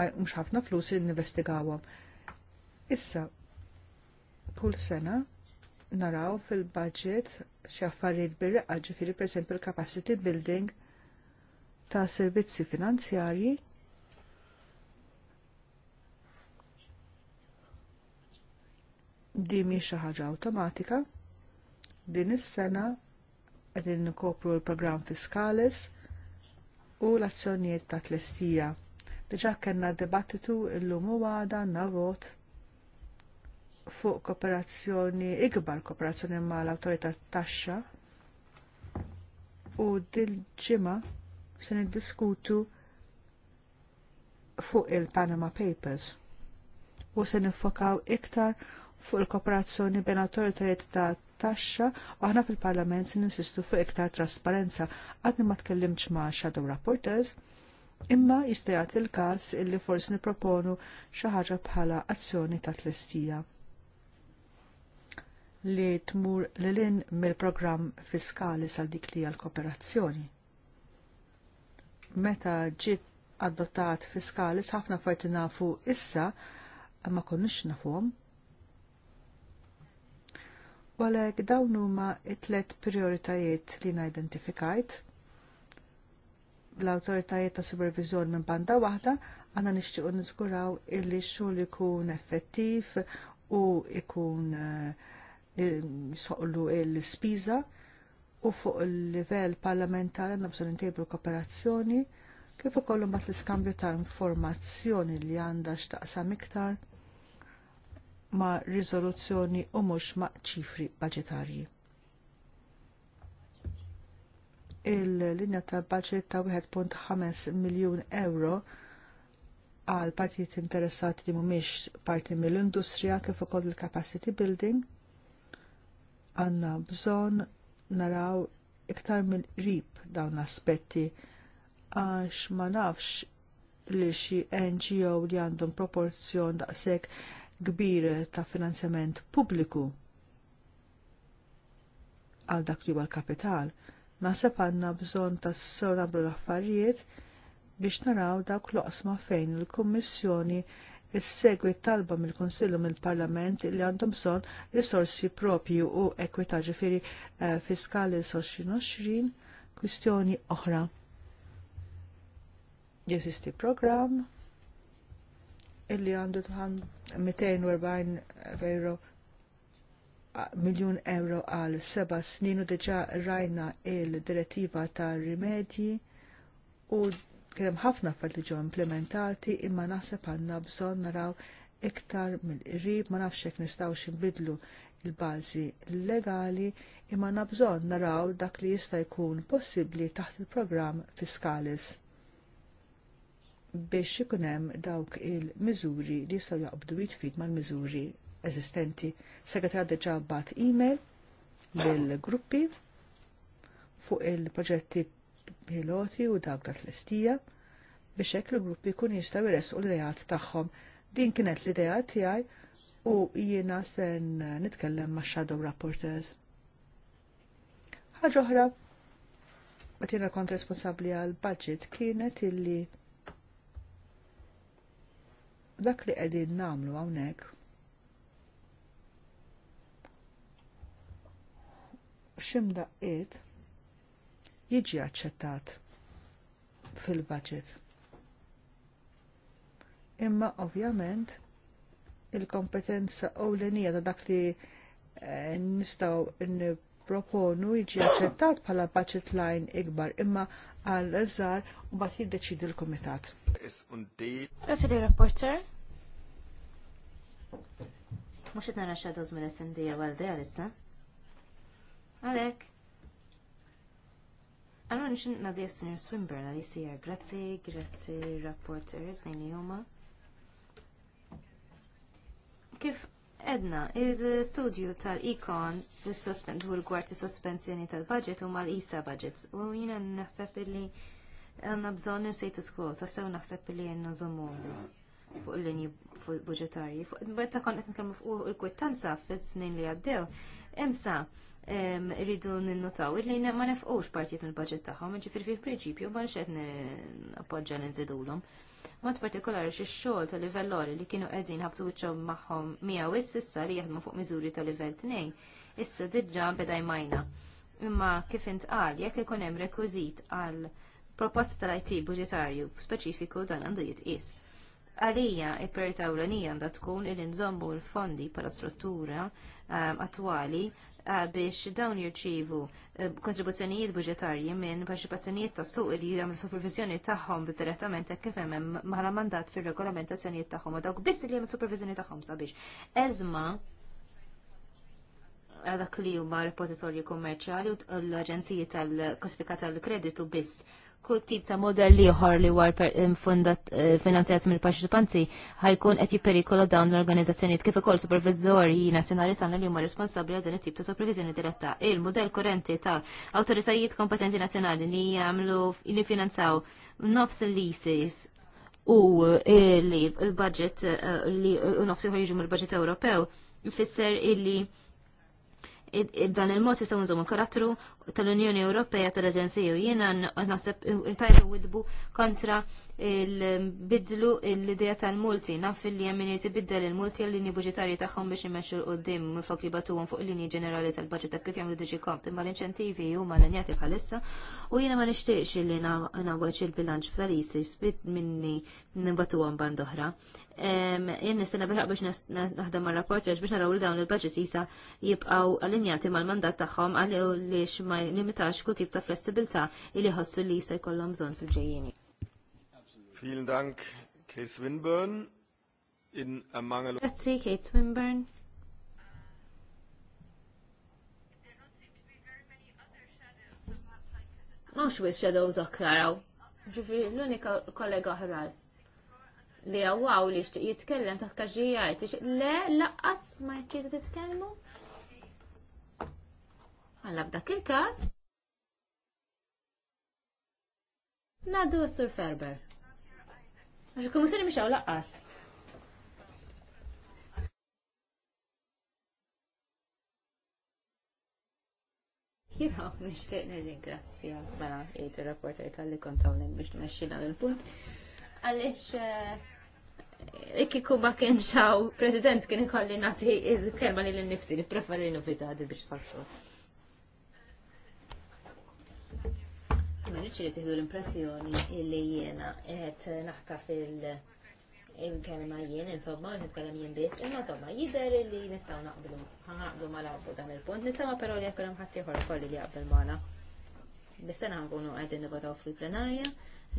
ma jqumx ħafna flus li investigawhom Issa, kull sena naraw fil-budget xi affarijiet bir-reqqa ġifieri pereżempju il capacity building ta' servizzi finanzjarji di mi xi ħaġa awtomatika din is-sena qegħdin nikopru l-programm Fiskalis u l-azzjonijiet ta' tlestija. Diġà kellna d-debattitu llum lumu għada na vot fuq kooperazzjoni, ikbar kooperazzjoni ma l-autorità taxxa u dil ġima se niddiskutu fuq il-Panama Papers u se nifokaw iktar fuq il-kooperazzjoni bejn autoritajiet ta' taxxa u aħna fil-Parlament se ninsistu fuq iktar trasparenza għadni ma tkellimx ma' shadow rapporters imma jista' jagħti il-każ illi forsi nipproponu xi ħaġa bħala azzjoni ta' tlestija li tmur lilin mill-programm fiskali sal dik li għal-kooperazzjoni. Meta ġiet adottat fiskali ħafna fajt nafu issa ma konniex nafuhom. Walek dawn huma it-tlet prioritajiet li identifikajt l-autoritajiet ta' supervizjon minn banda waħda għanna nixtiequ niżguraw illi xogħol ikun effettiv u ikun uh, soqlu l-spiża u fuq il-livell parlamentari għandna bżonn intejbu kooperazzjoni kif ukoll mbagħad l-iskambju ta' informazzjoni li għandha x'taqsam iktar ma' riżoluzzjoni u mhux ma' ċifri baġitarji. Il-linja ta' baġit ta' 1.5 miljun euro għal partijiet interessati li mhumiex parti mill-industrija kif ukoll il-capacity building għanna bżon naraw iktar mill qrib dawn aspetti għax ma nafx li xi NGO li għandhom proporzjon daqshekk kbir ta' finanzjament pubbliku għal dak li huwa l-kapital, naħseb għandna bżonn ta' s l-affarijiet biex naraw dawk l-oqsma fejn il-Kummissjoni is is-segwi talba mill-Konsillu mill-Parlament li għandhom bżonn risorsi propju u ekwita ġifieri uh, fiskali 2020 kwistjoni oħra. Jeżisti program illi għandu 240 euro miljun euro għal seba snin u diġa rajna il-direttiva ta' rimedji u Kien hemm ħafna affarijiet li ġew implementati imma naħseb għandna bżonn naraw iktar mill-qrib ma nafx hekk nistgħux inbidlu l-bażi legali imma għandna bżonn naraw dak li jista' jkun possibbli taħt il-programm fiskalis biex ikun hemm dawk il-miżuri li jistgħu jaqbdu jitfid mal-miżuri eżistenti. Segretar diġà bat email lill-gruppi fuq il-proġetti piloti u dawk ta' tlestija biex hekk il-gruppi jkun jistgħu jresqu l-idejat tagħhom. Din kienet l-idea tiegħi u jiena sen nitkellem ma' shadow rapporters. Ħaġa oħra, meta kont responsabbli għal budget kienet illi dak li qegħdin nagħmlu hawnhekk x'imdaqqiet jiġi aċċettat fil-budget. Imma ovvjament il-kompetenza ewlenija ta' dak li eh, nistaw nistgħu nipproponu jiġi aċċettat bħala budget line ikbar imma għal ezzar u bat jiddeċidi l-komitat. Grazie li rapporter. Mux nara raċċa doż mill sendija għal-dea l-issa. Għalek. Allora nixin nadija Sr. Swinburne għal jisijar. Grazzi, grazzi rapporters nejn li Kif edna, il-studju tal-ikon il-sospend u l-gwarti sospensjoni tal-budget u mal-isa budget u jina naħseb li għanna bżon il-sejtu skwol, tassew naħseb li jenna zomu fuq il-linji budgetarji. Fuq ta' fuq il-kwittanza snin li għaddew. Imsa, rridu ninnotaw illi ma nefqux partijiet mill-budget tagħhom, ġifieri fil prinċipju ma nxed appoġġa ninżidulhom. Mod partikolari xi xogħol ta' livell ori li kienu qegħdin ħabtu wiċċhom magħhom miegħu issa li jaħdmu fuq miżuri ta' livell tnejn, issa diġà beda jmajna. Imma kif intqal jekk ikun hemm rekwiżit għal proposta tal-IT budgetarju speċifiku dan għandu jitqies. Għalija, il-perita għandha tkun il nżommu l-fondi pala struttura attwali biex dawn jirċivu eh, kontribuzzjonijiet budġetarji minn parċipazzjonijiet ta' suq li jagħmlu supervizjoni tagħhom direttament hekk kif hemm mandat fir-regolamentazzjonijiet tagħhom u dawk biss li jagħmlu supervizjoni tagħhom sabiex. Eżma għadak li huma repożitorji kummerċjali u l-aġenziji tal kosifikat tal-kreditu biss kull tip ta' modelli ieħor li war fundat eh, finanzjat mill-parċipanti ħajkun qed jipperikola dawn l-organizzazzjonijiet kif ukoll supervizorji nazzjonali tagħna li huma responsabbli għal din it-tip ta' supervizjoni diretta. Il-mudell korrenti ta' awtoritajiet kompetenti nazzjonali li jagħmlu li finanzaw nofs leases u eh, li l-budget eh, li nofs jiġu mill-budget Ewropew ifisser illi dan il-mod jistgħu nżommu karattru tal-Unjoni Ewropea tal-Aġenzija u jiena naħseb tajbu widbu kontra il-bidlu l-idea tal-multi naf li hemm min jtibiddel il-multi għall linji budgetarji tagħhom biex imexxu l-qudiem mifok jibatuhom fuq linji ġenerali tal budget ta' kif jagħmlu diġi kont imma l-inċentivi huma l-injati bħalissa u jiena ma nixtieqx li naweġ il-bilanċ fl-isis bit minni nibatuhom band oħra. Jien nistana bilħaq biex naħdem mar-rapport biex naraw l dawn il-budget jisa jibqgħu ma mal-mandat tagħhom għaliex xma ma jlimitax kull tip ta' flessibilità li ħossu li jista' jkollhom bżonn fil-ġejjieni. Vielen Dank, Kate Swinburne. In a mangel... Grazie, Kate Swinburne. Mawx wis shadows aktar Ġifri, l-unika kollega ħral li għawaw li jitkellem taħt kaġijaj, le, laqqas ma jċiet titkellmu? Għalla f'dak il kas naddu għassur Ferber. Għaxu il-Komissjoni mhix hawn laqqas. Jina, nishtiq nir-ringrazzja mela jgħid ir-rapporter tal-li kontawni biex tmexxina l-punt. Għalix, ikki eh, e kuba kien xaw, president kien ikolli nati il-kelma lil nifsi li preferi novità biex tfarxu. ma nix li tiħdu l-impressjoni illi jiena qed naħta fil- il-kelma jien, insomma, nitkellem jien biss, imma insomma, jider li nistgħu naqblu, ħanaqblu ma naqblu dan il-punt, nittama però li jekk hemm ħadd ieħor ukoll li jaqbel magħna. Bissa għankunu qegħdin nivotaw fil-plenarja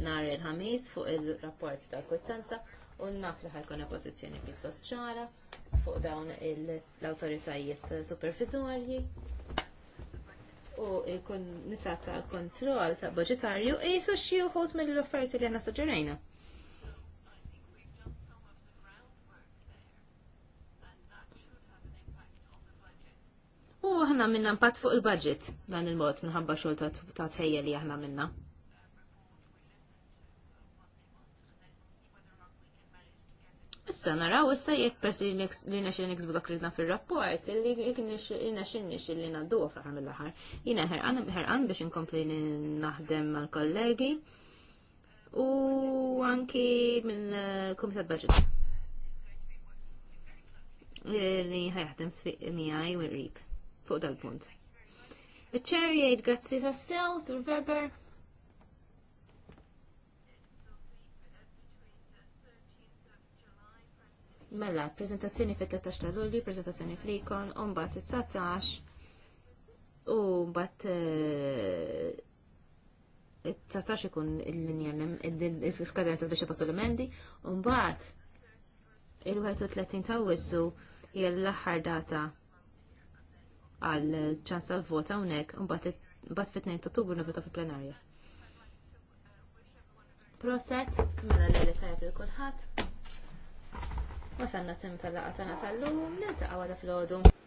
nhar il-ħamis fuq il-rapport tal-kwittanza u naf li ħajkun pożizzjoni pjuttost ċara fuq dawn l-awtoritajiet supervizorji u jkun komitat ta' Kontroll ta' Budgetarju jisu xi wħud mill-offerti li għanna soġġerajna. U aħna minna mpat fuq il-budget dan il-mod minħabba xogħol ta' tħejja li aħna minna. Issa naraw issa jek pers li nexin niksbu dak ridna fil-rapport, li jekk nexin nexin li naddu fl-ħar mill-ħar. Jina ħerqan biex nkompli naħdem mal-kollegi u anki minn eh, Komitat Budget eh, li ħajħdem sfiq miħaj u rrib, fuq dal-punt. Il-ċer jgħid grazzi tas-sew, Sur Verber. Mela, prezentazzjoni fit-13 ta' Lulju, prezentazzjoni fl-ikon, it 19 u mbagħad eh, 19 ikun il-linja il iskadenza biex jibgħatu l-emendi, u mbagħad il-31 ta' wissu hija l-aħħar data għal ċans għal vota unek, mbatt fit-2 ta' ottubru nivota fil plenarja. Proset, mela l-għalli tajab kulħadd t tim tal-laqatana tal-lum, nil-taqqa għada fl-ħodu.